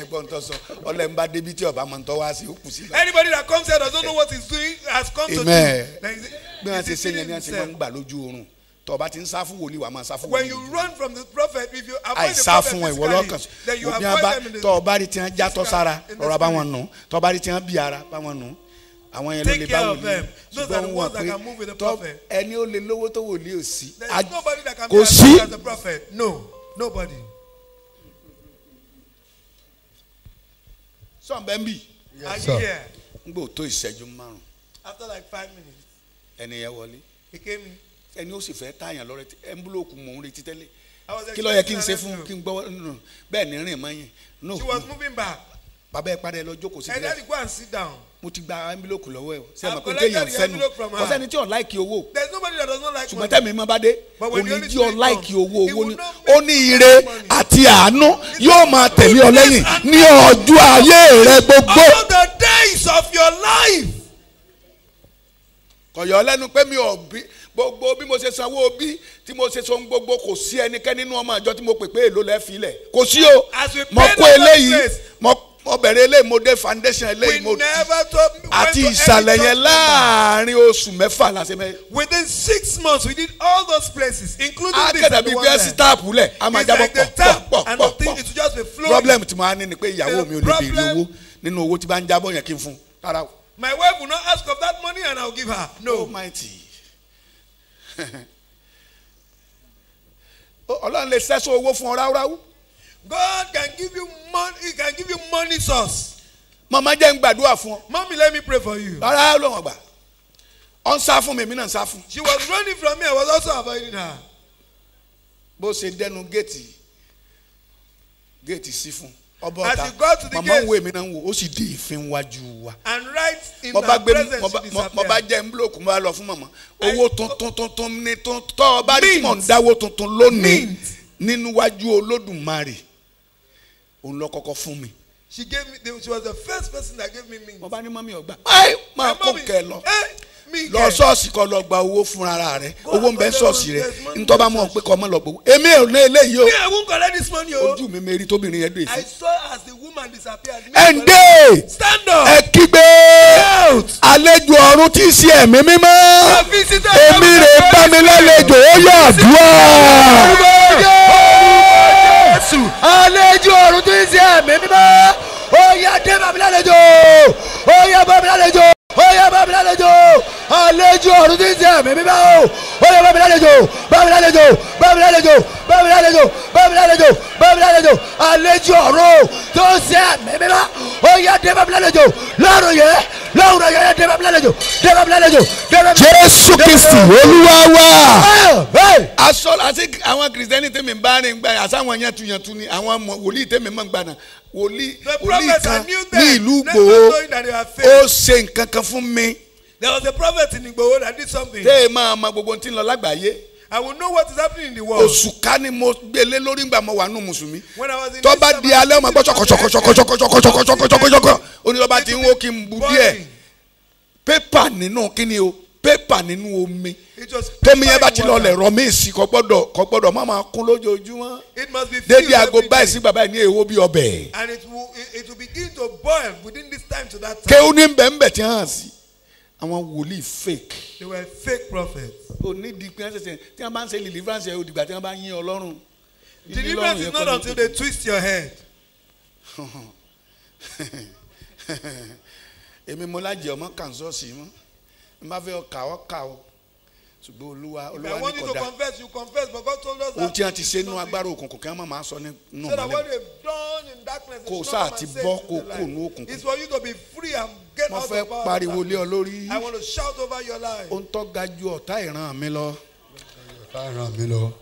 Ẹgbọ́n tó sọ ọlọ́run bá débi tí ọba máa wá sí ó sí. Anybody that comes here doesn't know what he's doing has come to do. Amen. Bí wọ́n ṣe ṣe yẹn ni wọ́n ṣe gbà lójú oorun tó ti ń sá fún wòlíì wà máa sá fún wòlíì. when you run from the prophet if you avoid the prophet physically. then you avoid them in the tó bá rí tiwọn já tọ́ sára ọ̀rọ̀ bá wọn nù tó bá rí tiwọn bí ara bá wọn nù àwọn yẹn ló lè bá wòlíì ṣùgbọ́n wọn pé tọ́ ẹni ó lè lówó tó wòlíì ò sí kò sí. no nobody. sọ̀nbẹ́ ń yes sir. n gbọ́ tó ìṣẹ́jú márùn-ún. after like five minutes. ẹni yẹn wọlé. he came in ẹni ó sì fẹ́ táyàn lọ retí ẹnbúlọ́ọ̀kù mò ń retí tẹ́lẹ̀ kí ló yẹ kí n ṣe fún kí n gbọ́ bẹ́ẹ̀ ní rìn mọ́ yẹn. she was moving back. bàbá ẹ padà ẹ lọ jókòó sí bẹ́ẹ̀. ẹ dẹ́ni go and sit down mo ti gba envelope lọ́wọ́ ẹ̀ ṣe é ma pé kéèyàn fẹ́nu kò sẹ́ni tí ò láìkì owó ṣùgbọ́n tẹ́mi mọ́ bá dé òní tí ò láìkì owó owó ni ó ní ire àti àánú yóò máa tẹ̀lé ọ lẹ́yìn ní ọjọ́ ayé rẹ gbogbo. all the days of your life. kọ̀yọ̀ lẹ́nu pé mi ò bí gbogbo bí mo ṣe sanwó bí tí mo ṣe san gbogbo kò sí ẹnikẹ́ni nínú ọmọ àjọ tí mo pè pé èlò lẹ́ẹ̀fì lẹ̀ kò sí o mo kó eléyìí mo bẹ̀rẹ̀ eléyìí mo dé foundation eléyìí mo àti ìsàlẹ̀ yẹn láàrin oṣù mẹ́fà la mẹ́. within six months we did all those places including this and the one there. akẹ́dàbí bẹ́ẹ̀ sí táàpù lẹ̀ a máa jábọ̀ pọ̀ pọ̀ pọ̀ pọ̀ problem tí mo á ní ni pé ìyàwó mi ò lè béèrè owó nínú owó tí bá ń jábọ̀ yẹn kí n fún my wife will not ask of that money and i will give her no. almighty ọlọ́run lè sẹ́sọ owó fún ọ ráúráú. God can give you money he can give you money source. mama jẹ́ ń gbàdúrà fún ọ. mami let me pray for you. rárá ló wọ̀n gbà ọ ń sá fún mi èmi náà ń sá fún. she was running from me I was also avoiding her. bó ṣe dẹnu géètì géètì sí fún ọba ọta mama ń wo èmi náà ń wo ó sì di ìfín wájú wa. and right in her presence she disappeared. mo bá jẹ mbúlòkù mo bá lọ fún mama owó tuntun tuntun ní tuntun ọba rí mọ̀ ń dáwó tuntun lónìí nínú wájú olódùmarè òun lọ kọ́kọ́ fún mi. she gave me she was the first person that gave me mint. mo bá ní mọ́mí ọgbà. ẹ máa kó kẹ lọ lọ ṣọ́ọ̀ṣì kọ́ lọ gba owó fún ara rẹ owó ń bẹ ṣọ́ọ̀ṣì rẹ ntọ́ bá mọ̀ pé kọ́ mọ́ lọ gbowó èmi ò ní eléyìí o ojú mi mẹ́rin tóbìnrin yẹn dé sí. ẹ̀ǹdẹ́ ẹ kígbe àlejò ọ̀run tí í ṣe ẹ̀mí mímọ́ èmi rè bá mi lálejò ó yọ àdúrà. àlejò ọ̀run tí í ṣe ẹ̀mí mímọ́ ó yá dé bá lálejò ó yá bá lálejò yẹ bá Alejo, lálejò àlejò ọ̀run ti ń sẹ́ mi mímọ́ o ó yẹ bá mi lálejò bá mi lálejò bá mi lálejò bá mi Alejo, bá mi lálejò bá mi lálejò àlejò ọ̀run tó ń sẹ́ mi mímọ́ ó yẹ dé bá mi lálejò lọ́rùn yẹ lọ́rùn yẹ dé bá mi lálejò dé bá mi lálejò dé bá mi lálejò. Jésù Kristi Olúwa wa. aṣọ àti àwọn kìrìsìtẹ́nì tèmi ń bá rìn gbà àtàwọn yẹn tuyantu ni àwọn wòlíì tèmi mọ̀ ń gbà náà wòlíì wòlíì kan ní ìlú gbòó ó ṣe nǹkan kan fún mi. there was a prophet in Igboho that did something. tẹ́ ẹ máa ma gbogbo tí ń lọ lágbàáyé. I will know what is happening in the world. Oṣù ká ni mo gbélé e lórí ngbà mo wà nù Mùsùlùmí. When I was in Tó bá di alẹ́ ọmọ gbọ́ ṣọkọ̀ṣọkọ̀ṣọkọ̀ṣọkọ̀ṣọkọ̀ṣọkọ̀ṣọkọ̀ It must be filled. Dédé aago báyìí sí bàbá yìí ní èwo bí ọbẹ̀. And it will it will begin to boil within this time to that time. Kéwú ní bẹ̀m̀bẹ̀ tí hàn sí. Àwọn wòlíì fake. They were fake prophets. Onídìí pé wọ́n ṣẹ̀ṣẹ̀ tí wọ́n bá ń ṣe deliverance ẹ̀ òdìgbà tí wọ́n bá ń yín Ọlọ́run. Deliverance is not until they twist your head. Èmi mo lájẹ̀ ọmọ kàǹsọ́ọ̀sì mọ́. N bá fẹ́ ọkà ọkà o ṣùgbọ́n olúwa olúwa ní kọ̀dá. I want you to confess you confess but God told us that. ohun tí a ti ṣe nínú agbára òkùnkùn kí wọ́n máa sọ nínú mọ́lẹ̀. so have done in darkness is not common sense kò sáà ti bọ́ kó kó nínú òkùnkùn. it's for you to be free and get out of power. mo fẹ́ pariwo lé ọ lórí. I want to shout over your life. ohun tó ga ju ọ̀tá ìran mi lọ.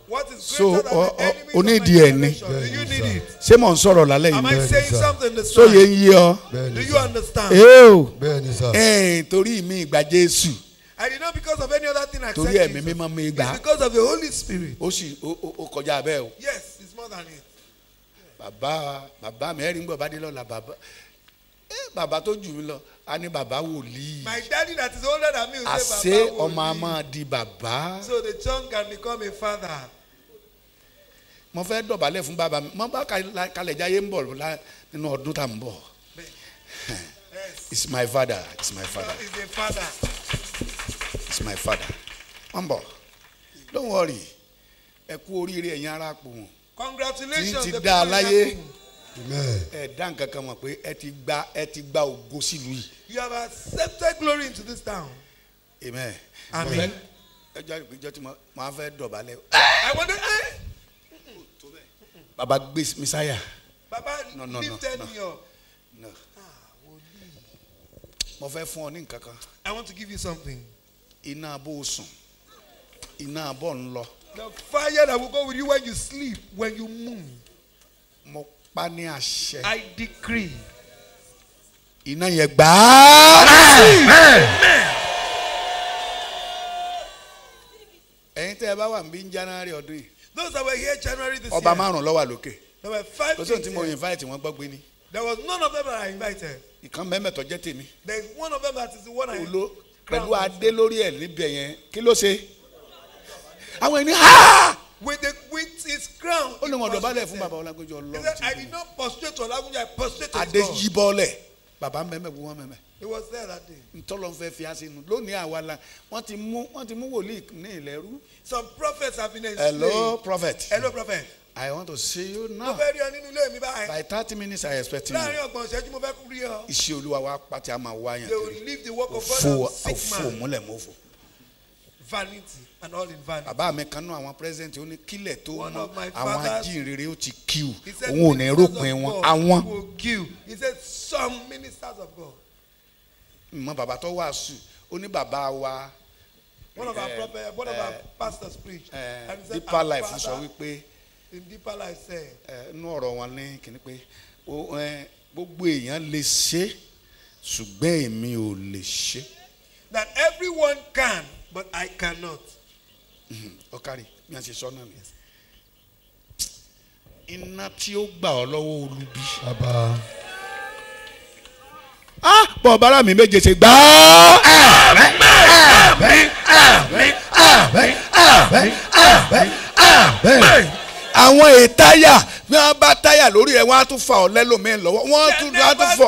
what is greater so, than o, the enemy do you need it. ṣé mò ń sọ̀rọ̀ lálẹ́ yìí. am I saying something sóye ń yé ọ. do you understand. ee o ẹ̀ẹ́n torí mi ìgbà Jésù. I did not because of any other thing except torí ẹ̀mí mímọ́ mi gbà. It's because of the Holy Spirit. ó sì ó kọjá bẹ́ẹ̀ o. Yes, it's more than it. bàbá bàbá mi ẹ̀rí ń gbọ́ bá dé lọ́la bàbá bàbá tó jù mí lọ a ní bàbá wòlíì. my daddy that is older than me will say bàbá wòlíì. àṣé ọmọ a máa di bàbá. so the son can become a father. mo fẹ́ dọ̀bálẹ̀ fún bàbá mi mo bá kalẹ̀ jáyé ń bọ̀ nínú ọdún tá à ń bọ̀. it's my father it's my father. So father my father wọ́n don't worry ẹ kú oríire ẹ̀yin ara pò wọ́n congratulations ti da aláyé ẹ dá nǹkan kan mọ̀ pé ẹ ti gba ẹ ti gba ògo sílùú yìí. you have accepted glory into this town. amen. amen. ẹjọ́ ìpéjọ tí mo máa fẹ́ dọ̀bálẹ̀. i wonder. Eh? baba gbé misaya. baba no, no, lifted no, no. me up. No. mo fẹ́ fún ọ ní nǹkan kan. i want to give you something iná abó sùn iná abó ń lọ. the fire that will go with you when you sleep when you move. mo pa ní àṣẹ. I decree. iná yẹn gbà á. ẹ̀yin tẹ́ ẹ bá wà ń bí January ọdún yìí. those that were here January this year. ọba márùn-ún ló wà lókè. there were five people. kò mo invite wọn gbọ́ gbé ni. there was none of them that I invited. ìkan mẹ́mẹ́tọ̀ jẹ́ tèmi. there is one of them that is the one I. olo pẹ̀lú adé lórí ẹ̀ níbẹ̀ yẹn kí ló ṣe àwọn ẹni ha. Ah! with the with his crown. ó lè wọn dọ̀bálẹ̀ fún bàbá ọlágójú ọlọ́run. he said i did not prostrate to ọlágójú i prostrate his adé yí bọ́ọ̀lẹ̀ bàbá mẹ́mẹ́ bu wọn mẹ́mẹ́. he was there that day. ntọ́lọ́n fi àṣẹ inú lónìí àwa la wọ́n ti mú wọ́n ti mú wòlíì ní ìlẹ́rú. some prophets have been enslaved. hello prophet. hello prophet. I want to see you now. Mo fẹ́ rí ọ nínú ilé mi báyìí. By thirty minutes I expect you. Láàárín ọgbọ̀n ìṣẹ́jú mo fẹ́ rí ọ. Iṣẹ́ Olúwa wa pàtí a máa wá yàn. They will leave the work of God and sick man. Òfò múlẹ̀ mú fò. Vanity and all in vanity. Bàbá mi kan náà àwọn president ó ní kílẹ̀ tó mọ àwọn ajínrere ó ti kíw. Òun ò ní rògbìn wọn. Àwọn. He said some ministers of God. Mọ bàbá tó wàásù ó ní bàbá wa. One of our eh, prophet, one of our eh, pastors preached. Eh, Deeper life sọ wípé in deeper ẹ nú ọ̀rọ̀ wọn ní kíní pé gbogbo èèyàn lè ṣe ṣùgbọ́n èmi ò lè ṣe. that everyone can but I cannot. ọ̀kàrí mi à ń ṣe sọ náà nìyẹn iná tí ó gbà ọ́ lọ́wọ́ olubi. bàbá. a bọ̀ bára mi méje ṣe gbà ọ́. àmín àmín àmín àmín àmín àmín àmín àwọn ètáyà bí wọ́n bá táyà lórí ẹ̀ wọ́n á tún fa ọ̀lẹ́lòmíín lọ́wọ́ wọ́n á tún fọ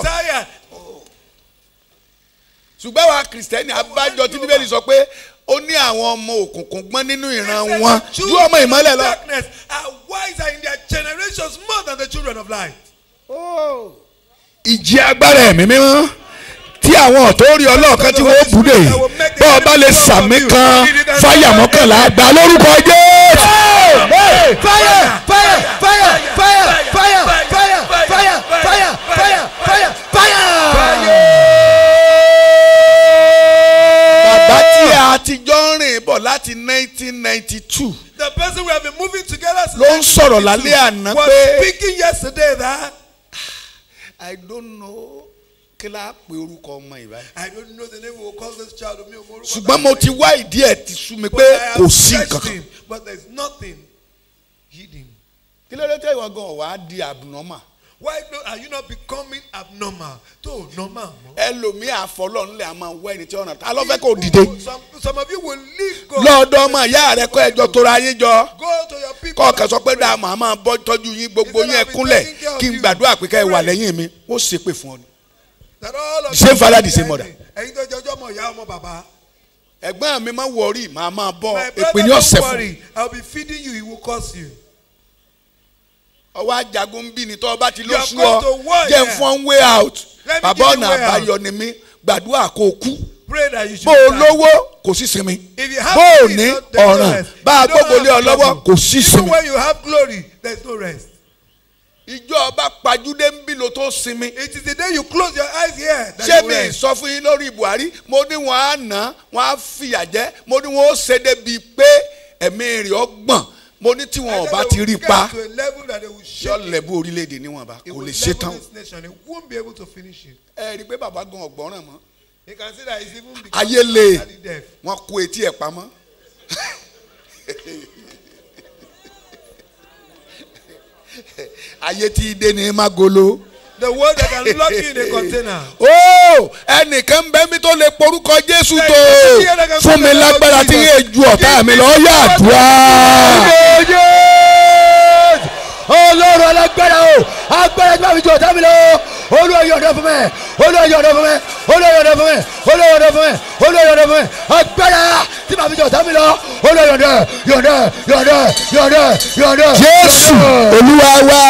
ṣùgbọ́n àwa kìrìsìtẹ́nì abájọ tí bíbélì sọ pé ó ní àwọn ọmọ òkùnkùn gbọ́n nínú ìran wọn ju ọmọ ìmọ́lẹ̀ lọ. are wiser in their generations more than the children of light. Oh. ìjì agbára ẹ̀mí mímọ́ tí àwọn ọ̀tórí ọlọ́ọ̀kan tí wọ́n bùdè bọ́ ọ bá lè sàmì kan fáyà mọ́kànlá gbà lórúkọ Jésù. fáyà fáyà fáyà fáyà fáyà fáyà fáyà fáyà fáyà fáyà fáyà. bàbá tí a ti jọ ń rìn bọ̀ láti nineteen ninety two. the person we have been moving together since. ló ń sọ̀rọ̀ lálẹ́ àná pé. was speaking yesterday that ah, I don't know kí pe orúkọ ọmọ yìí báyìí. I don't know the name we will call this child omi omo orúkọ. ṣùgbọ́n mo ti wá ìdí ẹ̀ ti sú mi pé kò sí nǹkan but there is nothing hidden. kí ló dé tẹ́ ìwọ gan wàá di abnormal. why do, are you not becoming abnormal to normal. ẹlòmíì àfọlọ́nlẹ̀ a máa wá ẹni tí ọ̀nà ta ló fẹ́ kó dìde. some of you will leave God. lọ́ọ̀dọ́ ọmọ ìyá rẹ kọ́ ẹjọ́ tó ra yín jọ. go to your people. kọ́ ọ̀kẹ́ sọ pé dáa màá máa bọ́ tọ́jú yín gbogbo yín ẹkúnlẹ̀ kí n gbàdúrà pé ká ẹ wà lẹ́yìn mi ó ṣépè fún ọ ni same father the same mother. ẹ̀yin tó jọjọ́ mọ̀ ìyá ọmọ bàbá. ẹ̀gbọ́n mi máa wọrí màá máa bọ̀ èpè ní ọ̀sẹ̀ fún. my brother don't worry i will be feeding you he will curse you. ọwọ́ ajagun bí ni tọ́ bá ti lóṣù ọ jẹ́ n fún way out bàbá ọ̀nà àbáyọ ni mí gbàdúrà kó kú bó o lówó kò sí sinmi bó o ní ọ̀ràn bá a gbógun lé ọ lọ́wọ́ kò sí sinmi. even when you have glory there is no rest ìjọ ọba pajúdé ń bí lo tó sinmi. it is the day you close your eyes here. ṣé mi sọ fún yín lórí Buhari mo ní wọn á nà wọn á fìyà jẹ mo ní wọn ó ṣe débi pé ẹ̀mí rẹ̀ ọgbọ̀n mo ní tí wọn ọba ti rí pa yọ lẹ́bù orílẹ̀-èdè níwọ̀nba kò lè ṣe tán. ẹ rí i pé bàbá gan ọ̀gbọ́nràn mọ́ ayé le wọn kó etí ẹ̀ pamọ́. ayé tí dé ní magolo. the world that can lock you in a container. ó oh, ẹnìkan bẹ́ẹ̀ mi tó lè porúkọ jésù tó fún mi lágbára tí yéé ju ọ̀tá mi lọ yá àdúrà. ọlọ́run oh, alágbára o agbára tí wàá fi ju ọ̀tá mi lọ olúwa yọ̀dọ̀ fún mi olúwa yọ̀dọ̀ fún mi olúwa yọ̀dọ̀ fún mi olúwa yọ̀dọ̀ fún mi olúwa yọ̀dọ̀ fún mi agbára tí màá fi jọ sami lọ olúwa yọ̀dọ̀ yọ̀dọ̀ yọ̀dọ̀ yọ̀dọ̀ yọ̀dọ̀. jésù olúwa wa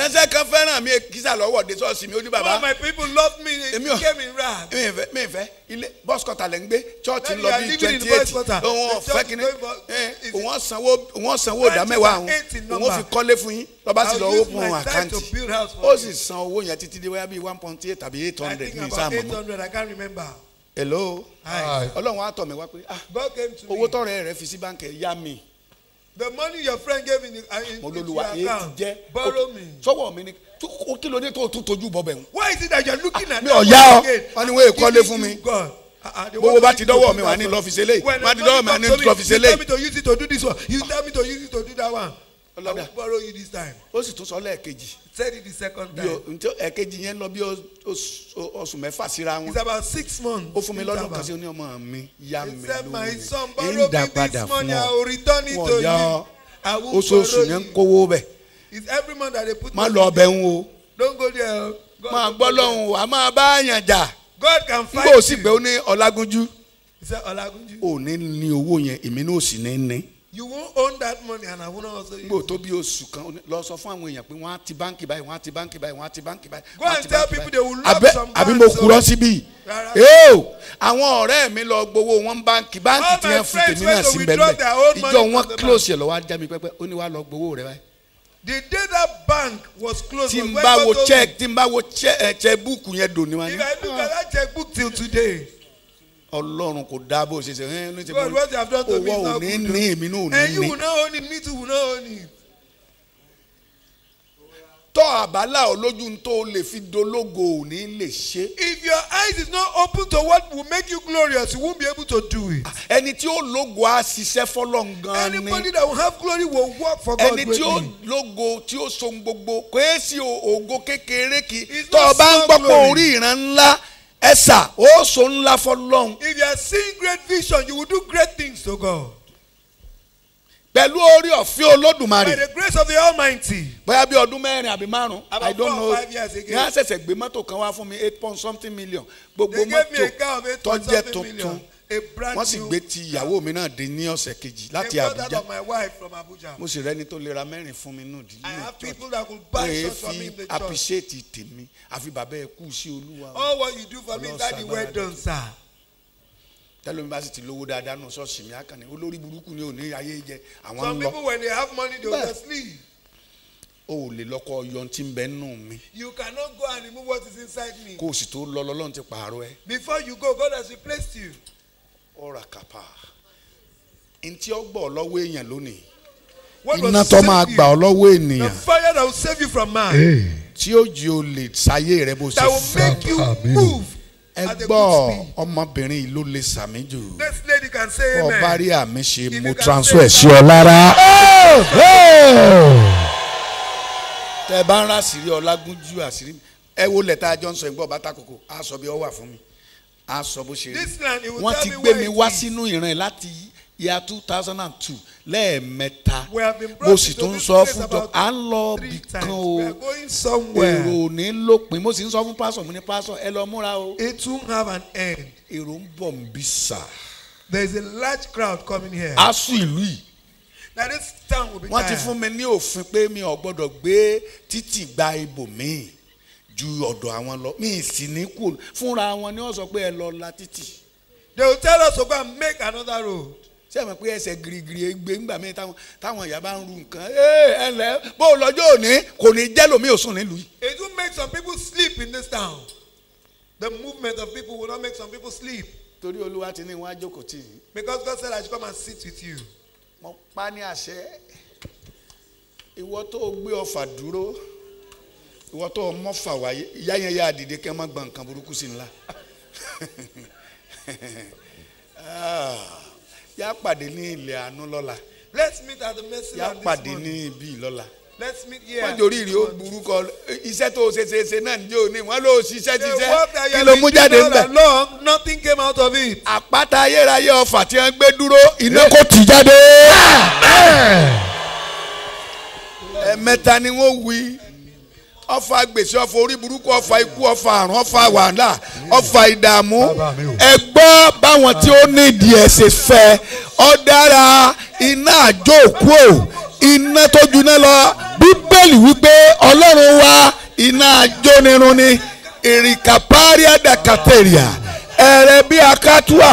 ìránṣẹ́ kan fẹ́ràn mi kísà lọ́wọ́ de ṣọ́ọ̀ṣì mi ó ní bàbá. all my people love me they came in rap. mi ìfẹ́ mi ìfẹ́ ilé bọ́s kọ́tà lẹ́ ń gbé chọ́ọ̀chì lọ bí twenty eight òun ọ̀fẹ́ kìíní eh, òun sanwó òun sanwó ìdá mẹ́wàá àwọn òun fi kọ́lé fún yín lọ́ba sì lọ owó fún òun àkáǹtì ó sì san owó yẹn títí dé wáyà bíi one point eight tàbí eight hundred ní sáà mọ́mọ́ hello ọlọ́run á tọ̀ mí wá pé ah owó tọ̀rẹ́ rẹ fi sí báńkì yá mi the money your friend gave in, the, uh, in, into your account borrow me. sọ́wọ́ mi ni o kí ló dé tó tún tojú bọ bẹ̀rù. why is it that you are looking ah, at me. mi ò yá ọ wọn ni wọn èkó lé fún mi ah, ah, gbogbo bá ti dọ́wọ́ mi wà ní lọ́fíìsì eléyìí bá ti dọ́wọ́ mi wà ní lọ́fíìsì eléyìí. you tell me to use it to do this one you tell me to use it to do that one. I will borrow you this time. ó sì tún sọ lẹ́ẹ̀kejì. he it the second time. bí o ntí ẹ̀kejì yẹn lọ bí oṣù mẹ́fà síra wọn. it's about six months. ó fún mi lọ́dún kan sí ní ọmọ mi yá mi lóhùn he said my son borrow me this money I will return it to you. I will borrow you. oṣooṣù yẹn it's every month that they put money. má lọ ọbẹ̀ ń don't go there. máa gbọ́ lọ́hùn a máa bá àyàn jà. God can fight you. n kò sì gbẹ́ ó ní Ọlágúnjú. he said Ọlágúnjú. ò ní ní owó yẹn èmi náà ò sì ní ní you won't own that money and I won't also use it. gbò tó bí oṣù kan lọ sọ fún àwọn èèyàn pé wọ́n á ti báńkì báyìí wọ́n á ti báńkì báyìí wọ́n á ti báńkì báyìí. go and tell people they will love some banks. àbí mo kúrọ́ síbí yóò àwọn ọ̀rẹ́ mi lọ gbowó wọn báńkì báńkì ti wọ́n fi tèmi náà sí bẹ́ẹ̀ ìjọ wọn close yẹ lọ́wọ́ ajá mi pẹ́pẹ́ ó ní wàá lọ gbowó rẹ báyìí. the day that bank was closed. tí n bá wo check tí n bá wo eh, check book yẹn dò ní wa ní. if I look at that check book till today ọlọ́run kò dá bó ṣe ṣe ẹ́ ló ṣe bó owó òní ní èmi náà òní ní. ẹ̀yin wùnà òní mi tù wùnà òní. tọ́ àbálà olójú tó lè fi dológo òní lè ṣe. if your eyes is not open to what will make you glorious you won't be able to do it. Ah, ẹni tí ó lógo á ṣiṣẹ́ fọlọ́n gan ni. anybody that will have glory will work for God. ẹni tí ó logo, tí ó so gbogbo kò é sí ògo kékeré kì tọ́ ọ bá ń gbọ́ pé orí ìran ńlá ẹ̀sà ó so ńlá fọlọ́run. if you are seeing great vision you will do great things to God. pẹ̀lú orí ọ̀fẹ́ olódùmarè. by the grace of the almighty. bóyá bí ọdún mẹ́rin àbí márùn i don't know ní wọ́n ṣẹ̀ṣẹ̀ gbé mọ́tò kan wá fún mi eight point something million. gbogbo mọ́tò tọ́jẹ́ tuntun wọ́n sì gbé ti ìyàwó mi náà dé ní ọ̀sẹ̀ kejì láti Abuja mo sì rẹ́ni tó lè ra mẹ́rin fún mi nù dídí nù tọ́jú pé fi appreciate tèmi àfi bàbá ẹ kú sí olúwa ọlọ́sàbára tẹ́lómi bá sì ti lówó dáadáa nù ṣọ́ọ̀ṣì mi àkànní olórí burúkú ni ò ní ayé jẹ àwọn ń lọ. some people when they have money they will sleep o ò lè lọ́kọ́ yọ tí bẹ nù mí. you cannot go and remove what is inside me. kó o sì tó lọ lọ́lọ́run ti pààrọ̀ ẹ. before you go God has replaced you ọ̀rà kàpà ntí ọgbà ọlọ́wọ́ èèyàn lónìí. iná tó máa gbà ọlọ́wọ́ ènìyàn. the fire that will save you from man. Eh. tí ó jí o lè sáyé rẹ bó ṣe fẹ́. that will make you move ẹgbọ́ ọmọbìnrin yìí ló lè sàmì jù bọ́ bá rí àmì ṣe mo transfer sí ọ lára. Eh! tẹ bá ń rà sírí ọlágúnjú àṣírí ẹ wo lẹ́tà àjọ ń sọ ìgbọ́ bàtà kòkó a sọ bí ọ wà fún mi a sọ bó ṣe rí wọ́n ti gbé mi wá sínú ìran láti ya two thousand and two lẹ́ẹ̀mẹ́ta mo sì tún sọ fún jọ à ń lọ bìkan o èrò ní lópin mo sì ń sọ fún pásọ mo ní pásọ ẹ lọ múra o èrò ń bọ̀ ń bí sà. there is a large crowd coming here. a sùn ìlú yìí wọ́n ti fún mi ní òfin pé mi ò gbọ́dọ̀ gbé títì gba ibòmíì ju ọ̀dọ̀ àwọn lọ mi sì ní kú fúnra wọn ni wọ́n sọ pé ẹ lọ la títì. they will tell us to go and make another road. ṣé ẹ mọ̀ pé ẹsẹ̀ girigiri egbe ńgbà mi táwọn táwọn ìyá bá ń ru nǹkan ẹ ẹ bó o lọ́jọ́ òní kò ní jẹ́ lómi òsùn nílùú yìí. it will make some people sleep in this town. the movement of people will not make some people sleep. torí olúwa ti ní wọn á jókòó tì í. because God said I should come and sit with you. mo pa ní àṣẹ ìwọ tó o gbé ọfà dúró ìwọ tó o mọ fà wáyé ìyá yẹn yà á dìde kẹ́ ẹ má gba nǹkan burúkú sí ńlá ah, yà á pàdé ní ilẹ̀ àánú lọ́la let's meet at the mercy yà á pàdé ní ibi lọ́la let's meet here wọ́n jòrí rí ó burú kọ iṣẹ́ tó ṣe ṣe ṣe náà níjó ni wọ́n ló ṣiṣẹ́ ṣiṣẹ́ kí ló mú jáde ńbẹ. long nothing came out of it. àpáta ayérayé ọfà tí wọ́n gbé dúró iná kò tì jáde. ẹ̀ẹ̀mẹ́ta ni wọ́n wí ọfà gbèsè ọfà orí burúkú ọfà ikú ọfà àrùn ọfà wàhálà ọfà ìdààmú ẹ gbọ́ báwọn tí ó ní ìdí ẹ̀ ṣe fẹ́ ọ dára iná àjò òkú o iná tó juná lọ bíbélì wípé ọlọ́run wa iná àjò nírun ni èrìkà párí àdàkàtẹ̀rìà ẹ̀rẹ̀ bí akátúà.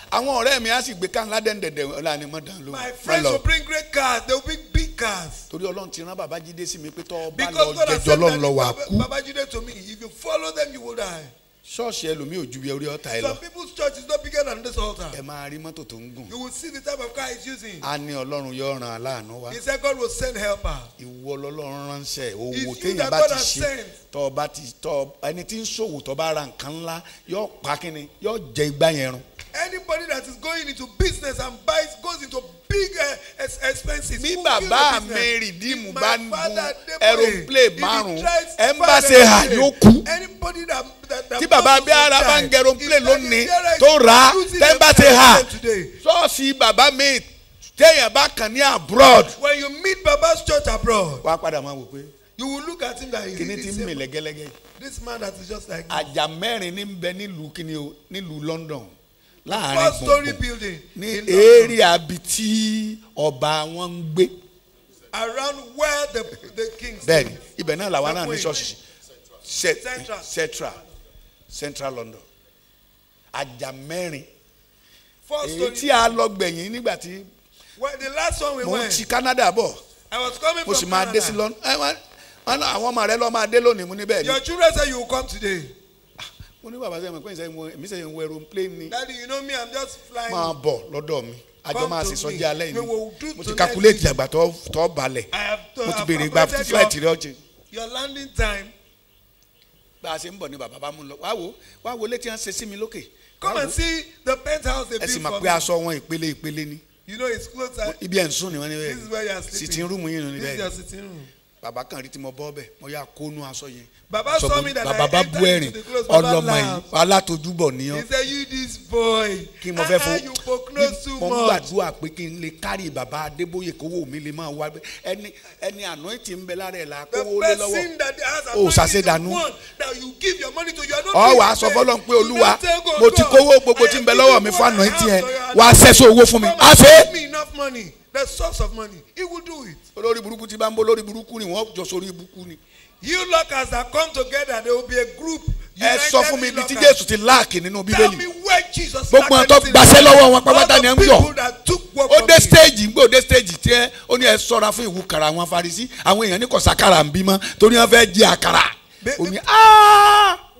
àwọn ọ̀rẹ́ mi á sì gbé ká ládẹ́ndẹ̀dẹ̀ ọ̀la ni mo dán lóhùn. my friends will bring great cars they will bring big cars. torí ọlọ́run ti rán babájídé sí mi pé tọ́ bá lọ jẹjọ ọlọ́run lọ wà kú. babájídé to me if you follow them you will die. ṣọ́ọ̀ṣì ẹlòmíì ò ju bí orí ọ̀tá ẹ lọ. some people's church is not bigger than this altar. ẹ máa rí mọ́tò tó ń gùn. you will see the type of car he is using. a ní ọlọ́run yóò ràn aláàánú wa. he said God will send helper. ìwọ lọ́lọ́run ránṣẹ́ owó téèyàn bá ti ṣe tọ́ ọba ti tọ́ ẹni tí ń ṣòwò tọ́ ra nǹkan ńlá yóò pa kíni yóò jẹ igbá yẹn rún anybody that is going into business and buys goes into big uh, expenses. ní bàbá mi rìdíìmù bá ń gun aeroplane márùn ẹ ń bá ṣe hà yóò kú. tí bàbá bí ara bá ń gẹ aeroplane lónìí tó rà á tẹ́ ń bá ṣe hà ṣọ́ọ̀ṣì bàbá mi téèyàn bá kàn ní abroad. when you meet baba's church abroad. wàá padà máa wò pé. you will look at him like he is the same. kìnìún ti ń mì lẹ́gẹ́lẹ́gẹ́. this man that is just like. àjà mẹ́rin ní bẹ nílùú kìnìún nílùú London láàrin gbùngbùn ní eré abi tí ọba wọn ń gbé. around where the the king stay. bẹ́ẹ̀ni ibẹ̀ náà làwọn náà ní ṣọ́ọ̀ṣì central central London àjà mẹ́rin èyí tí a lọ gbẹ̀yìn nígbà tí mo ń ti Canada bọ̀ mo sì máa dé sí London àwọn ọmọ rẹ lọ máa dé lónìí mo ní bẹ́ẹ̀ ni. your children say you will come today ó ní bàbá sẹ́yìn pé èmi sẹ́yìn wọ aeroplane ni. Daddy you know me I'm just flying. máa bọ̀ lọ́dọ̀ mi àjọ máa sì sọjí alẹ́ yìí mo ti calculate àgbà tó balẹ̀ mo ti béèrè gba flight rẹ ọ̀jẹ̀. your landing time. bá a ṣe ń bọ̀ ni bàbá bá mú lọ wá wo wá wo létí à ṣe sí mi lókè. come and see the penthouse they built for me. ẹ sì máa pé aṣọ wọn ìpele ìpele ni. you know it's close. ibi ẹ̀ ń sùn ni wọ́n ní bẹ́ẹ̀ sitting room yìí ni bẹ́ẹ̀. Baba kan rí tí mo bọ́ bẹ̀ mo yà kónú aṣọ yẹn. bàbá sọ mi dada bàbá bú ẹ̀rín ọlọmọ yìí alátojúbọ̀ nìyẹn. he said you this boy kí mo fẹ́ ah, fún mo ń gbàdúrà pé kí n lè kárì bàbá Adébóyè kówó mi lè máa wá ẹni ẹni anointing ń bẹ lára ẹ̀ la kówó lé lọ́wọ́ o ṣàṣedànù ọ wà á sọ fọlọ́n pé olúwa mo ti kówó gbogbo tí ń bẹ lọ́wọ́ mi fún anointing yẹn wà á sẹ́sọ owó fún mi á ṣe the source of money he will do it. olórí burúkú tí bá ń bọ́ lórí burúkú ni wọ́n jọ sórí burúkú ni. you lockers that come together there will be a group. ẹ sọ fún mi ibi tí jésù ti láàkì nínú bíbélì gbogbo àwọn tó gbàṣẹ lọ́wọ́ wọn pápátá ni ẹ ń yọ ó dé stéèjì ń gbé ó dé stéèjì tí ẹ ó ní ẹ sọ́ra fún ìwúkàrà àwọn Farisí àwọn èèyàn ní kọ̀sákàrà ń bímọ torí wọn fẹ́ jẹ àkàrà omi aaa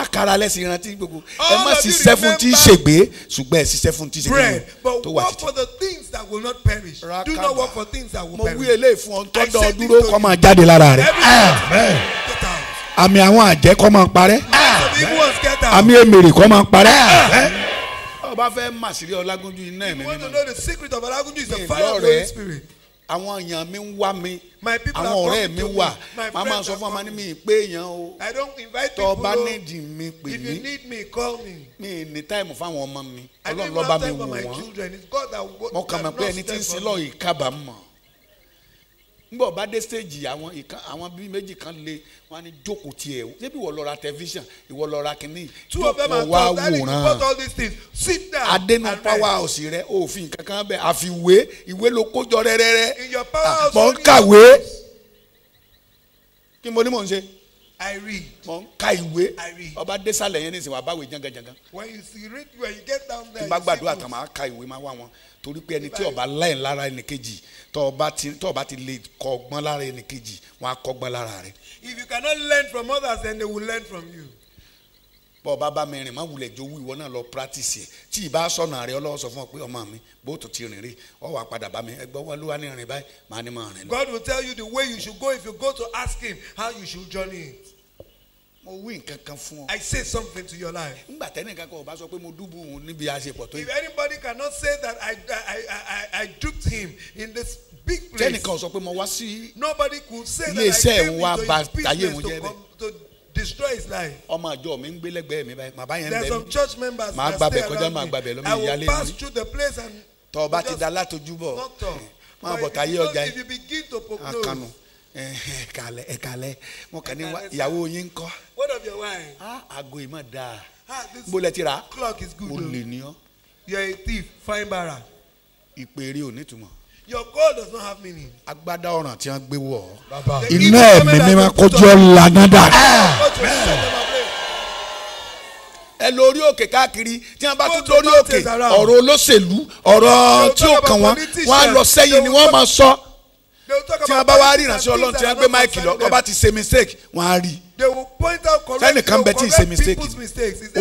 àkàrà lẹ́sìn ìrántí gbogbo ẹ má ṣiṣẹ́ fún tí ṣùgbọ́n ẹ ṣiṣẹ́ fún tí tó wà títí. but work for the things that will not perish do not work for things that will perish. mo wí eléyìí fún ọ tọ́dọ̀ dúró kó máa jáde lára rẹ̀ àmì àwọn àjẹ́ kó máa parẹ́ àmì èmèrè kó máa parẹ́ ọba fẹ́ màsírí ọlágúnjú iná ẹ̀mí mímọ́. you want àwọn èèyàn mi ń wá mi àwọn ọ̀rẹ́ mi wà màá máa sọ fún ọmọ ní mi pé èèyàn o tọ́ ọ bá nídìí mi pè mí mi ní táìmù fáwọn ọmọ mi ọlọ́run ló bá mi wò wọ́n mo kàn mọ̀ pé ẹni tí ń sin lọ́ọ̀ yìí kábàámọ̀ ngbọ bá dé stage àwọn ìkan àwọn bíi méjì kan le wọn ni jókòó tiẹ̀ o ṣebí ìwọ lọ ra television ìwọ lọ ra kínní jókòó wá wòran adenu power house rẹ òfin kankan bẹ àfiwé ìwé ló kójọ rẹrẹrẹ àpọ̀ ah, ń kàwé kí mo ní mò ń ṣe. I read. Mo ń ka ìwé. I read. Ọba Désàlẹ̀ yẹn nísìnyí wà á báwé When you see read when you get down there. Tí n bá gbàdúrà tán màá ka ìwé máa wá wọn torí pé ẹni tí ọba láyìn lára ẹnìkejì tó bá ti tó bá ọgbọ́n lára ẹnìkejì wọ́n á kọ́ ọgbọ́n lára rẹ. if you cannot learn from others then they will learn from you. bọ́ ọ bá bá mi rìn má wulẹ̀ jowú ìwọ náà lọ practice ẹ̀ tí ì bá sọ̀nà rẹ ọlọ́wọ́ sọ fún ọ pé ọmọ mi bó tó ti rìn rí ọ wà padà bá mi ẹgbẹ́ wa ló wà ní rìn báyìí màá ní máa rìn God will tell you the way you should go if you go to ask him how you should journey mo wí nǹkan kan fún ọ. I say something to your life. Ngbà tẹ́ni kankan ò bá sọ pé mo dúbú òun níbi àṣepọ̀ tó yẹ. If anybody cannot say that I I I I duped him in this big place. Tẹ́nìkan sọ pé mo wá sí. Nobody could say that I came to his big place to come to destroy his life. ọmọ àjọ mi ń gbé mi báyìí màbá yẹn ń mi. there are some church members that stay around me. kọjá màá gbàbẹ̀ lómi ìyálé mi. I will pass through the place and. tọ́ ọba ti da látojúbọ̀ máa bọ̀ táyé ọjà yìí. if you begin to proclaim ẹ̀kalẹ̀ ẹ̀kalẹ̀ wọn kàn ní ìyàwó yín ń kọ́. what of your wine. ah aago yìí mà dáa. ah this bó lẹ clock is good o. mo lè ní ọ. you are a thief fine bara. ìpèrè ò nítumọ̀. your call does not have meaning. agbada ọ̀ràn tí wọ́n gbé wọ̀ ọ́. iná ẹ̀mí mímọ́ kójú lànàdà. ẹ lọ orí òkè káàkiri tí wọ́n bá tún lórí òkè ọ̀rọ̀ olóṣèlú ọ̀rọ̀ tí ò kàn wọ́n wọ́n á lọ sẹ́yìn ni wọ́n máa sọ tí wọ́n bá wá rí ìrànṣẹ́ ọlọ́run tí wọ́n gbé máìkì lọ wọ́n ti ṣe mistake wọ́n á rí sẹ́nìkan bẹ tí ì ṣe mistake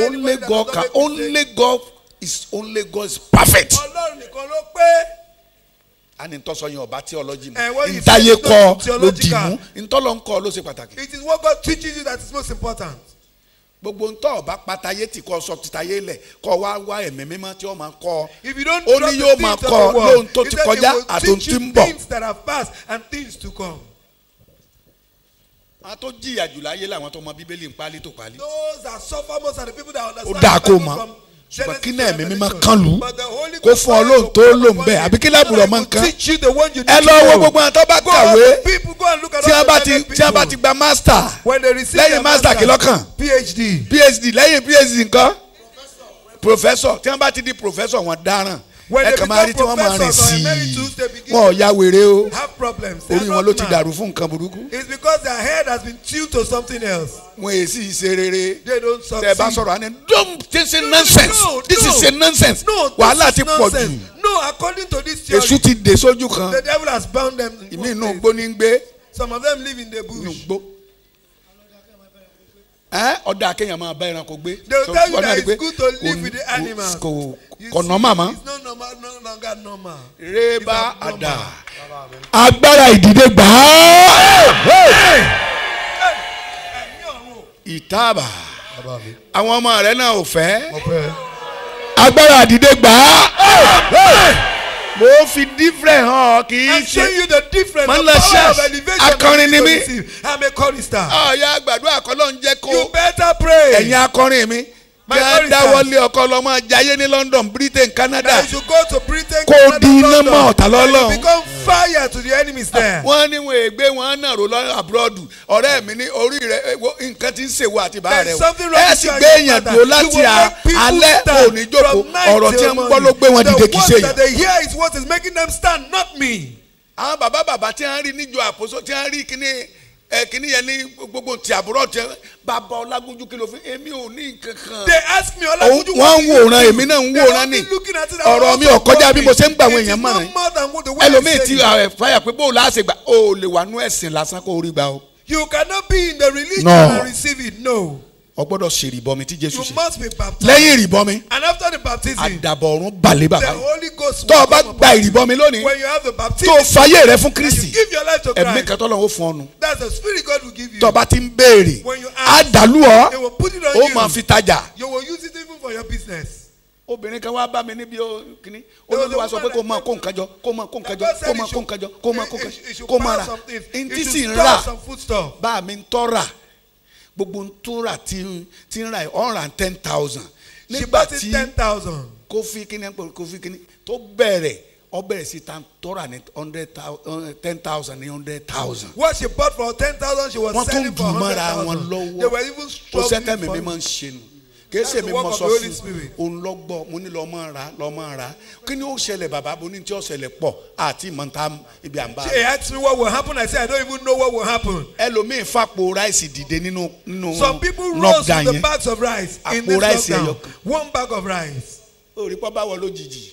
only God can only God is only God is perfect. ọlọ́run nìkan ló pé ani ntọsọ yin ọba ti ọlọji mu ntaye kọ ló di mu ntọlọ nkọ ló ṣe pàtàkì. it is what God teaches you that is most important gbogbo ntọ́ ọba patayé tí kò sọ titayé lẹ̀ kọ́ wá wá ẹ̀mí mímọ́ tí ó máa kọ́ ó ní yóò máa kọ́ lóhun tó ti kọjá àtúntò ń bọ̀. a jìyà jù láyé làwọn tó mọ bíbélì ń pálí tó pálí. those are suffer most of the people that understand. ó dáa kó ṣùgbọ́n kí náà ẹ̀mí mímọ́ kan lù ú kó fún ọ lóhùn tó lóhùn bẹ́ẹ̀ àbí kí lábùrọ̀ mọ́ nǹkan ẹ lọ wo gbogbo àwọn tó bá kàwé tí wọ́n bá ti tí wọ́n bá ti gba master lẹ́yìn master kí lọ́kàn PhD lẹ́yìn PhD nǹkan professor tí wọ́n bá ti di professor wọ́n dáràn ẹ kàn máa rí tí wọ́n máa rìn sí i wọn ò ya wèrè o orí wọn ló ti dàrú fún nǹkan burúkú. it's because their head has been tuned to something else. wọn èyí sì ṣe rere tẹ bá sọ̀rọ̀ àná don't this nonsense no, this is a nonsense wàhálà ti pọ̀ jù no according to this theory. èṣù ti dè sójú kan the devil has bound them. ìmí inú gbó ní gbé. some of them live in the bush. ọ̀dà akéèyàn máa bá ẹranko gbé. they will tell you that it's good to live with the animals. kò kò nọ́ màmá. Reba Ada, Agbara ìdìde gbà á. ìtaàbà àwọn ọmọ rẹ náà ò fẹ́ agbára ìdìde gbà á. mo fi different hàn kì í ṣe mo ń lọ ṣe akọrin ni mí. ọ̀ya gbàdúrà kọ́ ló ń jẹ́ kó ẹ̀yin akọrin mi kẹ́ dáwọ́lé ọkọ lọ́mọ jayé ní London Britain Canada kó di iná mọ́ ọ̀tá lọ́lọ́run. wọ́n ní wọn ègbé wọn náà rò lọ́rùn àbúrọ́dù ọ̀rẹ́ mi ní orí rẹ nǹkan ti ń ṣèwọ àti bá rẹ o ẹ sì gbé èèyàn dúró láti alẹ́ òní jókòó ọ̀rọ̀ tí wọ́n gbọ́ ló gbé wọn dìde kì í ṣe yẹn. àwọn bàbá bàbá tí wọ́n rí níjọ àpòsó tí wọ́n rí kíní ẹ yẹn ní gbogbo ti àbúrò jẹ bàbá ọlágúnjú kí ló èmi ò ní kankan. they ask me ọlágúnjú. wọ́n ń wòran èmi náà ń wòran ni ọ̀rọ̀ mi ò kọjá bí mo ṣe ń gbà àwọn èèyàn mọ̀ràn ẹlòmíì ti fàyà pé bó o láṣẹ gbà o lè wà nú ẹ̀sìn lásán kó o rí gbà o. you cannot be in the religion no. and receive it no o gbọ́dọ̀ ṣe ìrìbọmi tí jésù ṣe. you must be baptized. lẹ́yìn and after the baptism. the holy ghost will come upon you. tó o bá gba ìrìbọmi lónìí. when you have the baptism. tó o fayé rẹ fún kristi. and you give your life to Christ. ẹ̀mí kan tó lọ́wọ́ fún ọ that's the spirit God will give you. tó o bá ti ń béèrè. when you ask. àdàlú ọ. they will put you. máa fi tajà. will use it even for your business obìnrin kan wá bá mi níbi kíní olólùwà sọ pé kó máa kó nǹkan jọ kó máa kó nǹkan jọ kó máa kó nǹkan jọ kó máa kó nǹkan jọ kó máa rà ntí sì ń rà bá mi ń tọ́ rà gbogbo tó rà tí tí ń rà ọ̀ràn ten thousand. nígbà tí ten thousand. kó fi kíní kó fi kíní tó bẹ̀rẹ̀ ó bẹ̀rẹ̀ sí ta tó rà ní hundred thousand eh, ten thousand ní hundred thousand. what she bought for ten thousand she was selling for hundred thousand. wọ́n tún dùn mọ́ra wọn lọ́wọ́ ó sẹ́tẹ̀ mímí máa ń ṣe nù kéésì mi mọ sọ sí òun lọ gbọ́ mo ní lọ mọ ra lọ mọ ra kí ni ó ṣẹlẹ̀ bàbá mo ní tí ó ṣẹlẹ̀ pọ̀ àti mọta ibi à ń bá. she asked me what will happen I said I don't even know what will happen. ẹlòmíín fàpò ráìsì dìde nínú nínú lọ́gà yẹn some people roast the bags of rice in this lockdown one bag of rice. òrìpọ̀ bá wọ lójijì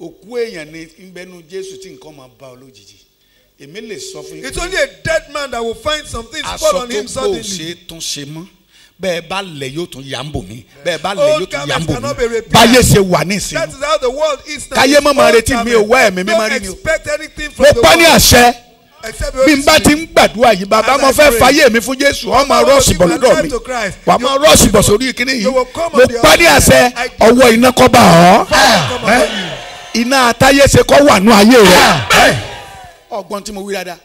òkú èèyàn ní nbẹ́nu Jésù tí nǹkan máa bá ọ lójijì èmi lè sọ fún yín. it's only a dead man that will find something spoil on him suddenly. aṣọ tó kó ṣe é tún ṣe mọ́ bẹ́ẹ̀ bá lẹ̀ yóò tún yà ń bò mí bẹ́ẹ̀ bá lẹ̀ yóò tún oh, yà ń bò mí báyé ṣe wà nísìnyí káyé mọ́ máa retí mi ò wá ẹ̀mí mi máa rí mi o mo pa ní àṣẹ bí n bá ti ń gbàdúrà yìí bàbá mo fẹ́ fàyè mi fún jésù ọ máa rọ́ọ̀sì bọ̀ lọ́dọ̀ mi wà á máa rọ́ọ̀sì bọ̀ sórí kíní yìí mo pa ní àṣẹ ọwọ́ iná kó bá ọ iná àtayé ṣe kó wà nú ayé rẹ ah, ọgbọ́n tí mo wí dáadáa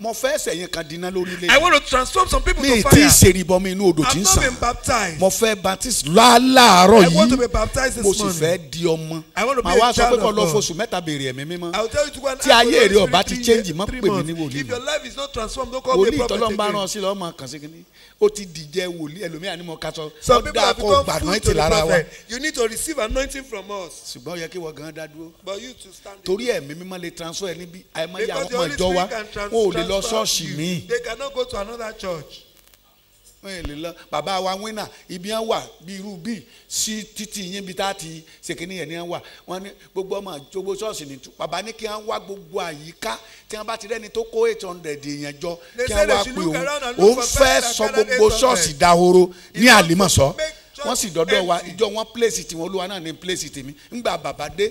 mo fẹ́ sẹ̀yìn kan dínà lórílẹ̀. I want to transform some people to fire. mi ti ṣèrìbọmi inú odò tí ń sàn. I'm not been baptized. mo fẹ́ baptist láàárọ̀ yìí. I want to be baptized this morning. mo sì fẹ́ di ọmọ. I want to be a child of God. màá wá sọ pé kọ́ lọ fọṣù mẹ́ta béèrè ẹ̀mí mímọ́. I will tell you to go and ask for three years three months. tí ayé rẹ̀ ọba ti change mọ́ pè ní wòlíì. If your life is not transformed don't call me a prophet again. wòlíì tọ́lọ́ ń bá rán ọ sí lọ́mọ kàn sí kínní ó ti dìjẹ́ wòlíì ẹlòmíà ni mo ka sọ. some people have become food to you need to receive anointing from us. ṣùgbọ́n yẹ kí wọ́n gan dá dúró. but you too stand. torí ẹ̀mí mímọ́ lè transfer ẹ níbí àìmọye àwọn ọmọ ìjọ wa wọn ò lè lọ ṣọ́ọ̀ṣì míì. they cannot go to another church wọn ò lè lọ bàbá wa wínà ibi wọn wà bí irú bí sí títì yín bí táà ti ṣèkínní yẹn ni wọn wà wọn ní gbogbo ọmọ gbogbo ṣọ́ọ̀ṣì ni bàbá ní kí wọn wá gbogbo àyíká tí wọn bá ti rẹ́ni tó kó eight hundred èèyàn jọ kí wọn wá pé òun òun fẹ́ sọ gbogbo ṣọ́ọ̀ṣì dahoro ní àlìmọ̀ṣọ́ wọ́n sì dọ́dọ̀ wa ìjọ wọn pílẹ̀sì tiwọn olúwa náà ní pílẹ̀sì tèmi ńgbà bàbá dé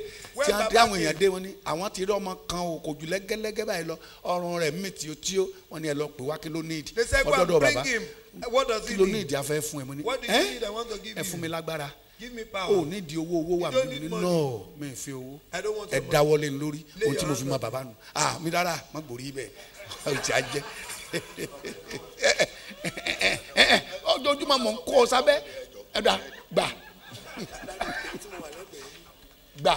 tí àwọn èèyàn dé wọ́n ní àwọn ti rí ọmọ kan o kò jù lẹ́gẹ́lẹ́gẹ́ báyìí lọ ọrùn rẹ̀ mí tí o tí ẹ lọ pè wá kí ló ní ìdí ọdọ́dọ̀ bàbá what does he need kí ló ní ìdí afẹ́ fún ẹ mo ní ẹ ẹ fún mi lágbára o ní ìdí owó owó wà mí ní nọ mi ì fi owó ẹ dáwọ́lé lórí ohun tí mo fi mọ bàbá nu ah mi rárá má gbòòrí bẹ́ẹ̀ ọjà jẹ ojoojúmọ́ mọ̀ ń kọ́ ọ sábẹ́ ẹ̀dá gbà gbà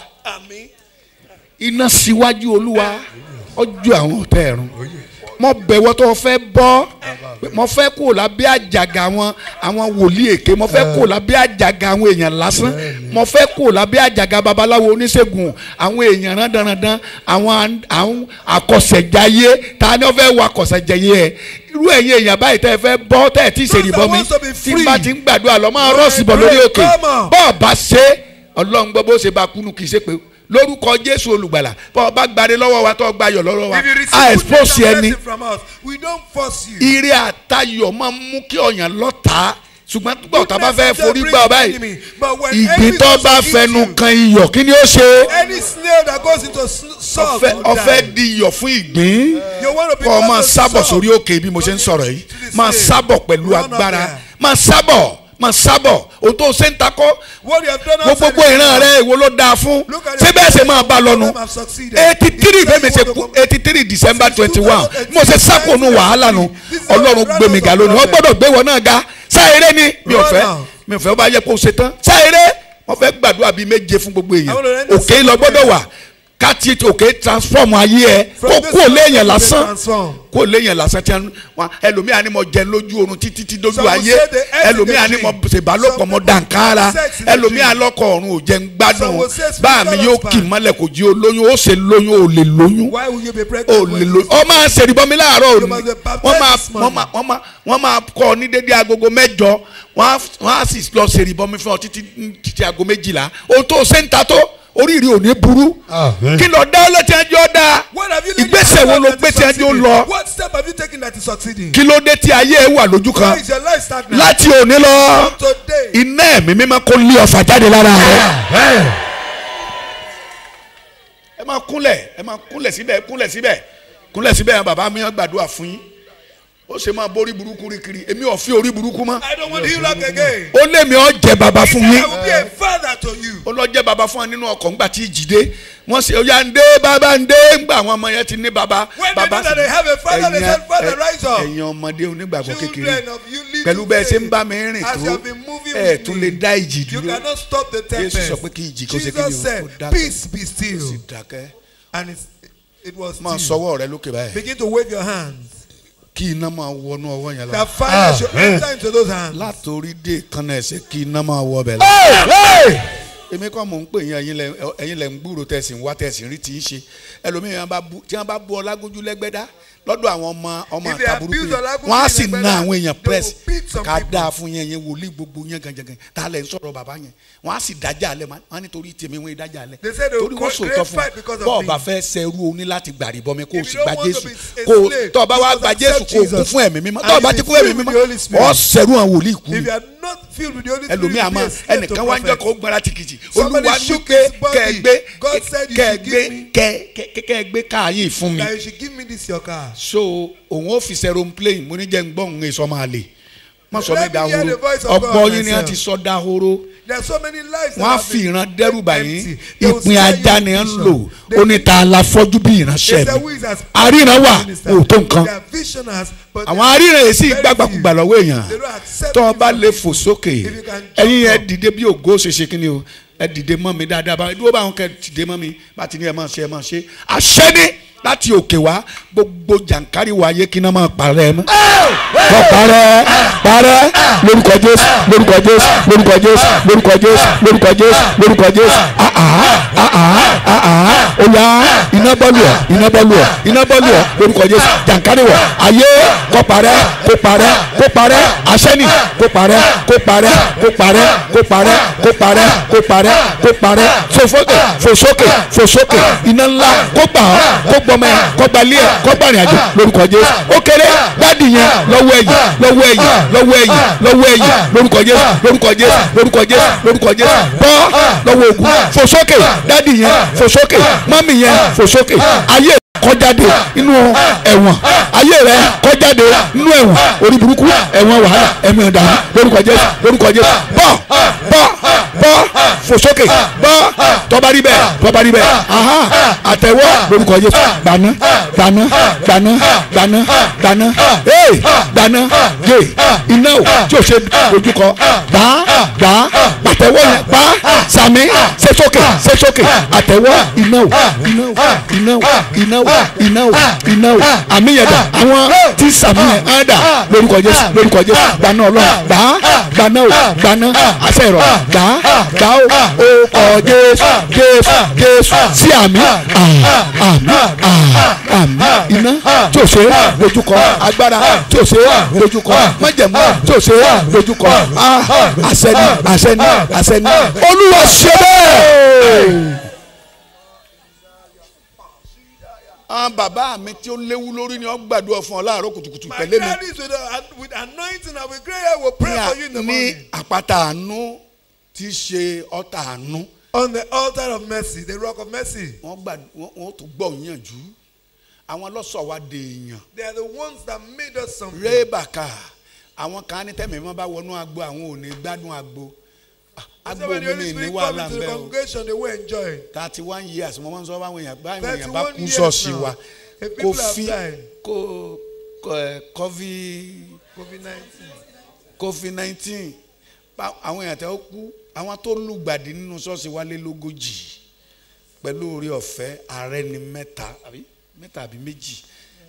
iná síwájú olúwa ọjọ́ àwọn ọ̀tá ẹ̀rùn mo bẹ̀wọ̀ tó fẹ́ bọ́ mo fẹ́ kó lábẹ́ àjàgà àwọn àwọn wòlíì èké mo fẹ́ kó lábẹ́ àjàgà àwọn èèyàn lásán mo fẹ́ kó lábẹ́ àjàgà babaláwo oníṣègùn àwọn èèyàn rándanrandan àwọn àwọn àkọsẹ̀jayé ta ni wọ́n fẹ́ wọ àkọsẹ̀jayé ẹ̀ irú ẹ̀yin èèyàn báyìí tẹ́ ẹ fẹ́ bọ́ tẹ́ ẹ ti ṣèrìbọ mi tí n bá ti ń gbàdúrà lọ máa rọ̀ síbọ̀ lórí òkè bọ́ọ̀ bá ṣe ọlọ́run gbọ́ bó ṣe bá kúnnù kì í ṣe pé lórúkọ jésù olùgbàlà bọ́ ọba gbàdé lọ́wọ́ wa tó gbayọ̀ lọ́wọ́ wa a expose ẹni ire àtayọ̀ máa ń mú kí ọ̀yàn lọ́ta ṣùgbọ́n tó gbọ́ ọ̀tá bá fẹ́ forí gbà báyìí ìgbín tó bá fẹnu kan iyọ̀ kí ni ó ṣe ọ̀fẹ́ di iyọ̀ fún ìgbín kọ́ máa sábọ̀ sórí òkè bí mo ṣe ń sọ̀rọ̀ yìí máa sábọ̀ pẹ̀lú agbára máa sábọ̀ mà sábọ̀ òun tó ṣe ń takọ́ gbogbo ìran rẹ ìwo ló dáa fún síbẹ̀ ṣe máa bá lọ́nu eighty three bẹ́ẹ̀ mi ṣe kú eighty three december twenty one mo ṣe sákòónú wàhálà nu ọlọ́run gbé mi ga lónìí wọ́n gbọ́dọ̀ gbé wọn náà ga sáyẹrẹ ni mi ò fẹ́ mi ò fẹ́ ó bá yẹ kó o ṣe tán sáyẹrẹ wọ́n fẹ́ gbàdúrà bíi méje fún gbogbo èèyàn òkè lọ gbọ́dọ̀ wà káti òkè transform ayé ẹ kó kó léèyàn lásán kó léèyàn lásán tí wọn ẹlòmíà ni mo jẹ lójú oorun títí tí dójú ayé ẹlòmíà ni mo ṣèbálòpọ̀ mo dànkára ẹlòmíà lọ́kọ̀ ọ̀run ò jẹ́ ń gbádùn báà mi yóò kì mọ́lẹ̀ kò jí olóyún ó ṣe lóyún ó lè lóyún ó lè lóyún ó máa ṣèrìbọn mi láàárọ̀ òní wọ́n máa wọ́n máa wọ́n máa kọ́ ọ ní dédé agogo mẹ́jọ wọ́n á sì lọ ṣèrìbọn mi fún ọ títí agogo méjìlá ohun tó ṣe oríire ò ní burú kí lọ dá ọlọ́tí ẹjọ́ dá ìgbésẹ̀ wo ló gbé tí ẹjọ́ lọ kí ló dé tí ayé ẹ wà lójú kan láti òní lọ iná ẹ̀mí mímọ́ kó lé ọ̀fà jáde lára rẹ. ẹ máa kúnlẹ̀ ẹ máa kúnlẹ̀ síbẹ̀ kúnlẹ̀ síbẹ̀ kúnlẹ̀ síbẹ̀ bàbá mi á gbàdúrà fún yín ó ṣe máa borí burúkú rí kiri èmi ò fi orí burúkú mọ́. I don't want you laugh again. ó lé ọ jẹ bàbá fún mi. I will be a father to you. ó lọ jẹ bàbá fún wa nínú ọkọ̀ ńgbà tí ìjìdé wọ́n ṣe ọ̀yà ń dé bàbá ń dé ńgbà àwọn ọmọ yẹn ti ní bàbá. when they know that they have a father they said father rise up. ẹ̀yin ọmọdé onígbàgbọ́ kékeré pẹ̀lú bẹ́ẹ̀ ṣe ń bá mi rìn tó ẹ̀ tún lè dá ìjì dúró. you cannot stop the tempest. Jésù sọ pé kí ìjì kó ṣe kí ni o kó dákẹ́. peace be still. and it, it was still. to wave kí iná máa wọnú ọwọ́ yẹn lọ. the fire ah, should enter into those hands. látòrí dé kanna ẹsẹ kí iná máa wọ bẹ lọ. èmi kọ́ mò ń pè yín ẹ̀yin lẹ̀ ń gbúrò tẹ̀sí ń wá tẹ̀sí rí ti ń ṣe ẹlòmíràn tí wọ́n bá bu ọlágójú lẹ́gbẹ́dá lọ́dọ̀ àwọn ọmọ ọmọ àtàbùrúkú yẹn wọ́n á sì na àwọn èèyàn press ká dáa fún yẹn yẹn wòlíì gbogbo yẹn gangan tá a lẹ̀ ń sọ̀rọ̀ bàbá yẹn wọ́n á sì dájà alẹ́ wọ́n á nítorí tèmi wọ́n dájà alẹ́ torí wọ́n sòótọ́ fún bọ́ọ̀ bá fẹ́ sẹ́rú o láti gbàrí bọ́mi kó o sì gba Jésù kó o tọ́ọ̀ bá wá gba Jésù kó o kú fún ẹ̀mí mímọ́ tọ́ọ̀ bá ti kú ẹ̀mí mímọ́ ọ̀ sẹ́rú àwọn wòlíì kú ẹlòmí àmọ́ ẹnìkan wá ń jẹ́ kó gbára tìkìtì olúwa ní pé kẹ́ẹ̀gbé kẹ́ẹ̀gbé kẹ́ẹ̀gbé káàyè fún mi so òun ó fi sẹ́rọ̀ ń plẹ̀ mú ní jẹ́ ń gbọ́ òun èso máa lè má sọ mí dahoro ọ̀pọ̀ yín ni wọ́n ti sọ dahoro wọ́n á fi ìran dẹ́rùbà yín ìpín ajá ni ń lò ó ní ta la fọ́jú bí ìránṣẹ́ mi àríran wà ó tó nǹkan àwọn àríran yìí sì gbàgbàkúgbà lọ́wọ́ èèyàn tó o lè fò sókè ẹ̀yin yẹn dìde bí ògo ṣèṣe kí ni o ẹ dìde mọ́ mi dáadáa báyìí dúró báwọn kẹ́ dìde mọ́ mi bá ti ní ẹ máa ṣe ẹ máa ṣe àṣẹ ni láti òkè wá gbogbo jàǹkárí wa ayé kí náà máa parẹ́ mọ́. kọ́ parẹ́ parẹ́ lórúkọ jésù lórúkọ jésù lórúkọ jésù lórúkọ jésù lórúkọ jésù lórúkọ jésù oya iná bọ́lù ọ̀ iná bọ́lù ọ̀ iná bọ́lù ọ̀ lórúkọ jésù jàǹkárí wọ̀ ayé kọ́ parẹ́ kó parẹ́ kó parẹ́ asẹ́nì kó parẹ́ kó parẹ́ kó parẹ́ kó parẹ́ kó parẹ́ kó parẹ́ kó parẹ́ fòsókè fòsókè fòsókè iná ńlá kó gbà kó gbà gbọmọ ẹ kọgbalẹ ẹ kọgbarin àjò lórúkọ jésù ó kéré dádì yẹn lọ́wọ́ ẹ̀yìn lọ́wọ́ ẹ̀yìn lọ́wọ́ ẹ̀yìn lọ́wọ́ ẹ̀yìn lórúkọ jésù lórúkọ jésù lórúkọ jésù lórúkọ jésù bọ́ lọ́wọ́ ogun fòsókè dádì yẹn fòsókè mọ́mì yẹn fòsókè ayé kọjáde nínú ẹ̀wọ̀n ayé rẹ kọjáde nínú ẹ̀wọ̀n orí burúkú ẹ̀wọ̀n wàhálà ẹ̀mí ẹ̀dá lórúkọ jésù lórúkọ jésù bọ́ bọ́ bọ́ fòsókè bọ́ tọ́barí bẹ́ẹ̀ tọ́barí bẹ́ẹ̀ aha àtẹ̀wọ́ lórúkọ jésù gbaná gbaná gbaná gbaná gbaná ee gbaná ye iná o tí o ṣe dojúkọ gbá gbá pàtẹ́wọ́ yẹn gbá sàmì sẹ́sókè sẹ́sókè àtẹ̀wọ́ iná o iná o iná o iná o ìnáwó ìnáwó ìnáwó àmìyẹ̀dà àwọn tí sàmìyẹ̀ ń dà lórúkọ jésù lórúkọ jésù gbaná ọlọ́run gbà á gbaná o gbaná àṣẹ ìrọ̀ gbà á o kọ jésù jésù jésù sí àmì àmì àmì iná tí ò ṣe lójúkọ agbára tí ò ṣe lójúkọ májẹ̀mú tí ò ṣe lójúkọ àṣẹ ni àṣẹ ni àṣẹ ni olúwa ṣe bẹ́ẹ̀. àwọn bàbá mi tí ó léwu lórí ni wọ́n gbàdúrà fún ọ láàárọ̀ kùtùkùtù pẹ̀lẹ́ mi. my daddy so with anointing and with prayer we will pray for you in the morning. ní àpáta àánú tí í ṣe ọ̀tà àánú. on the altar of mercy the rock of mercy. wọ́n gbà wọ́n tún gbọ́ òyìnbó àwọn lọ́sọ̀ wa dè èèyàn. they are the ones that made us something. rébàkà àwọn kan ní tẹ̀mí bá wọnú agbo àwọn ò ní gbádùn agbo agbóhùn mi ní wàhálà ń bẹ́ẹ̀ o thirty one years mo máa ń sọ báwọn èèyàn báwọn èèyàn bá kú sọ́ọ̀sì wa kò fi kò covid covid nineteen àwọn èèyàn tẹ́ ó kú àwọn tó lùgbàdì nínú sọ́ọ̀sì wa lé lógójì pẹ̀lú orí ọ̀fẹ́ ààrẹ ni mẹ́ta àbí mẹ́ta àbí méjì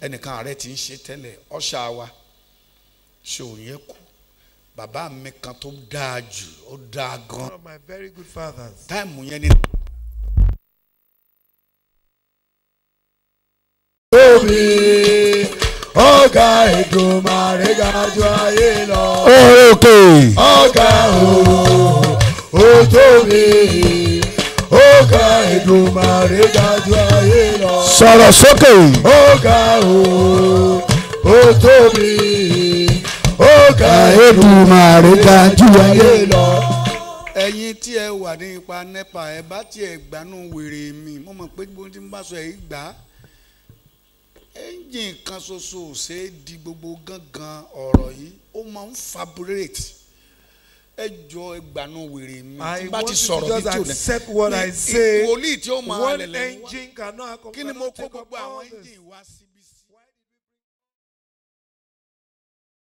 ẹnìkan ààrẹ ti ń ṣe tẹ́lẹ̀ ọ̀ṣà wa ṣòun yẹ kú bàbá mi kan tó dáa jù ó dáa gan. one of my very good fathers. táìmù yẹn ni. tóbi ọ̀gá ègò màrí ga ju ayé lọ. òkè. ọ̀gá o ò tóbi ọ̀gá ègò màrí ju ayé lọ. sọ̀rọ̀ sókè. ọ̀gá o ò tóbi. ka Èdùmàrè dájú ayé lọ. ẹ̀yin tí ẹ wà ní ipa nepa ẹ bá tiẹ̀ gbanú wèrè mi mo mọ̀ pé gbogbo tí n bá sọ kan ṣoṣo ò ṣe é di gbogbo gángan ọ̀rọ̀ yìí ó máa ń fabrate ẹ jọ ẹgbàánu mi tí bá ti sọ̀rọ̀ ní ní tí ó máa wá kí ni mo kó gbogbo àwọn ẹ́ńjìn